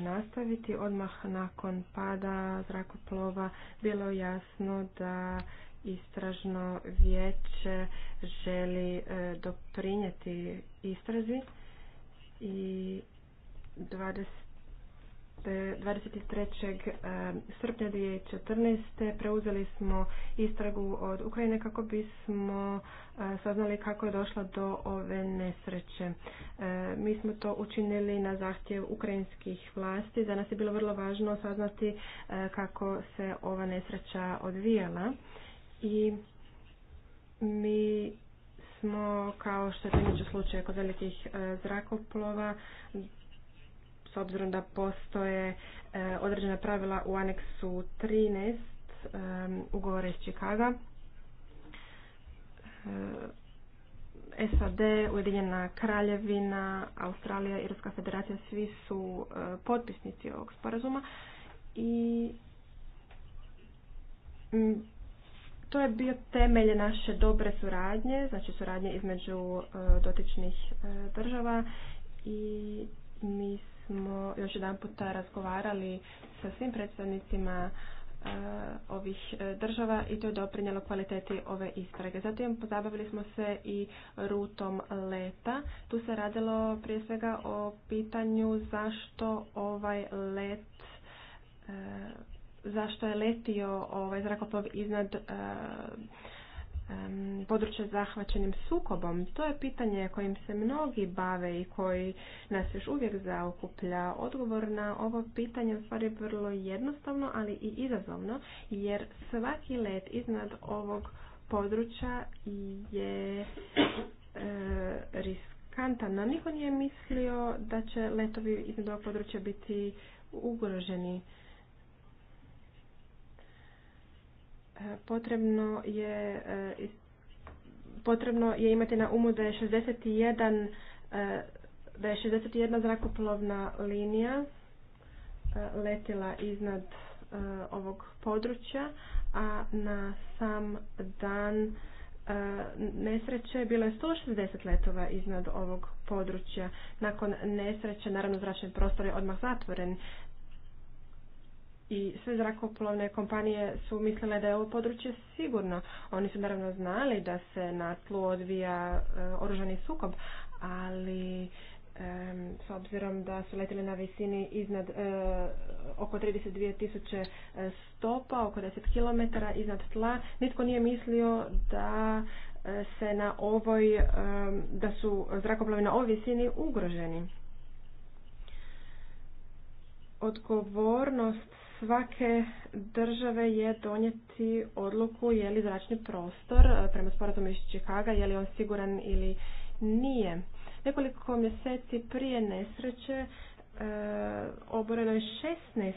nastaviti. Odmah nakon pada zrakoplova bilo je jasno da istražno vijeće želi doprinijeti istrazi i 23. E, e, srpnja 2014. preuzeli smo istragu od Ukrajine kako bismo e, saznali kako je došlo do ove nesreće. Mi smo to učinili na zahtjev ukrajinskih vlasti. Za nas je bilo vrlo važno saznati kako se ova nesreća odvijala i mi smo, kao što je primjeđu slučaje kod velikih e, zrakoplova, s obzirom da postoje e, određena pravila u aneksu 13 e, ugovora iz Čikaga, SAD, Ujedinjena Kraljevina, Australija i Ruska federacija svi su potpisnici ovog sporazuma i to je bio temelj naše dobre suradnje, znači suradnje između e, dotičnih e, država i mi smo još jedan puta razgovarali sa svim predstavnicima e, ovih država i to je doprinjelo kvaliteti ove istrage. Zatim pozabavili smo se i rutom leta. Tu se radilo prije svega o pitanju zašto ovaj let zašto je letio ovaj zrakoplov iznad e, područja zahvaćenim sukobom. To je pitanje kojim se mnogi bave i koji nas još uvijek zaokuplja. Odgovor na ovo pitanje stvari vrlo jednostavno, ali i izazovno, jer svaki let iznad ovog područja je e, riskantan. No, niko nije mislio da će letovi iznad ovog područja biti ugroženi. E, potrebno je e, potrebno je imati na umu da je 61 e, da 61 zrakoplovna linija letila iznad ovog područja, a na sam dan nesreće bilo je 160 letova iznad ovog područja. Nakon nesreće, naravno zračni prostor je odmah zatvoren i sve zrakoplovne kompanije su mislile da je ovo područje sigurno. Oni su naravno znali da se na tlu odvija e, oružani sukob, ali s obzirom da su letjeli na visini iznad e, oko 32.000 e, stopa, oko 10 km iznad tla, nitko nije mislio da se na ovoj, da su zrakoplovi na ovoj visini ugroženi odgovornost svake države je donijeti odluku je li zračni prostor e, prema sporazumu iz Čikaga je li on siguran ili nije. Nekoliko mjeseci prije nesreće e, oboreno je 16 e,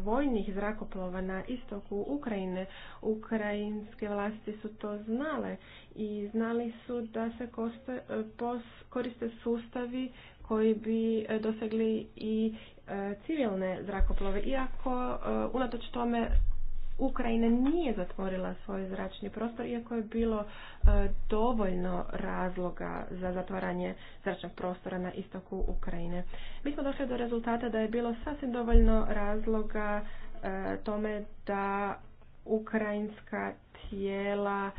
vojnih zrakoplova na istoku Ukrajine. Ukrajinske vlasti su to znale i znali su da se koriste sustavi koji bi dosegli i E, civilne zrakoplove, iako e, unatoč tome Ukrajina nije zatvorila svoj zračni prostor, iako je bilo e, dovoljno razloga za zatvaranje zračnog prostora na istoku Ukrajine. Mi smo došli do rezultata da je bilo sasvim dovoljno razloga tome da ukrajinska tijela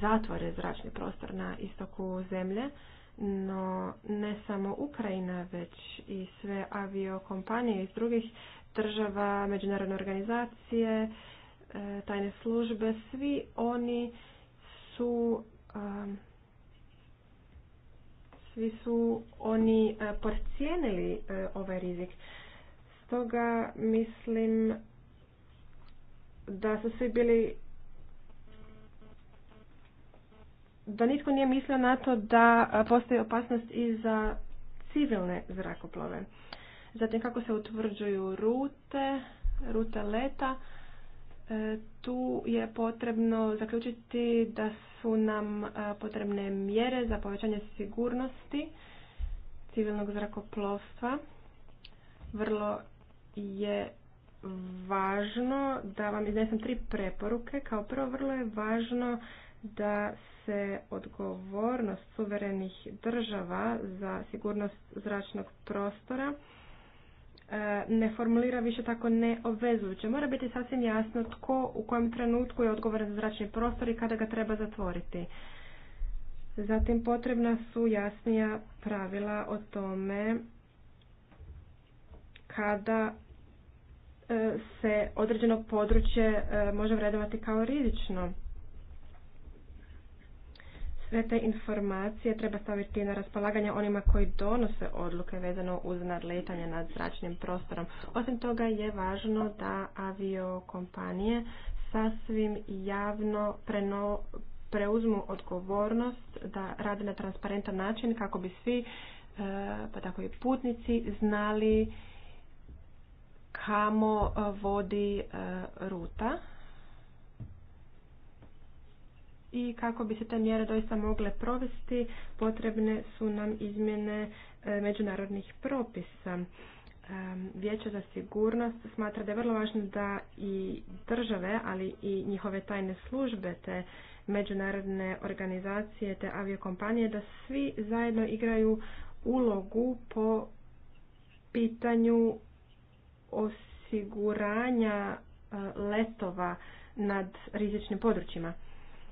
zatvore zračni prostor na istoku zemlje. No, ne samo Ukrajina, već i sve aviokompanije iz drugih država, međunarodne organizacije, e, tajne službe, svi oni su um, svi su oni e, porcijenili e, ovaj rizik. Stoga mislim da su svi bili da nitko nije mislio na to da postoji opasnost i za civilne zrakoplove. Zatim kako se utvrđuju rute, rute leta, e, tu je potrebno zaključiti da su nam potrebne mjere za povećanje sigurnosti civilnog zrakoplovstva. Vrlo je važno da vam iznesem tri preporuke. Kao prvo, vrlo je važno da se odgovornost suverenih država za sigurnost zračnog prostora e, ne formulira više tako neobvezujuće. Mora biti sasvim jasno tko u kojem trenutku je odgovoran za zračni prostor i kada ga treba zatvoriti. Zatim potrebna su jasnija pravila o tome kada e, se određeno područje e, može vredovati kao rizično. Sve te informacije treba staviti na raspolaganje onima koji donose odluke vezano uz nadletanje nad zračnim prostorom. Osim toga je važno da aviokompanije sasvim javno preuzmu odgovornost da rade na transparentan način kako bi svi, e, pa tako i putnici, znali kamo vodi e, ruta i kako bi se te mjere doista mogle provesti potrebne su nam izmjene e, međunarodnih propisa. E, Vijeća za sigurnost smatra da je vrlo važno da i države, ali i njihove tajne službe, te međunarodne organizacije, te aviokompanije, da svi zajedno igraju ulogu po pitanju osiguranja e, letova nad rizičnim područjima.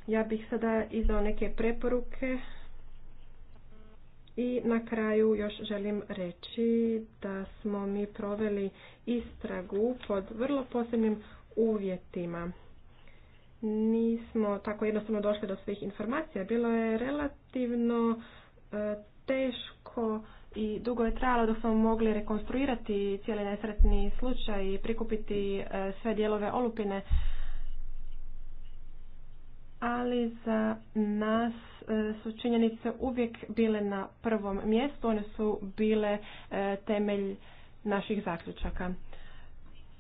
Ja bih sada izdao neke preporuke i na kraju još želim reći da smo mi proveli istragu pod vrlo posebnim uvjetima. Nismo tako jednostavno došli do svih informacija. Bilo je relativno e, teško i dugo je trajalo dok smo mogli rekonstruirati cijeli nesretni slučaj i prikupiti e, sve dijelove olupine ali za nas e, su činjenice uvijek bile na prvom mjestu, one su bile e, temelj naših zaključaka.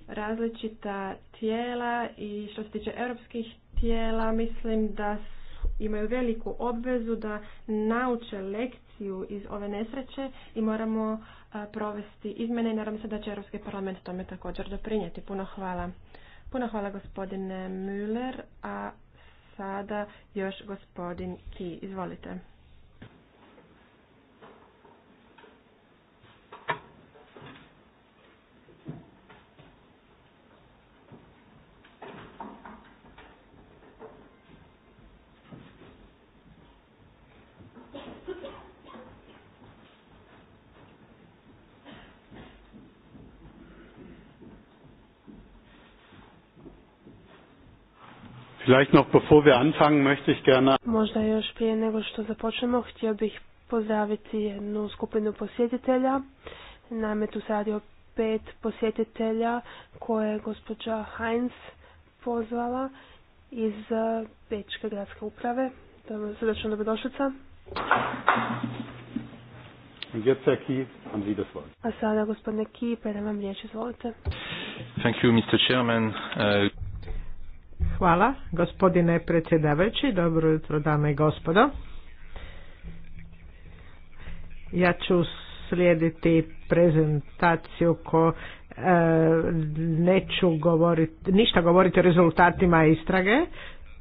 Različita tijela i što se tiče europskih tijela mislim da imaju veliku obvezu da nauče lekciju iz ove nesreće i moramo e, provesti izmjene i naravno se da će Europski parlament tome također doprinijeti. Puno hvala. Puno hvala gospodine Müller, a sada još gospodin Ki. Izvolite. Vielleicht noch anfangen, Možda još prije nego što započnemo, htio bih pozdraviti jednu skupinu posjetitelja. Naime, tu se radi o pet posjetitelja koje je gospođa Heinz pozvala iz Bečke gradske uprave. Srdačno dobrodošlica. A sada, gospodine Ki, predam vam riječ, izvolite. Thank you, Mr. Hvala, gospodine predsjedavajući. Dobro jutro, dame i gospodo. Ja ću slijediti prezentaciju ko e, neću govoriti, ništa govoriti o rezultatima istrage,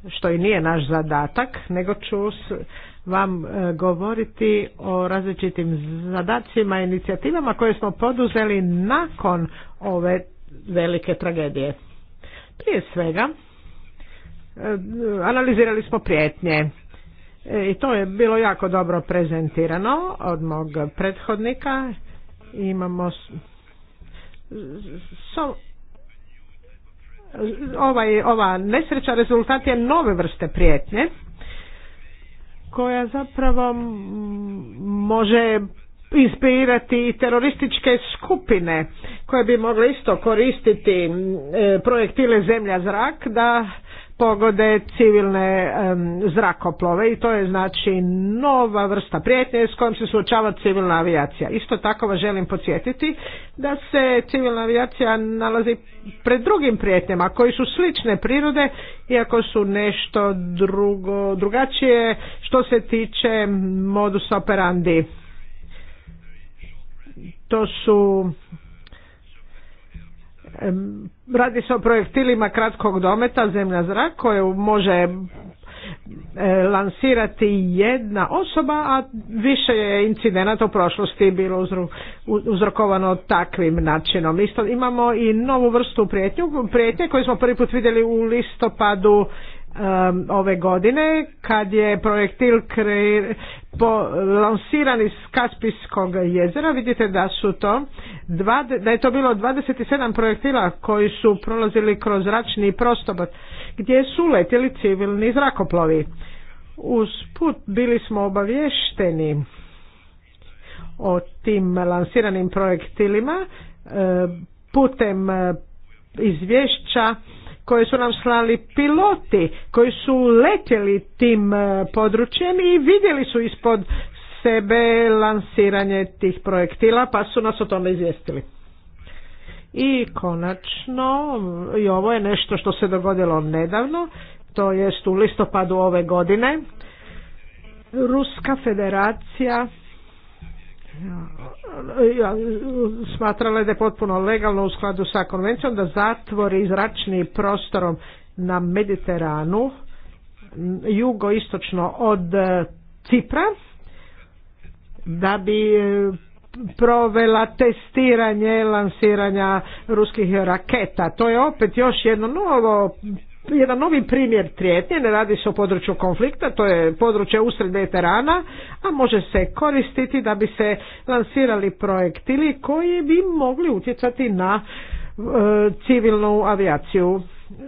što i nije naš zadatak, nego ću vam e, govoriti o različitim zadacima i inicijativama koje smo poduzeli nakon ove velike tragedije. Prije svega, E, analizirali smo prijetnje e, i to je bilo jako dobro prezentirano od mog prethodnika imamo so, ovaj, ova nesreća rezultat je nove vrste prijetnje koja zapravo može inspirirati i terorističke skupine koje bi mogle isto koristiti e, projektile zemlja zrak da pogode civilne zrakoplove i to je znači nova vrsta prijetnje s kojom se suočava civilna avijacija. Isto tako vas želim podsjetiti da se civilna avijacija nalazi pred drugim prijetnjama koji su slične prirode iako su nešto drugo, drugačije što se tiče modus operandi. To su Radi se o projektilima kratkog dometa zemlja zrak koje može lansirati jedna osoba, a više je incidenata u prošlosti bilo uzrokovano takvim načinom. Isto imamo i novu vrstu prijetnju, prijetnje koju smo prvi put vidjeli u listopadu Um, ove godine kad je projektil kreir, po, lansiran iz Kaspijskog jezera vidite da su to dva, da je to bilo 27 projektila koji su prolazili kroz zračni prostor gdje su letjeli civilni zrakoplovi put bili smo obavješteni o tim lansiranim projektilima e, putem e, izvješća koje su nam slali piloti koji su letjeli tim e, područjem i vidjeli su ispod sebe lansiranje tih projektila pa su nas o tome izvijestili. I konačno, i ovo je nešto što se dogodilo nedavno, to jest u listopadu ove godine, Ruska federacija ja, smatrala je da je potpuno legalno u skladu sa konvencijom da zatvori zračni prostorom na Mediteranu jugoistočno od e, Cipra da bi e, provela testiranje lansiranja ruskih raketa. To je opet još jedno novo jedan novi primjer trijetnje, ne radi se o području konflikta, to je područje usred veterana, a može se koristiti da bi se lansirali projektili koji bi mogli utjecati na e, civilnu avijaciju.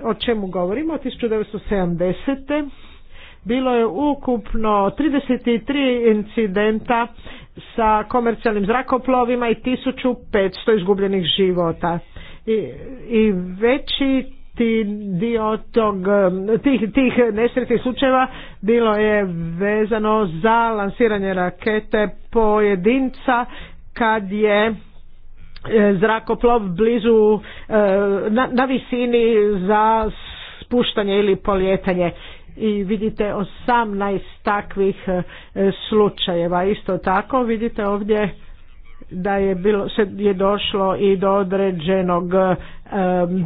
O čemu govorimo? Od 1970. Bilo je ukupno 33 incidenta sa komercijalnim zrakoplovima i 1500 izgubljenih života. I, i veći dio tog, um, tih, nesretnih slučajeva bilo je vezano za lansiranje rakete pojedinca kad je e, zrakoplov blizu e, na, na visini za spuštanje ili poljetanje i vidite 18 takvih e, slučajeva isto tako vidite ovdje da je, bilo, se je došlo i do određenog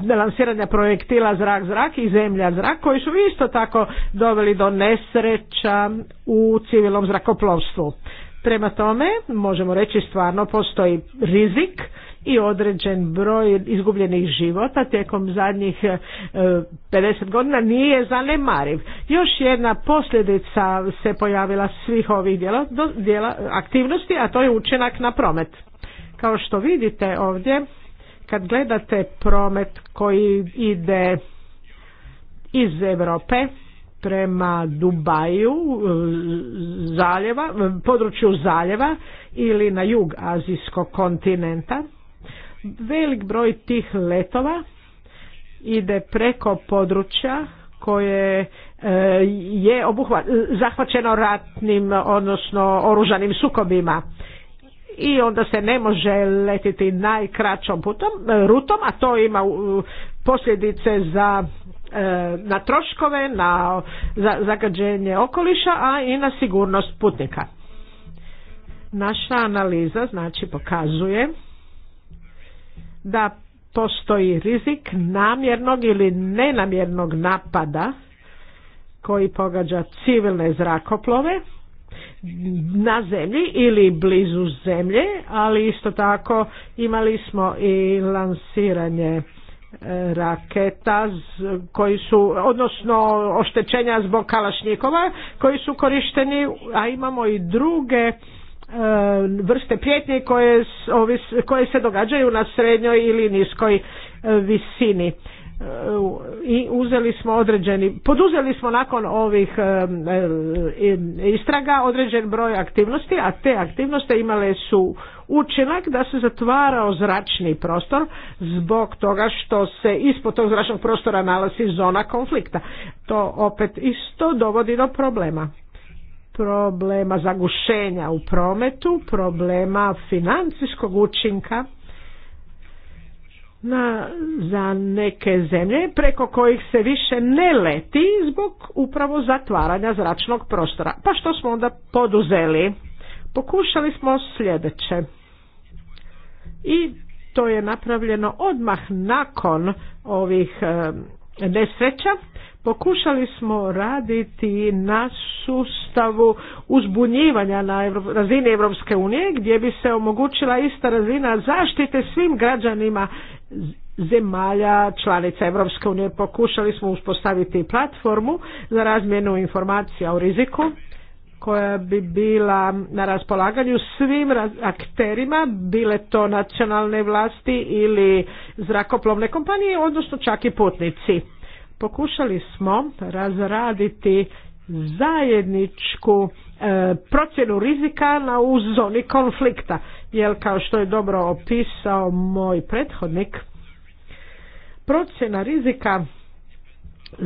eh, lansiranja projektila zrak-zrak i zemlja-zrak koji su isto tako doveli do nesreća u civilnom zrakoplovstvu. Prema tome, možemo reći stvarno postoji rizik i određen broj izgubljenih života tijekom zadnjih 50 e, godina nije zanemariv. Još jedna posljedica se pojavila svih ovih djela, aktivnosti, a to je učinak na promet. Kao što vidite ovdje, kad gledate promet koji ide iz Europe prema Dubaju, e, zaljeva, e, području zaljeva ili na jug azijskog kontinenta, Velik broj tih letova ide preko područja koje e, je zahvaćeno ratnim, odnosno oružanim sukobima. I onda se ne može letiti najkraćom putom, e, rutom, a to ima posljedice za e, na troškove, na zagađenje okoliša, a i na sigurnost putnika. Naša analiza znači pokazuje da postoji rizik namjernog ili nenamjernog napada koji pogađa civilne zrakoplove na zemlji ili blizu zemlje, ali isto tako imali smo i lansiranje e, raketa koji su, odnosno oštećenja zbog kalašnjikova koji su korišteni, a imamo i druge E, vrste prijetnje koje, koje se događaju na srednjoj ili niskoj e, visini e, i uzeli smo određeni, poduzeli smo nakon ovih istraga određen broj aktivnosti, a te aktivnosti imale su učinak da se zatvarao zračni prostor zbog toga što se ispod tog zračnog prostora nalazi zona konflikta. To opet isto dovodi do problema problema zagušenja u prometu, problema financijskog učinka na, za neke zemlje preko kojih se više ne leti zbog upravo zatvaranja zračnog prostora. Pa što smo onda poduzeli? Pokušali smo sljedeće. I to je napravljeno odmah nakon ovih e, nesreća Pokušali smo raditi na sustavu uzbunjivanja na razini Europske unije gdje bi se omogućila ista razina zaštite svim građanima zemalja članica Europske unije. Pokušali smo uspostaviti platformu za razmjenu informacija o riziku koja bi bila na raspolaganju svim akterima, bile to nacionalne vlasti ili zrakoplovne kompanije, odnosno čak i putnici. Pokušali smo razraditi zajedničku e, procjenu rizika na zoni konflikta. Jer kao što je dobro opisao moj prethodnik, procjena rizika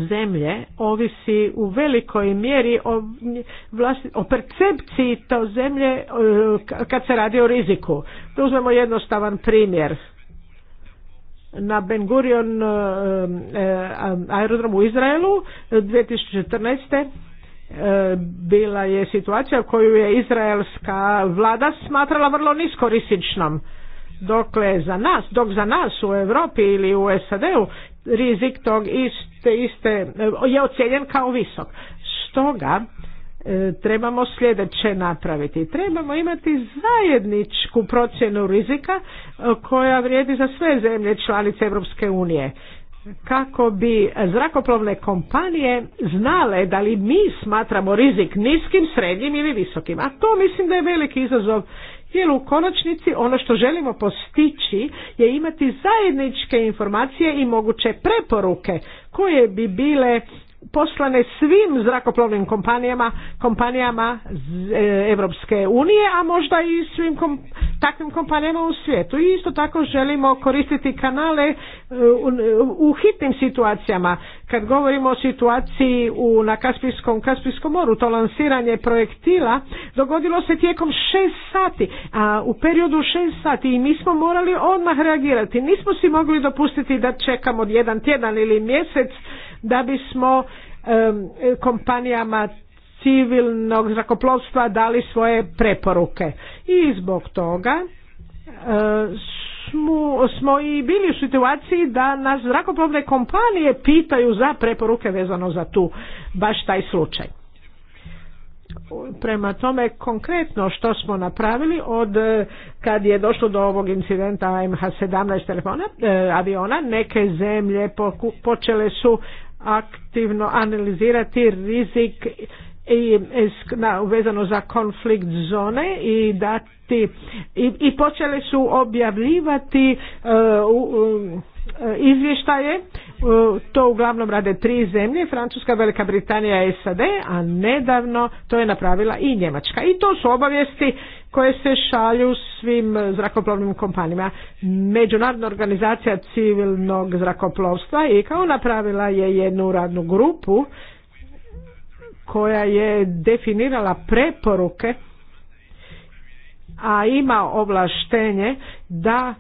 zemlje ovisi u velikoj mjeri o, o percepciji to zemlje e, kad se radi o riziku. Da uzmemo jednostavan primjer na Ben Gurion e, e, aerodrom u Izraelu 2014 e, bila je situacija koju je izraelska vlada smatrala vrlo niskorisičnom. Dokle za nas, dok za nas u Europi ili u SAD-u rizik tog iste, iste je ocijenjen kao visok. Stoga E, trebamo sljedeće napraviti. Trebamo imati zajedničku procjenu rizika e, koja vrijedi za sve zemlje članice Europske unije kako bi zrakoplovne kompanije znale da li mi smatramo rizik niskim, srednjim ili visokim. A to mislim da je veliki izazov jer u konačnici ono što želimo postići je imati zajedničke informacije i moguće preporuke koje bi bile poslane svim zrakoplovnim kompanijama, kompanijama Europske unije, a možda i svim takvim kompanijama u svijetu. I isto tako želimo koristiti kanale e, u, hitnim situacijama. Kad govorimo o situaciji u, na Kaspijskom, Kaspijskom moru, to lansiranje projektila dogodilo se tijekom šest sati, a u periodu šest sati i mi smo morali odmah reagirati. Nismo si mogli dopustiti da čekamo jedan tjedan ili mjesec da bismo kompanijama civilnog zrakoplovstva dali svoje preporuke. I zbog toga smo, smo i bili u situaciji da nas zrakoplovne kompanije pitaju za preporuke vezano za tu, baš taj slučaj. Prema tome, konkretno što smo napravili od e, kad je došlo do ovog incidenta MH17 telefona, e, aviona, neke zemlje počele su aktivno analizirati rizik i na, vezano za konflikt zone i dati i, i počele su objavljivati e, e, izvještaje e, to uglavnom rade tri zemlje Francuska, Velika Britanija i SAD a nedavno to je napravila i Njemačka i to su obavijesti koje se šalju svim zrakoplovnim kompanijama. Međunarodna organizacija civilnog zrakoplovstva i kao napravila je jednu radnu grupu koja je definirala preporuke a ima ovlaštenje da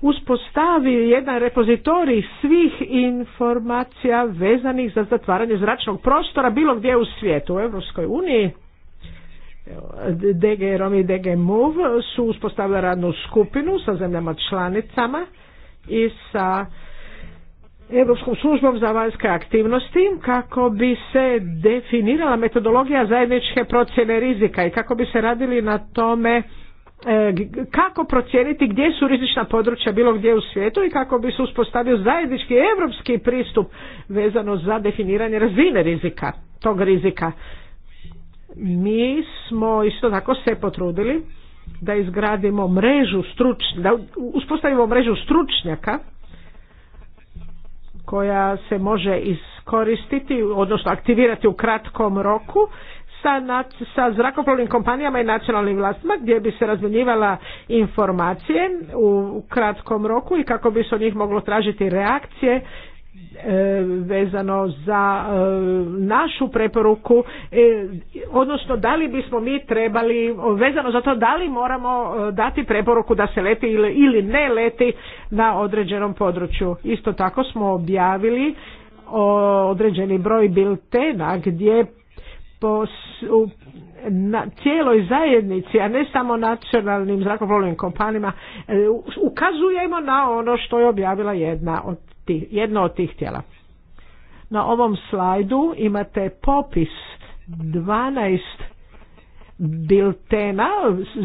uspostavi jedan repozitorij svih informacija vezanih za zatvaranje zračnog prostora bilo gdje u svijetu, u Europskoj uniji DG romi i DG MOV su uspostavili radnu skupinu sa zemljama članicama i sa Europskom službom za vanjske aktivnosti kako bi se definirala metodologija zajedničke procjene rizika i kako bi se radili na tome e, kako procijeniti gdje su rizična područja bilo gdje u svijetu i kako bi se uspostavio zajednički europski pristup vezano za definiranje razine rizika, tog rizika mi smo isto tako se potrudili da izgradimo mrežu stručnjaka, da uspostavimo mrežu stručnjaka koja se može iskoristiti, odnosno aktivirati u kratkom roku sa, sa zrakoplovnim kompanijama i nacionalnim vlastima gdje bi se razmjenjivala informacije u kratkom roku i kako bi se od njih moglo tražiti reakcije E, vezano za e, našu preporuku, e, odnosno da li bismo mi trebali, vezano za to da li moramo dati preporuku da se leti ili ne leti na određenom području. Isto tako smo objavili određeni broj biltena gdje po na cijeloj zajednici, a ne samo nacionalnim zrakoplovnim kompanijama, ukazujemo na ono što je objavila jedna od jedno od tih tijela. Na ovom slajdu imate popis 12 biltena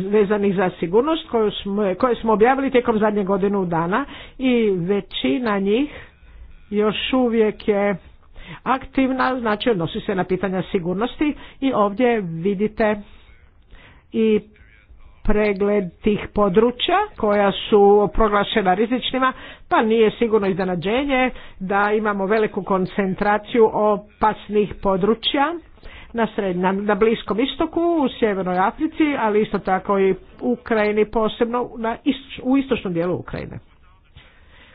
vezanih za sigurnost koju smo, koje smo objavili tijekom zadnje godinu dana i većina njih još uvijek je aktivna, znači odnosi se na pitanja sigurnosti i ovdje vidite i pregled tih područja koja su proglašena rizičnima, pa nije sigurno iznenađenje da imamo veliku koncentraciju opasnih područja na, na Bliskom istoku, u Sjevernoj Africi, ali isto tako i Ukrajini, posebno na u istočnom dijelu Ukrajine.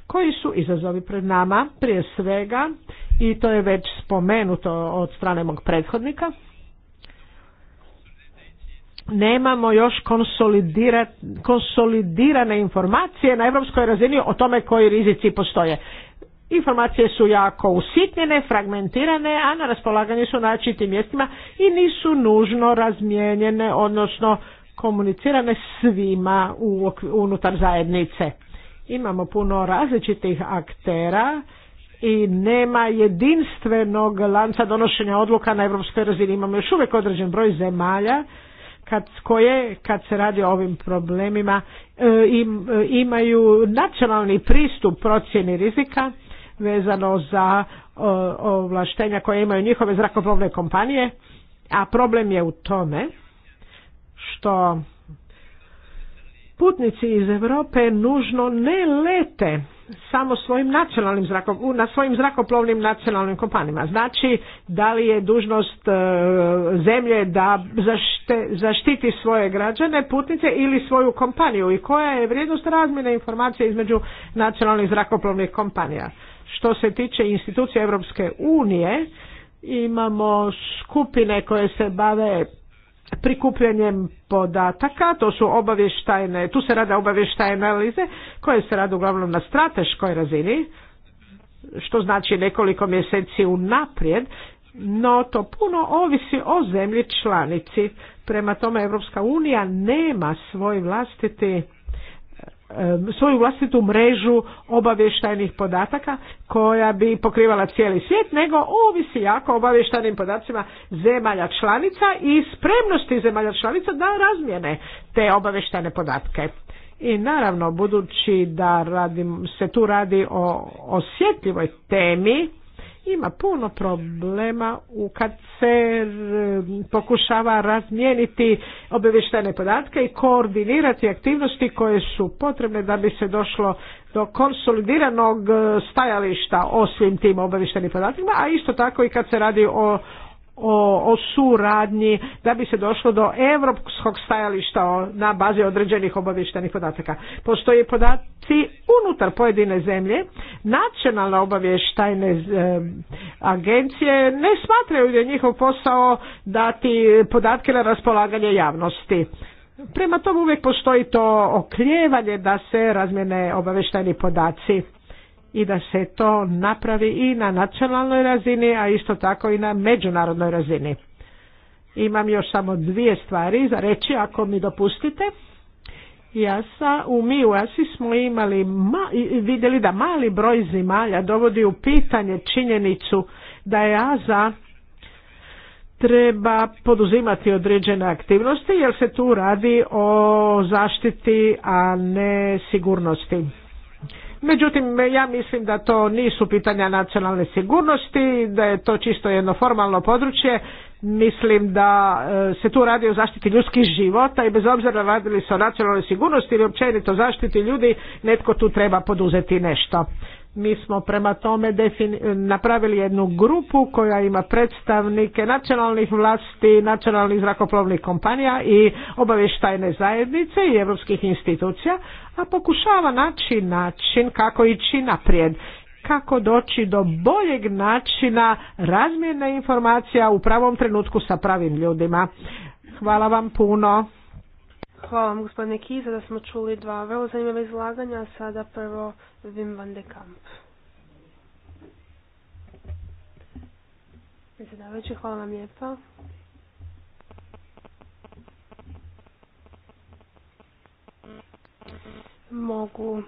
Koji su izazovi pred nama? Prije svega, i to je već spomenuto od strane mog prethodnika, nemamo još konsolidirane informacije na europskoj razini o tome koji rizici postoje. Informacije su jako usitnjene, fragmentirane, a na raspolaganju su na čitim mjestima i nisu nužno razmijenjene, odnosno komunicirane svima unutar zajednice. Imamo puno različitih aktera i nema jedinstvenog lanca donošenja odluka na europskoj razini. Imamo još uvijek određen broj zemalja kad, koje kad se radi o ovim problemima e, e, imaju nacionalni pristup procjeni rizika vezano za e, ovlaštenja koje imaju njihove zrakoplovne kompanije, a problem je u tome što putnici iz Europe nužno ne lete samo svojim nacionalnim zrakom, na svojim zrakoplovnim nacionalnim kompanijama. Znači, da li je dužnost e, zemlje da zaštiti svoje građane, putnice ili svoju kompaniju i koja je vrijednost razmjene informacije između nacionalnih zrakoplovnih kompanija. Što se tiče institucije Europske unije, imamo skupine koje se bave prikupljanjem podataka, to su obavještajne, tu se rada obavještajne analize koje se rade uglavnom na strateškoj razini, što znači nekoliko mjeseci unaprijed, no to puno ovisi o zemlji članici. Prema tome Europska unija nema svoj vlastiti Um, svoju vlastitu mrežu obavještajnih podataka koja bi pokrivala cijeli svijet, nego ovisi jako obavještajnim podacima zemalja članica i spremnosti zemalja članica da razmijene te obavještajne podatke. I naravno, budući da radim, se tu radi o osjetljivoj temi, ima puno problema u kad se eh, pokušava razmijeniti obavještene podatke i koordinirati aktivnosti koje su potrebne da bi se došlo do konsolidiranog eh, stajališta o svim tim obavještenim podatima, a isto tako i kad se radi o o, o suradnji da bi se došlo do europskog stajališta na bazi određenih obavještajnih podataka. Postoje podaci unutar pojedine zemlje, nacionalne obavještajne eh, agencije ne smatraju da je njihov posao dati podatke na raspolaganje javnosti. Prema tome uvijek postoji to okljevanje da se razmjene obavještajni podaci i da se to napravi i na nacionalnoj razini, a isto tako i na međunarodnoj razini. Imam još samo dvije stvari za reći, ako mi dopustite. Ja sa, u mi u ASI smo imali vidjeli da mali broj zimalja dovodi u pitanje činjenicu da je AZA treba poduzimati određene aktivnosti jer se tu radi o zaštiti, a ne sigurnosti. Međutim, ja mislim da to nisu pitanja nacionalne sigurnosti, da je to čisto jedno formalno područje Mislim da e, se tu radi o zaštiti ljudskih života i bez obzira radili se o nacionalnoj sigurnosti ili općenito zaštiti ljudi, netko tu treba poduzeti nešto. Mi smo prema tome napravili jednu grupu koja ima predstavnike nacionalnih vlasti, nacionalnih zrakoplovnih kompanija i obavještajne zajednice i europskih institucija, a pokušava naći način kako ići naprijed kako doći do boljeg načina razmjene informacija u pravom trenutku sa pravim ljudima. Hvala vam puno. Hvala vam gospodine Kiza da smo čuli dva vrlo zanimljiva izlaganja, a sada prvo Wim van de Kamp. Predsjedavajući, hvala vam lijepa. Mogu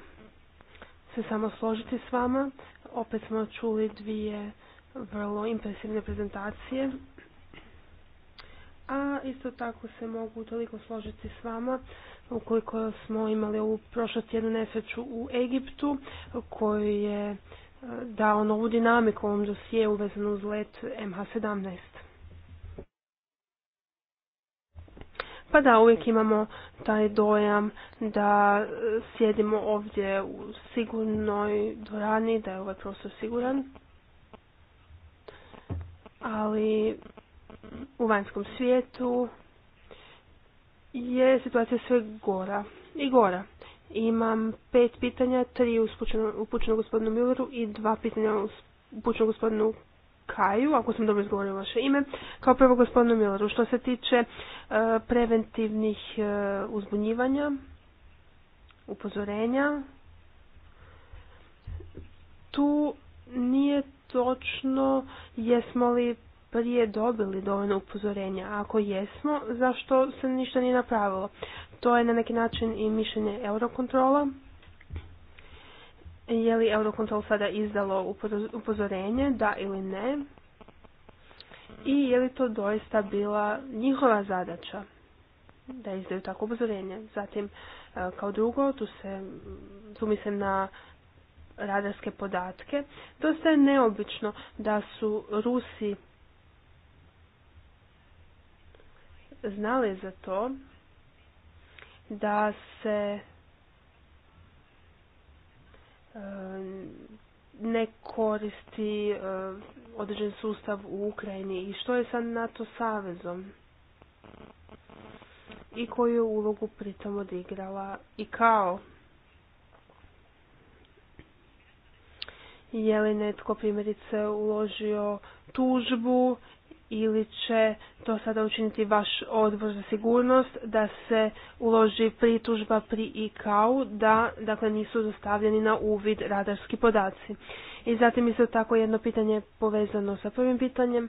se samo složiti s vama. Opet smo čuli dvije vrlo impresivne prezentacije. A isto tako se mogu toliko složiti s vama ukoliko smo imali ovu prošlost tjednu nesreću u Egiptu koji je eh, dao novu dinamiku ovom dosije uvezanu uz let MH17. Pa da, uvijek imamo taj dojam da e, sjedimo ovdje u sigurnoj dvorani, da je ovaj prostor siguran. Ali u vanjskom svijetu je situacija sve gora i gora. Imam pet pitanja, tri upućeno gospodinu Milleru i dva pitanja upućeno gospodinu Kaju, ako sam dobro izgovorio vaše ime. Kao prvo gospodinu Milleru, što se tiče e, preventivnih e, uzbunjivanja, upozorenja, tu nije točno jesmo li prije dobili dovoljno upozorenja. Ako jesmo, zašto se ništa nije napravilo? To je na neki način i mišljenje eurokontrola je li Eurocontrol sada izdalo upozorenje, da ili ne, i je li to doista bila njihova zadaća da izdaju takvo upozorenje. Zatim, e, kao drugo, tu, se, tu mislim na radarske podatke. Dosta je neobično da su Rusi znali za to da se E, ne koristi e, određen sustav u Ukrajini i što je sa NATO savezom i koju ulogu pritom odigrala i kao je li netko primjerice uložio tužbu ili će to sada učiniti vaš odbor za sigurnost da se uloži pritužba pri IKAU da dakle nisu dostavljeni na uvid radarski podaci. I zatim isto tako jedno pitanje povezano sa prvim pitanjem.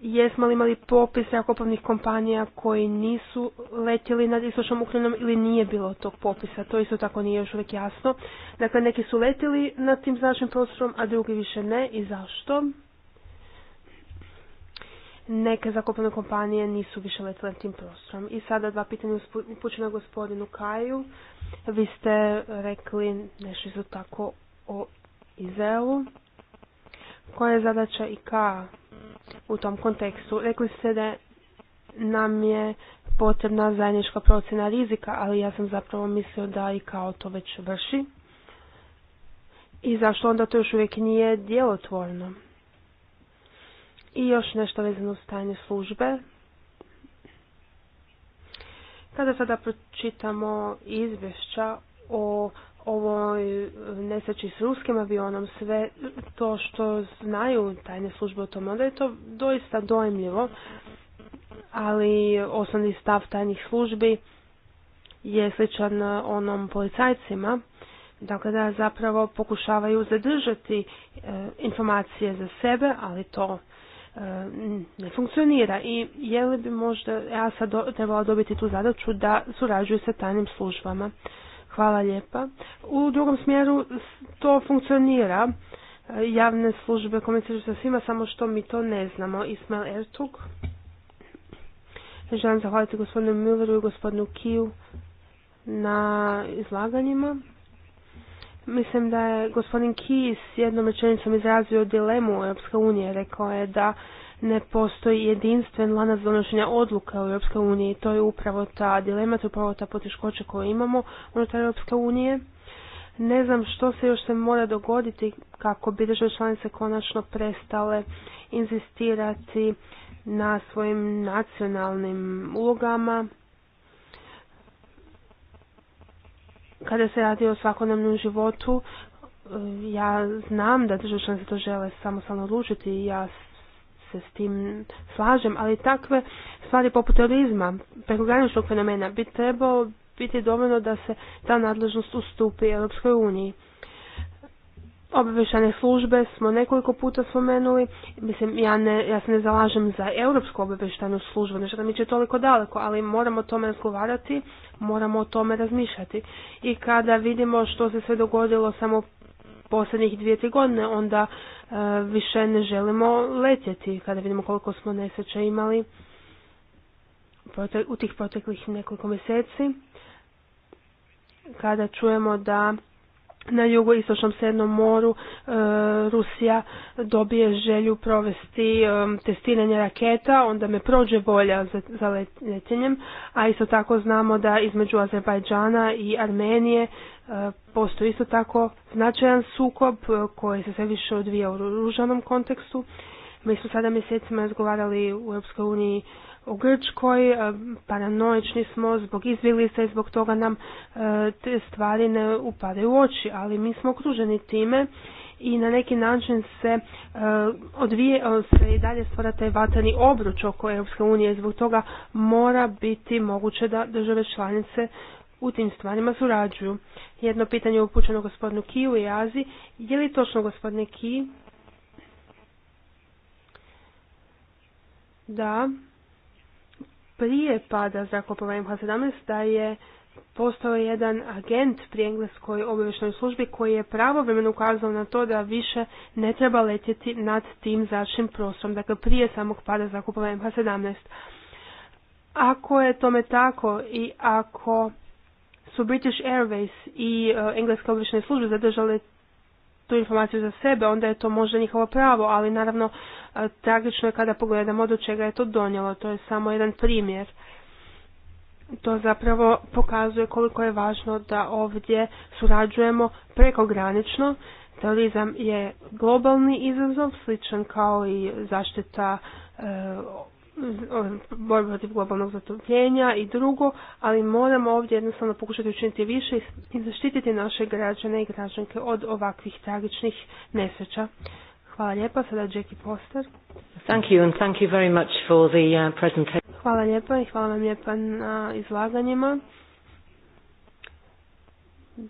Jesmo li imali popis rakopovnih kompanija koji nisu letjeli nad istočnom Ukrajinom ili nije bilo tog popisa? To isto tako nije još uvijek jasno. Dakle, neki su letjeli nad tim značnim prostorom, a drugi više ne. I zašto? neke zakopane kompanije nisu više letile tim prostorom. I sada dva pitanja upućena gospodinu Kaju. Vi ste rekli nešto isto tako o Izelu. Koja je zadaća ka u tom kontekstu? Rekli ste da nam je potrebna zajednička procjena rizika, ali ja sam zapravo mislio da i kao to već vrši. I zašto onda to još uvijek nije djelotvorno? I još nešto vezano uz tajne službe. Kada sada pročitamo izvješća o ovoj nesreći s ruskim avionom, sve to što znaju tajne službe o tom, onda je to doista dojmljivo, ali osnovni stav tajnih službi je sličan onom policajcima, dakle da zapravo pokušavaju zadržati e, informacije za sebe, ali to E, ne funkcionira i je li bi možda ja sad do, trebala dobiti tu zadaću da surađuju sa tajnim službama. Hvala lijepa. U drugom smjeru to funkcionira. E, javne službe komuniciraju sa svima, samo što mi to ne znamo. Ismail Ertug. Želim zahvaliti gospodinu Milleru i gospodinu Kiju na izlaganjima. Mislim da je gospodin Kis jednom rečenicom izrazio dilemu Europske unije. Rekao je da ne postoji jedinstven lanac donošenja odluka u Europskoj uniji. To je upravo ta dilema, to je upravo ta poteškoća koju imamo unutar Europske unije. Ne znam što se još se mora dogoditi kako bi države članice konačno prestale inzistirati na svojim nacionalnim ulogama Kada se radi o svakodnevnom životu, e, ja znam da države se to žele samostalno odlučiti i ja se s tim slažem, ali takve stvari poput terorizma, prekograničnog fenomena bi trebao biti dovoljno da se ta nadležnost ustupi Europskoj uniji. Obavještajne službe smo nekoliko puta spomenuli. Mislim, ja, ne, ja se ne zalažem za europsku obavještajnu službu, nešto da mi će toliko daleko, ali moramo o tome razgovarati, moramo o tome razmišljati. I kada vidimo što se sve dogodilo samo posljednjih dvije, tri godine, onda e, više ne želimo letjeti, kada vidimo koliko smo nesreća imali u tih proteklih nekoliko mjeseci, kada čujemo da na jugoistočnom srednom moru e, Rusija dobije želju provesti e, testiranje raketa, onda me prođe volja za, letenjem, a isto tako znamo da između Azerbajdžana i Armenije e, postoji isto tako značajan sukob koji se sve više odvija u ružanom kontekstu mi smo sada mjesecima razgovarali u Europskoj uniji o Grčkoj, e, paranoični smo zbog izbjeglica i zbog toga nam e, te stvari ne upadaju u oči, ali mi smo okruženi time i na neki način se e, odvije, se i dalje stvara taj vatani obruč oko Europske unije, zbog toga mora biti moguće da države članice u tim stvarima surađuju. Jedno pitanje je upućeno gospodinu Kiju i Azi. Je li točno gospodine Ki da prije pada zrakoplova MH17 da je postao jedan agent pri engleskoj obavještajnoj službi koji je pravovremeno ukazao na to da više ne treba letjeti nad tim zračnim prostorom, dakle prije samog pada zrakoplova MH17. Ako je tome tako i ako su British Airways i e, engleske obavještajne službe zadržale tu informaciju za sebe, onda je to možda njihovo pravo, ali naravno e, tragično je kada pogledamo do čega je to donijelo. To je samo jedan primjer. To zapravo pokazuje koliko je važno da ovdje surađujemo prekogranično. Terorizam je globalni izazov, sličan kao i zaštita e, borbe protiv globalnog zatopljenja i drugo, ali moramo ovdje jednostavno pokušati učiniti više i zaštititi naše građane i građanke od ovakvih tragičnih nesreća. Hvala lijepa, sada Jackie Poster. Thank you and thank you very much for the uh, presentation. Hvala lijepa i hvala vam lijepa na izlaganjima.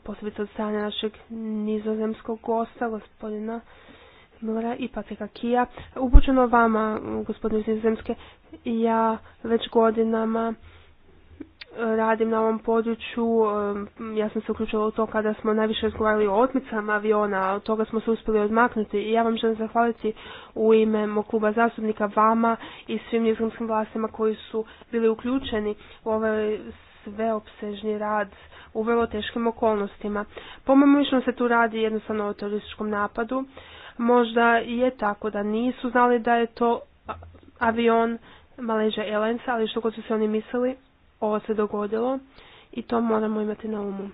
Posebice od strane našeg nizozemskog gosta, gospodina Mora i Patrika Kija. Upućeno vama, gospodine Zemske, ja već godinama e, radim na ovom području. E, ja sam se uključila u to kada smo najviše razgovarali o otmicama aviona, od toga smo se uspjeli odmaknuti i ja vam želim zahvaliti u ime mog kluba zastupnika vama i svim nizomskim vlastima koji su bili uključeni u ovaj sveopsežni rad u vrlo teškim okolnostima. Po mojom mišljenju se tu radi jednostavno o terorističkom napadu možda je tako da nisu znali da je to avion Malaysia Airlines, ali što god su se oni mislili, ovo se dogodilo i to moramo imati na umu.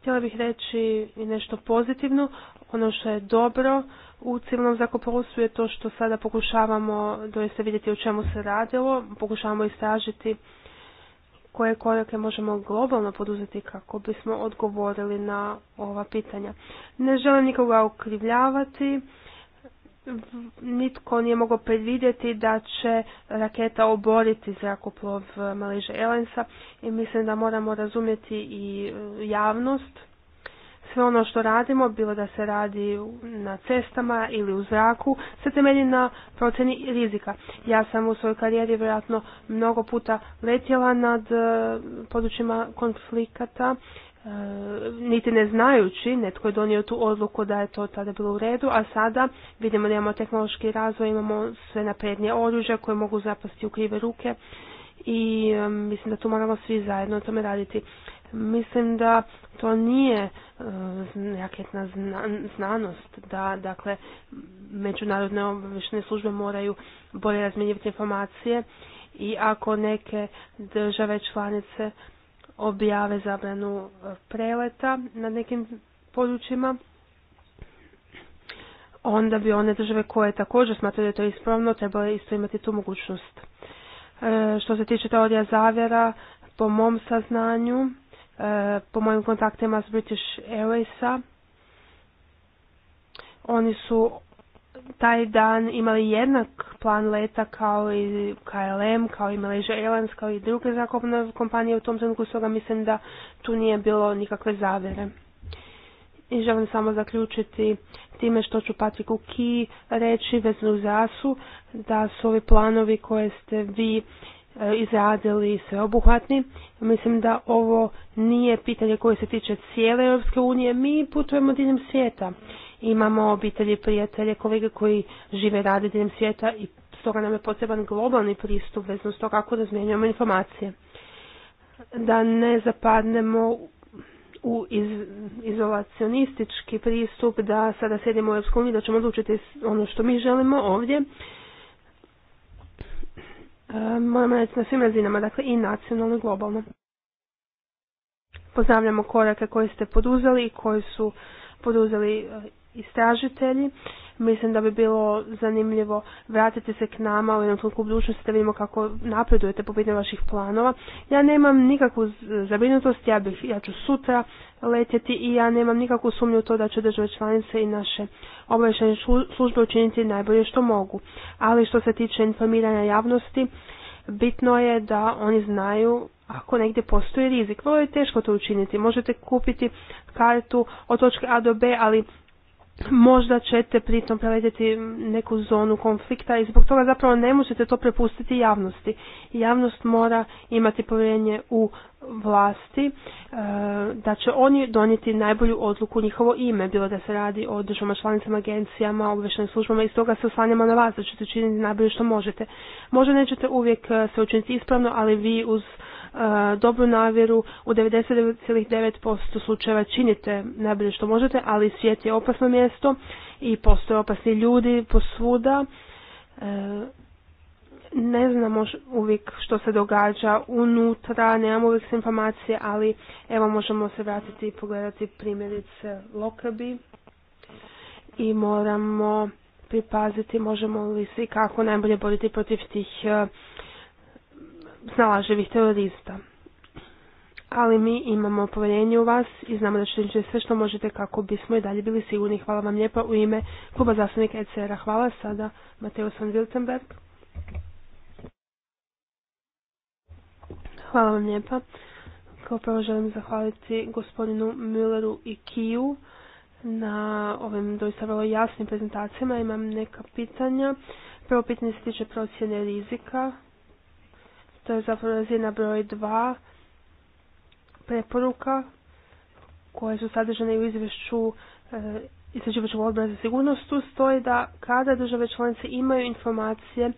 Htjela bih reći i nešto pozitivno. Ono što je dobro u civilnom zakopolstvu je to što sada pokušavamo doista vidjeti o čemu se radilo, pokušavamo istražiti koje korake možemo globalno poduzeti kako bismo odgovorili na ova pitanja. Ne želim nikoga okrivljavati, nitko nije mogao predvidjeti da će raketa oboriti zrakoplov Maliže Elensa i mislim da moramo razumjeti i e, javnost sve ono što radimo, bilo da se radi na cestama ili u zraku, se temelji na procjeni rizika. Ja sam u svojoj karijeri vjerojatno mnogo puta letjela nad e, područjima konflikata, e, niti ne znajući, netko je donio tu odluku da je to tada bilo u redu, a sada vidimo da imamo tehnološki razvoj, imamo sve naprednije oružje koje mogu zapasti u krive ruke i e, mislim da tu moramo svi zajedno o tome raditi. Mislim da to nije raketna e, znanost, da dakle međunarodne obavešne službe moraju bolje razmjenjivati informacije i ako neke države članice objave zabranu e, preleta na nekim područjima, onda bi one države koje također smatraju da je to ispravno trebale isto imati tu mogućnost. E, što se tiče teorija zavjera, po mom saznanju, Eh, po mojim kontaktima s British Airwaysa. Oni su taj dan imali jednak plan leta kao i KLM, kao i Malaysia Airlines, kao i druge zakopne kompanije u tom trenutku, stoga mislim da tu nije bilo nikakve zavere. I želim samo zaključiti time što ću Patriku Ki reći veznu zasu, da su ovi planovi koje ste vi E, izradili sveobuhvatni. Mislim da ovo nije pitanje koje se tiče cijele Europske unije. Mi putujemo diljem svijeta. Imamo obitelji, prijatelje, kolege koji žive rade diljem svijeta i stoga nam je potreban globalni pristup vezno s to kako razmjenjujemo informacije. Da ne zapadnemo u izolacionistički pristup da sada sjedimo u EU, da ćemo odlučiti ono što mi želimo ovdje E, moramo reći na svim razinama, dakle i nacionalno i globalno. Pozdravljamo korake koje ste poduzeli i koji su poduzeli e, istražitelji. Mislim da bi bilo zanimljivo vratiti se k nama u jednom trenutku budućnosti da vidimo kako napredujete po pitanju vaših planova. Ja nemam nikakvu zabrinutost, ja, bih, ja ću sutra letjeti i ja nemam nikakvu sumnju u to da će države članice i naše obavještajne službe učiniti najbolje što mogu. Ali što se tiče informiranja javnosti, bitno je da oni znaju ako negdje postoji rizik. Vrlo je teško to učiniti. Možete kupiti kartu od točke A do B, ali možda ćete pritom prevedeti neku zonu konflikta i zbog toga zapravo ne možete to prepustiti javnosti. Javnost mora imati povjerenje u vlasti e, da će oni donijeti najbolju odluku u njihovo ime, bilo da se radi o državama, članicama, agencijama, obveštenim službama i stoga se oslanjamo na vas da ćete učiniti najbolje što možete. Možda nećete uvijek sve učiniti ispravno, ali vi uz E, dobru navjeru u 99,9% slučajeva činite najbolje što možete, ali svijet je opasno mjesto i postoje opasni ljudi posvuda. E, ne znamo uvijek što se događa unutra, nemamo uvijek sve informacije, ali evo možemo se vratiti i pogledati primjerice Lokabi i moramo pripaziti možemo li se kako najbolje boriti protiv tih e, snalaživih terorista. Ali mi imamo povjerenje u vas i znamo da ćete sve što možete kako bismo i dalje bili sigurni. Hvala vam lijepa u ime kluba zastupnika ECR-a. Hvala sada Mateo van Wiltenberg. Hvala vam lijepa. Kao prvo želim zahvaliti gospodinu Mülleru i Kiju na ovim doista vrlo jasnim prezentacijama. Imam neka pitanja. Prvo pitanje se tiče procjene rizika to je zapravo razina broj 2 preporuka koje su sadržane u izvješću e, odbora za sigurnost. Tu stoji da kada države članice imaju informacije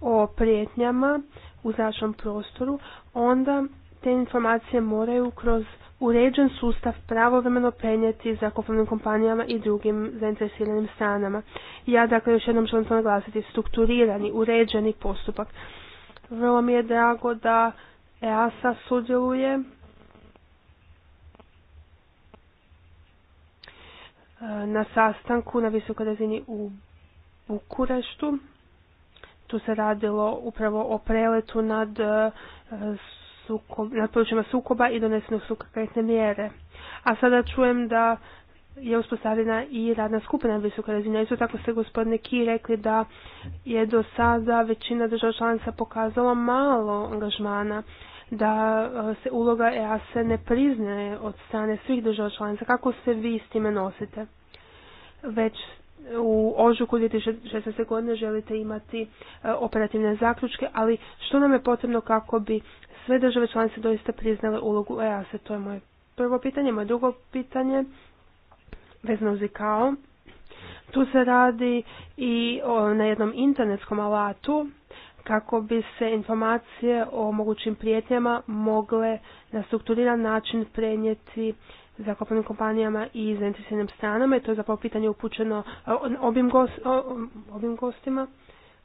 o prijetnjama u zračnom prostoru, onda te informacije moraju kroz uređen sustav pravovremeno prenijeti zrakoplovnim kompanijama i drugim zainteresiranim stranama. Ja dakle još jednom želim to naglasiti, strukturirani, uređeni postupak. Vrlo mi je drago da EASA sudjeluje e, na sastanku na visokoj razini u Bukureštu. Tu se radilo upravo o preletu nad, e, nad područjima sukoba i donesenog su mjere. A sada čujem da je uspostavljena i radna skupina visoka razina. Isto tako ste gospodine Ki rekli da je do sada većina država članica pokazala malo angažmana da e, se uloga EASE ne priznaje od strane svih država članica. Kako se vi s time nosite? Već u ožuku 2016. godine želite imati e, operativne zaključke, ali što nam je potrebno kako bi sve države članice doista priznale ulogu EASE? To je moje prvo pitanje. Moje drugo pitanje vezano uz Tu se radi i o, na jednom internetskom alatu kako bi se informacije o mogućim prijetnjama mogle na strukturiran način prenijeti zakopanim kompanijama i zainteresiranim stranama i to je zapravo pitanje upućeno e, obim, gostima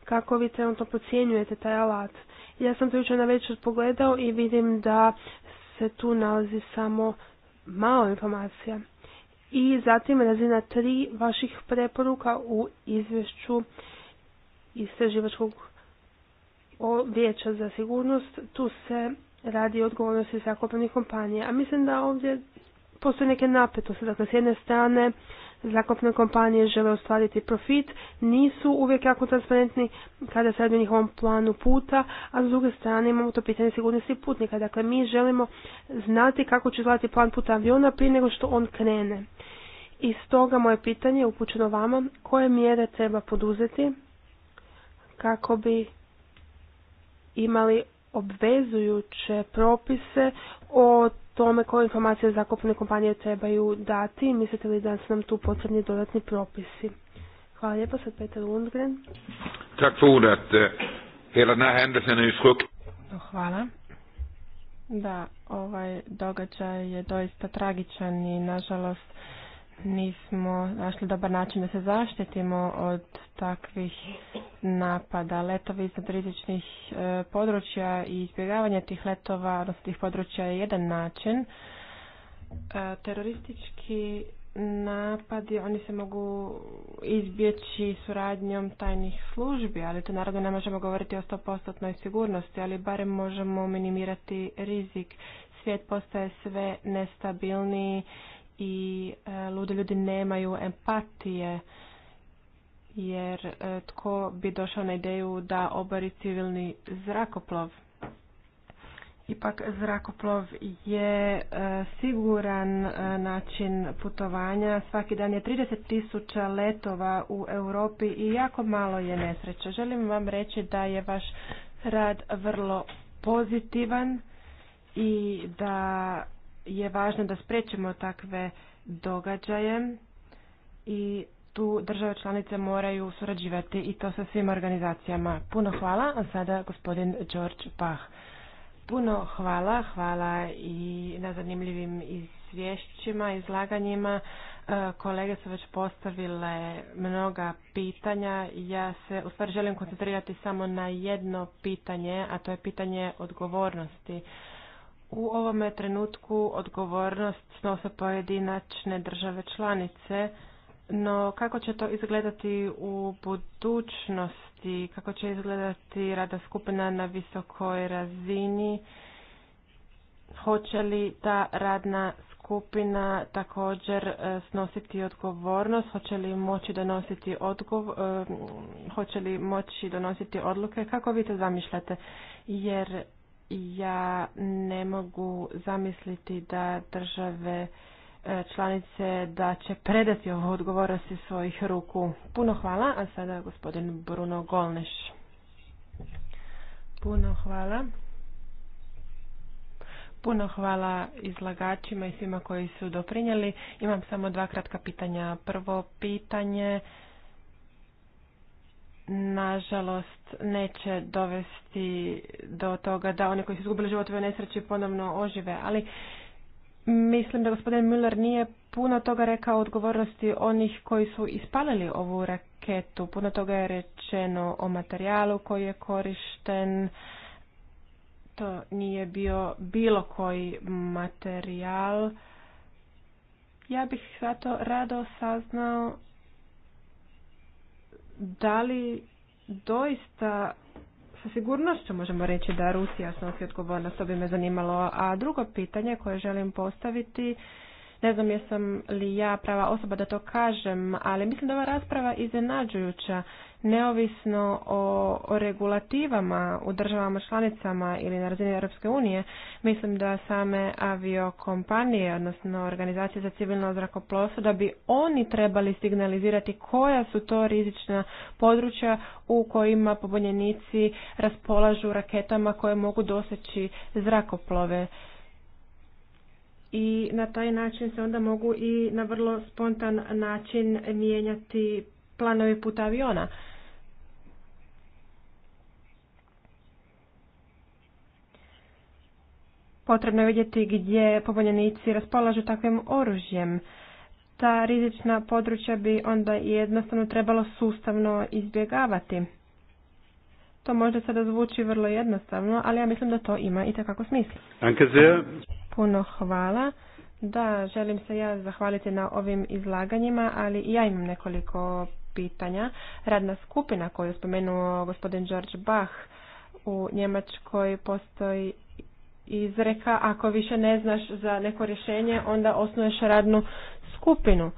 kako vi trenutno procjenjujete taj alat. Ja sam to jučer na večer pogledao i vidim da se tu nalazi samo malo informacija. I zatim razina tri vaših preporuka u izvješću istraživačkog vijeća za sigurnost. Tu se radi o odgovornosti zakopanih kompanija. A mislim da ovdje postoje neke napetosti. Dakle, s jedne strane zakopne kompanije žele ostvariti profit, nisu uvijek jako transparentni kada se radi o njihovom planu puta, a s druge strane imamo to pitanje sigurnosti putnika. Dakle, mi želimo znati kako će izgledati plan puta aviona prije nego što on krene. I stoga moje pitanje je upućeno vama, koje mjere treba poduzeti kako bi imali obvezujuće propise o tome koje informacije zakupne kompanije trebaju dati. Mislite li da su nam tu potrebni dodatni propisi? Hvala lijepo, sad Peter Lundgren. Tak för Hela na Hvala. Da, ovaj događaj je doista tragičan i nažalost nismo našli dobar način da se zaštitimo od takvih napada. Letovi iz rizičnih e, područja i izbjegavanje tih letova, odnosno tih područja je jedan način. E, teroristički napadi, oni se mogu izbjeći suradnjom tajnih službi, ali to naravno ne možemo govoriti o 100% sigurnosti, ali barem možemo minimirati rizik. Svijet postaje sve nestabilniji i e, ludi ljudi nemaju empatije jer e, tko bi došao na ideju da obari civilni zrakoplov. Ipak zrakoplov je e, siguran način putovanja. Svaki dan je 30 tisuća letova u Europi i jako malo je nesreća. Želim vam reći da je vaš rad vrlo pozitivan i da je važno da sprečimo takve događaje i tu države članice moraju surađivati i to sa svim organizacijama. Puno hvala, a sada gospodin George Pah. Puno hvala, hvala i na zanimljivim izvješćima, izlaganjima. E, kolege su već postavile mnoga pitanja. Ja se u stvari želim koncentrirati samo na jedno pitanje, a to je pitanje odgovornosti. U ovome trenutku odgovornost snose pojedinačne države članice, no kako će to izgledati u budućnosti, kako će izgledati rada skupina na visokoj razini, hoće li ta radna skupina također e, snositi odgovornost, hoće li moći donositi odgovor, e, hoće li moći donositi odluke, kako vi to zamišljate? Jer ja ne mogu zamisliti da države e, članice da će predati ovo odgovornosti svojih ruku. Puno hvala, a sada gospodin Bruno Golneš. Puno hvala. Puno hvala izlagačima i svima koji su doprinjeli. Imam samo dva kratka pitanja. Prvo pitanje nažalost neće dovesti do toga da oni koji su izgubili život u nesreći ponovno ožive, ali mislim da gospodin Müller nije puno toga rekao o odgovornosti onih koji su ispalili ovu raketu. Puno toga je rečeno o materijalu koji je korišten. To nije bio bilo koji materijal. Ja bih zato rado saznao da li doista sa sigurnošću možemo reći da Rusija snosi odgovornost, to bi me zanimalo. A drugo pitanje koje želim postaviti ne znam jesam li ja prava osoba da to kažem, ali mislim da ova rasprava iznenađujuća, neovisno o, regulativama u državama članicama ili na razini Europske unije, mislim da same aviokompanije, odnosno organizacije za civilno zrakoplovstvo, da bi oni trebali signalizirati koja su to rizična područja u kojima pobunjenici raspolažu raketama koje mogu doseći zrakoplove i na taj način se onda mogu i na vrlo spontan način mijenjati planovi puta aviona. Potrebno je vidjeti gdje poboljenici raspolažu takvim oružjem. Ta rizična područja bi onda jednostavno trebalo sustavno izbjegavati. To možda sada zvuči vrlo jednostavno, ali ja mislim da to ima i takako smisla. Puno hvala. Da, želim se ja zahvaliti na ovim izlaganjima, ali ja imam nekoliko pitanja. Radna skupina koju je spomenuo gospodin George Bach u Njemačkoj postoji izreka ako više ne znaš za neko rješenje onda osnuješ radnu skupinu.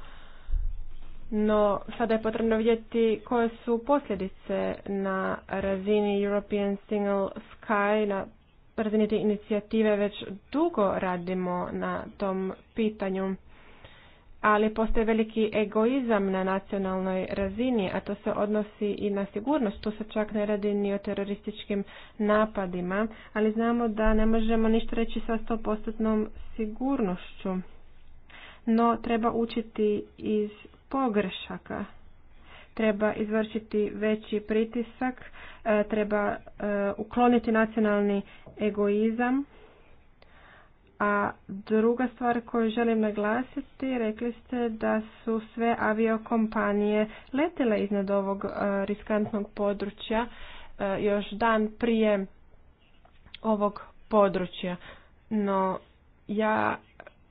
No sada je potrebno vidjeti koje su posljedice na razini European Single Sky, na razini inicijative već dugo radimo na tom pitanju, ali postoji veliki egoizam na nacionalnoj razini, a to se odnosi i na sigurnost. Tu se čak ne radi ni o terorističkim napadima, ali znamo da ne možemo ništa reći sa 100% sigurnošću. No, treba učiti iz pogrešaka treba izvršiti veći pritisak, e, treba e, ukloniti nacionalni egoizam. A druga stvar koju želim naglasiti, rekli ste da su sve aviokompanije letile iznad ovog e, riskantnog područja još dan prije ovog područja. No ja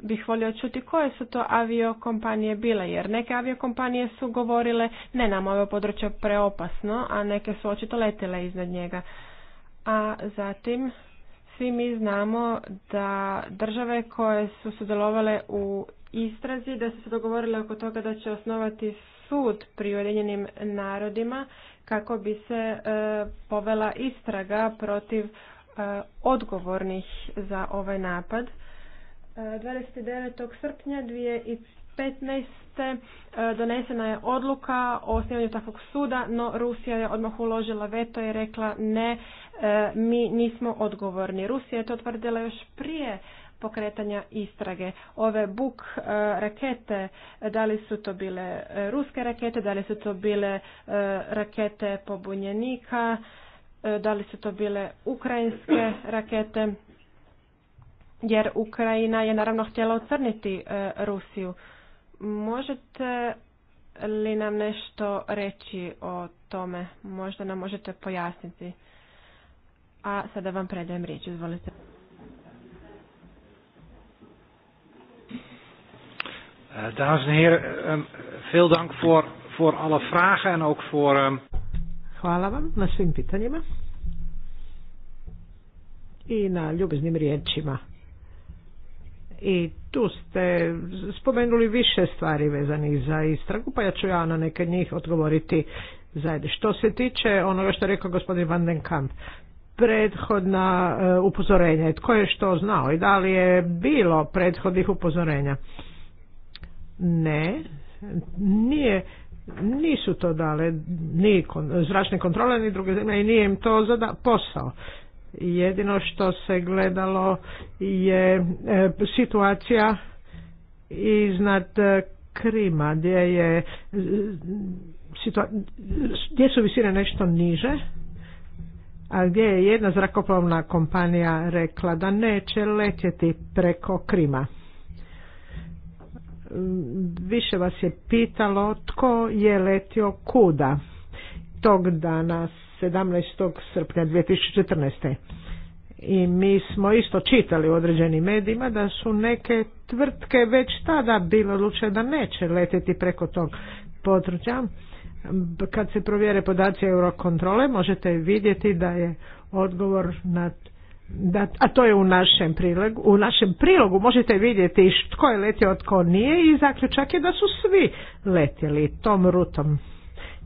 bih volio čuti koje su to aviokompanije bile, jer neke aviokompanije su govorile ne nam ovo područje preopasno, a neke su očito letile iznad njega. A zatim svi mi znamo da države koje su sudjelovale u istrazi, da su se dogovorile oko toga da će osnovati sud pri Ujedinjenim narodima kako bi se e, povela istraga protiv e, odgovornih za ovaj napad 29. srpnja 2015. E, donesena je odluka o osnivanju takvog suda, no Rusija je odmah uložila veto i rekla ne, e, mi nismo odgovorni. Rusija je to tvrdila još prije pokretanja istrage. Ove buk e, rakete, da li su to bile ruske rakete, da li su to bile rakete pobunjenika, da li su to bile ukrajinske rakete jer Ukrajina je naravno htjela ocrniti e, Rusiju. Možete li nam nešto reći o tome? Možda nam možete pojasniti. A sada vam predajem riječ, izvolite. Dames Hvala vam na svim pitanjima i na ljubeznim riječima i tu ste spomenuli više stvari vezanih za istragu, pa ja ću ja na neke njih odgovoriti zajedno. Što se tiče onoga što je rekao gospodin Van den Kamp, prethodna e, upozorenja, tko je što znao i da li je bilo prethodnih upozorenja? Ne, nije, nisu to dale ni zračne kontrole ni druge zemlje i nije im to posao. Jedino što se gledalo je e, situacija iznad e, Krima gdje je e, gdje su visine nešto niže a gdje je jedna zrakoplovna kompanija rekla da neće letjeti preko Krima više vas je pitalo tko je letio kuda tog dana 17. srpnja 2014. I mi smo isto čitali u određenim medijima da su neke tvrtke već tada bilo odlučene da neće letjeti preko tog područja. Kad se provjere podaci Eurokontrole možete vidjeti da je odgovor na da, a to je u našem prilogu, u našem prilogu možete vidjeti tko je letio, tko nije i zaključak je da su svi letjeli tom rutom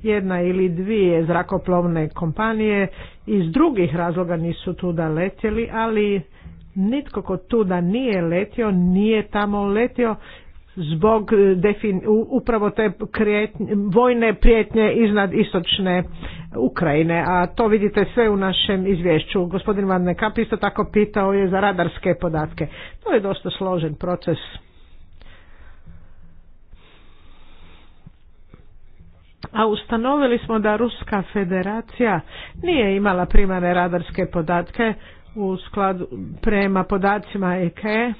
jedna ili dvije zrakoplovne kompanije iz drugih razloga nisu tu da letjeli, ali nitko ko tu da nije letio, nije tamo letio zbog e, upravo te vojne prijetnje iznad istočne Ukrajine, a to vidite sve u našem izvješću. Gospodin Van Nekap isto tako pitao je za radarske podatke. To je dosta složen proces a ustanovili smo da Ruska federacija nije imala primane radarske podatke u skladu prema podacima EK, e, e,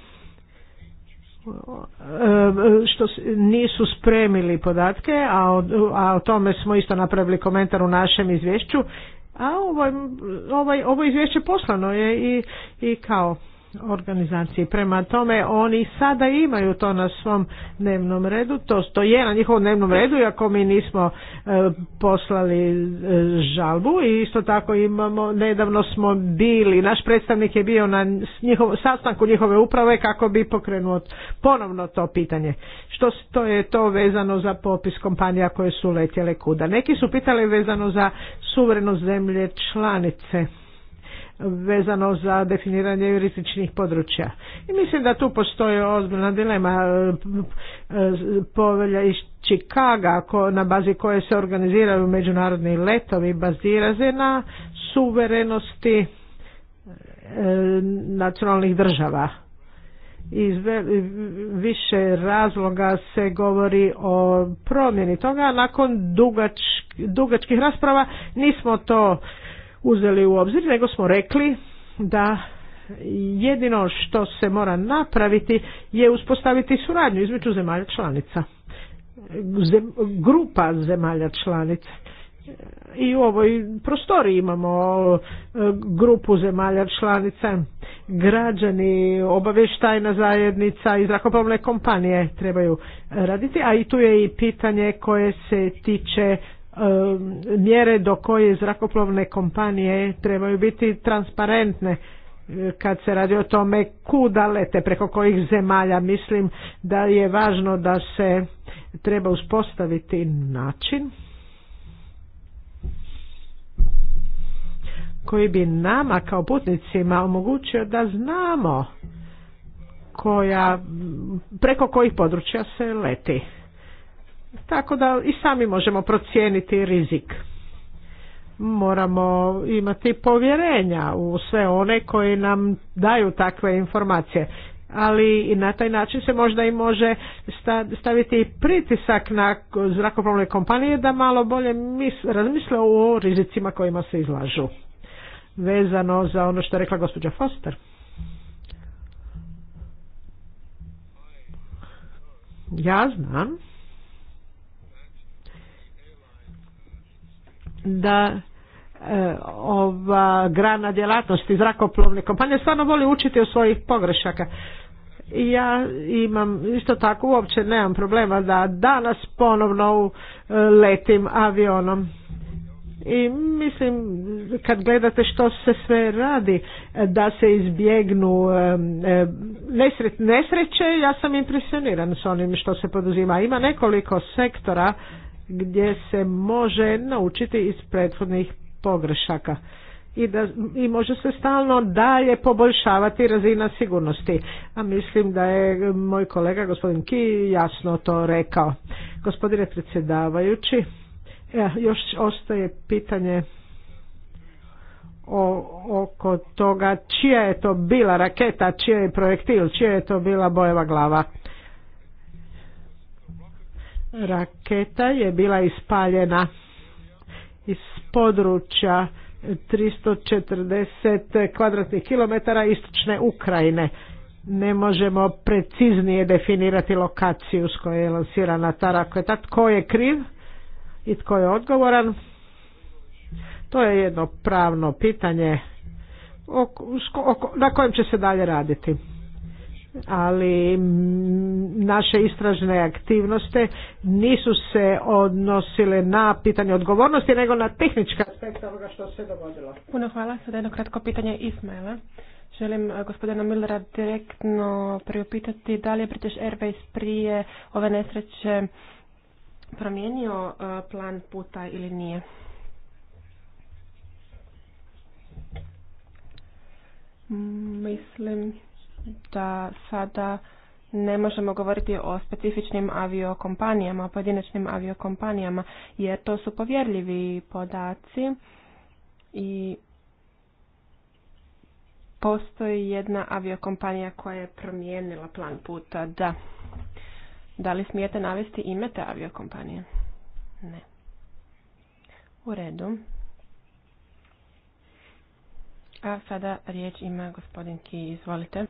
što nisu spremili podatke, a o, a o tome smo isto napravili komentar u našem izvješću, a ovo, ovaj, ovaj, ovo izvješće poslano je i, i kao organizacije. Prema tome oni sada imaju to na svom dnevnom redu, to je na njihovom dnevnom redu iako mi nismo e, poslali e, žalbu i isto tako imamo, nedavno smo bili, naš predstavnik je bio na njihovom sastanku njihove uprave kako bi pokrenuo ponovno to pitanje. Što to je to vezano za popis kompanija koje su letjele kuda? Neki su pitali vezano za suverenost zemlje članice vezano za definiranje jurističnih područja. I mislim da tu postoji ozbiljna dilema e, povelja iz Čikaga na bazi koje se organiziraju međunarodni letovi bazira se na suverenosti e, nacionalnih država. Iz više razloga se govori o promjeni toga, nakon dugačkih rasprava nismo to uzeli u obzir, nego smo rekli da jedino što se mora napraviti je uspostaviti suradnju između zemalja članica. grupa zemalja članica. I u ovoj prostoriji imamo e, grupu zemalja članica, građani, obavještajna zajednica i zrakoplovne kompanije trebaju raditi, a i tu je i pitanje koje se tiče E, mjere do koje zrakoplovne kompanije trebaju biti transparentne e, kad se radi o tome kuda lete, preko kojih zemalja. Mislim da je važno da se treba uspostaviti način koji bi nama kao putnicima omogućio da znamo koja, preko kojih područja se leti tako da i sami možemo procijeniti rizik. Moramo imati povjerenja u sve one koji nam daju takve informacije ali i na taj način se možda i može staviti pritisak na zrakoplovne kompanije da malo bolje razmisle o rizicima kojima se izlažu. Vezano za ono što je rekla gospođa Foster. Ja znam da e, ova grana djelatnosti zrakoplovne kompanije stvarno voli učiti od svojih pogrešaka i ja imam isto tako uopće nemam problema da danas ponovno e, letim avionom i mislim kad gledate što se sve radi da se izbjegnu e, nesreće ja sam impresioniran s onim što se poduzima ima nekoliko sektora gdje se može naučiti iz prethodnih pogrešaka i, da, i može se stalno dalje poboljšavati razina sigurnosti. A mislim da je moj kolega gospodin Ki jasno to rekao. Gospodine predsjedavajući, još ostaje pitanje o, oko toga čija je to bila raketa, čija je projektil, čija je to bila bojeva glava. Raketa je bila ispaljena iz područja 340 kvadratnih kilometara istočne Ukrajine. Ne možemo preciznije definirati lokaciju s koje je lansirana ta raketa. Tko je kriv i tko je odgovoran? To je jedno pravno pitanje na kojem će se dalje raditi ali naše istražne aktivnosti nisu se odnosile na pitanje odgovornosti, nego na tehnička aspekta ovoga što se dogodilo. Puno hvala. Sada jedno kratko pitanje Ismaela. Želim eh, gospodina Millera direktno priupitati da li je British Airways prije ove nesreće promijenio eh, plan puta ili nije. Mm, mislim da sada ne možemo govoriti o specifičnim aviokompanijama, o pojedinačnim aviokompanijama, jer to su povjerljivi podaci i postoji jedna aviokompanija koja je promijenila plan puta. Da. Da li smijete navesti ime te aviokompanije? Ne. U redu. A sada riječ ima gospodin Ki, izvolite.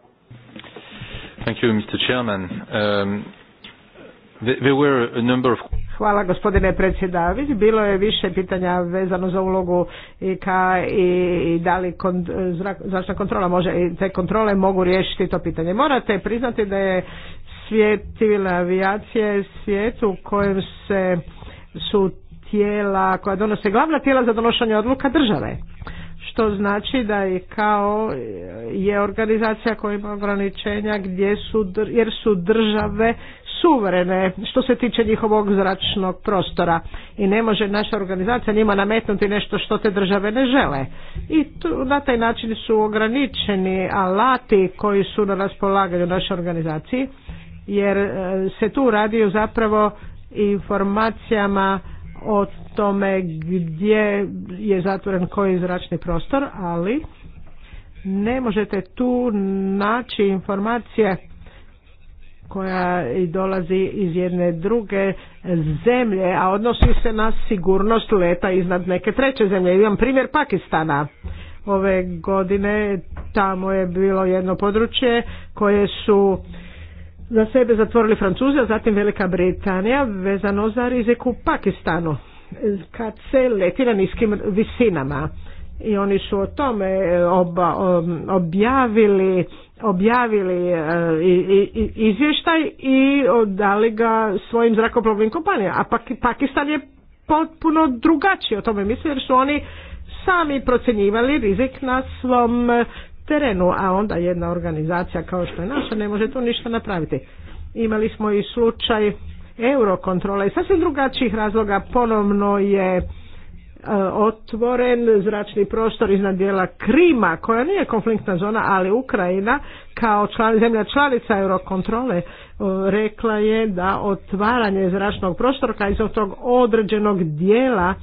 Um, Hvala gospodine predsjedavajući. Bilo je više pitanja vezano za ulogu i da li zračna kontrola može i te kontrole mogu riješiti to pitanje. Morate priznati da je svijet civilne avijacije svijet u kojem se su tijela koja donose glavna tijela za donošenje odluka države što znači da je kao je organizacija koja ima ograničenja gdje su, jer su države suverene što se tiče njihovog zračnog prostora i ne može naša organizacija njima nametnuti nešto što te države ne žele i tu, na taj način su ograničeni alati koji su na raspolaganju našoj organizaciji jer e, se tu radi zapravo informacijama o tome gdje je zatvoren koji zračni prostor, ali ne možete tu naći informacije koja dolazi iz jedne druge zemlje, a odnosi se na sigurnost leta iznad neke treće zemlje. Imam primjer Pakistana. Ove godine tamo je bilo jedno područje koje su za sebe zatvorili Francuzi, a zatim Velika Britanija vezano za riziku u Pakistanu kad se leti na niskim visinama i oni su o tome e, objavili objavili e, izvještaj i dali ga svojim zrakoplovnim kompanijama a Pakistan je potpuno drugačiji o tome Mislim jer su oni sami procjenjivali rizik na svom terenu, a onda jedna organizacija kao što je naša ne može tu ništa napraviti. Imali smo i slučaj eurokontrola i sasvim drugačijih razloga ponovno je e, otvoren zračni prostor iznad dijela Krima koja nije konfliktna zona ali Ukrajina kao zemlja članica Eurokontrole e, rekla je da otvaranje zračnog prostora iz tog određenog dijela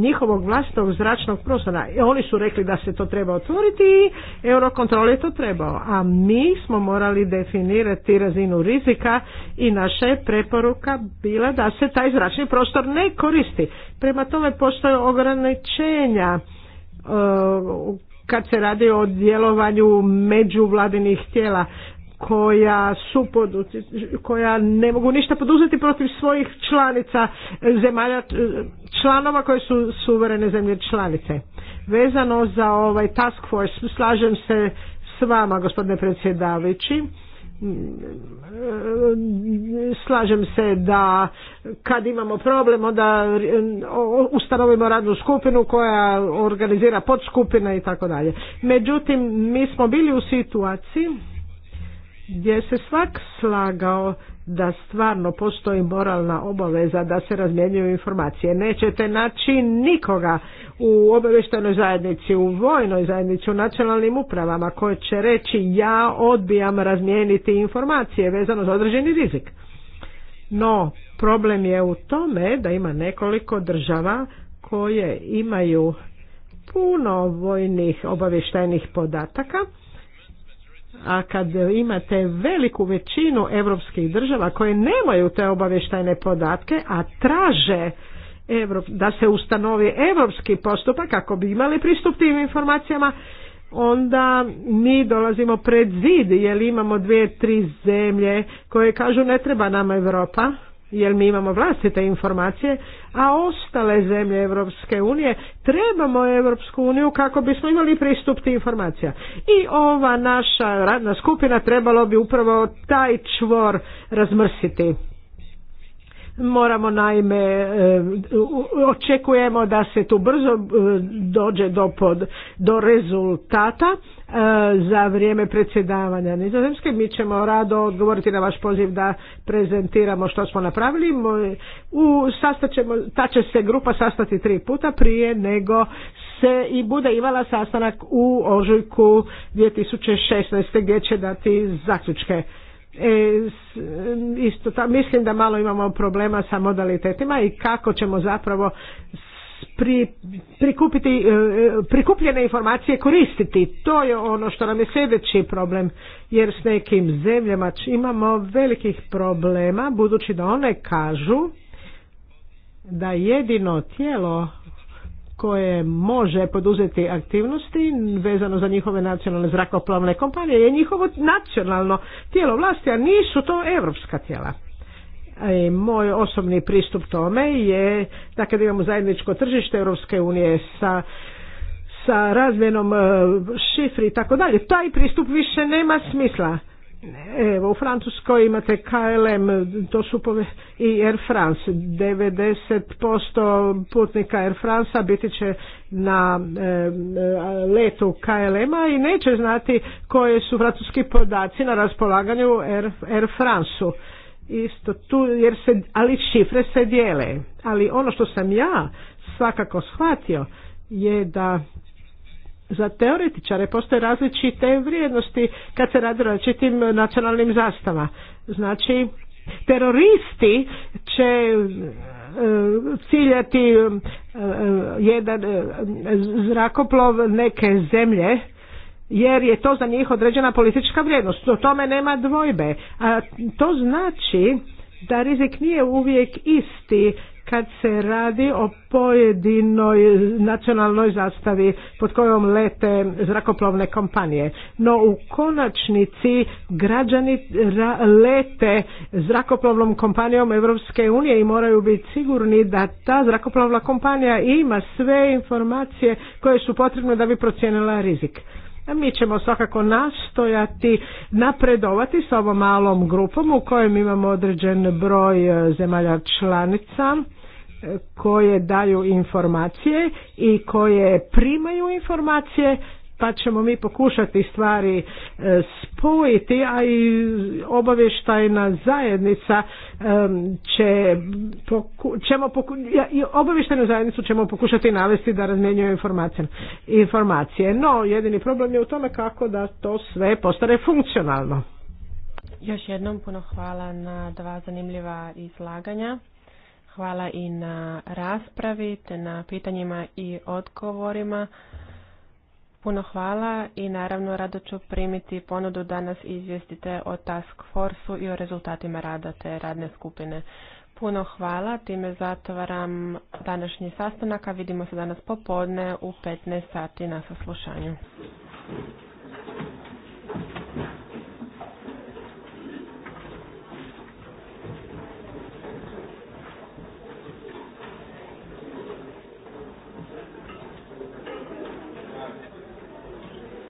njihovog vlastnog zračnog prostora. E, oni su rekli da se to treba otvoriti i Eurokontrole je to trebao. A mi smo morali definirati razinu rizika i naša je preporuka bila da se taj zračni prostor ne koristi. Prema tome postoje ograničenja e, kad se radi o djelovanju međuvladinih tijela koja su koja ne mogu ništa poduzeti protiv svojih članica e, zemalja e, članova koje su suverene zemlje članice. Vezano za ovaj task force slažem se s vama gospodine predsjedavajući slažem se da kad imamo problem onda ustanovimo radnu skupinu koja organizira podskupine i tako dalje. Međutim, mi smo bili u situaciji gdje se svak slagao da stvarno postoji moralna obaveza da se razmjenjuju informacije. Nećete naći nikoga u obavještajnoj zajednici, u vojnoj zajednici, u nacionalnim upravama koje će reći ja odbijam razmijeniti informacije vezano za određeni rizik. No, problem je u tome da ima nekoliko država koje imaju puno vojnih obavještajnih podataka a kad imate veliku većinu europskih država koje nemaju te obavještajne podatke, a traže da se ustanovi europski postupak kako bi imali pristup tim informacijama, onda mi dolazimo pred zid jer imamo dvije, tri zemlje koje kažu ne treba nam Europa, jer mi imamo vlastite informacije, a ostale zemlje Europske unije trebamo Europsku uniju kako bismo imali pristup tim informacija. I ova naša radna skupina trebalo bi upravo taj čvor razmrsiti. Moramo naime, e, očekujemo da se tu brzo e, dođe do, do rezultata e, za vrijeme predsjedavanja Nizozemske. Mi ćemo rado odgovoriti na vaš poziv da prezentiramo što smo napravili. U, sastaćemo, ta će se grupa sastati tri puta prije nego se i bude imala sastanak u ožujku 2016. gdje će dati zaključke. E isto ta, mislim da malo imamo problema sa modalitetima i kako ćemo zapravo pri, prikupiti, e, prikupljene informacije koristiti. To je ono što nam je sljedeći problem, jer s nekim zemljama imamo velikih problema, budući da one kažu da jedino tijelo koje može poduzeti aktivnosti vezano za njihove nacionalne zrakoplovne kompanije je njihovo nacionalno tijelo vlasti, a nisu to europska tijela. I e, moj osobni pristup tome je da kada imamo zajedničko tržište Europske unije sa sa razmjenom e, šifri i tako dalje, taj pristup više nema smisla. Evo, u Francuskoj imate KLM, to su i Air France. 90% putnika Air France biti će na e, letu KLM-a i neće znati koje su francuski podaci na raspolaganju Air, Air France-u. Isto tu, jer se, ali šifre se dijele. Ali ono što sam ja svakako shvatio je da za teoretičare postoje različite vrijednosti kad se radi o različitim nacionalnim zastava. Znači, teroristi će e, ciljati e, e, jedan zrakoplov neke zemlje jer je to za njih određena politička vrijednost. O tome nema dvojbe. A to znači da rizik nije uvijek isti kad se radi o pojedinoj nacionalnoj zastavi pod kojom lete zrakoplovne kompanije. No u konačnici građani lete zrakoplovnom kompanijom Europske unije i moraju biti sigurni da ta zrakoplovna kompanija ima sve informacije koje su potrebne da bi procijenila rizik. Mi ćemo svakako nastojati napredovati s ovom malom grupom u kojem imamo određen broj e, zemalja članica koje daju informacije i koje primaju informacije pa ćemo mi pokušati stvari e, spojiti, a i obavještajna zajednica će, ćemo i obavještajnu zajednicu ćemo pokušati navesti da razmjenjuje informacije. informacije. No, jedini problem je u tome kako da to sve postane funkcionalno. Još jednom puno hvala na dva zanimljiva izlaganja. Hvala i na raspravi, te na pitanjima i odgovorima. Puno hvala i naravno rado ću primiti ponudu da nas izvijestite o task Forsu i o rezultatima rada te radne skupine. Puno hvala, time zatvaram današnji sastanak, a vidimo se danas popodne u 15 sati na saslušanju.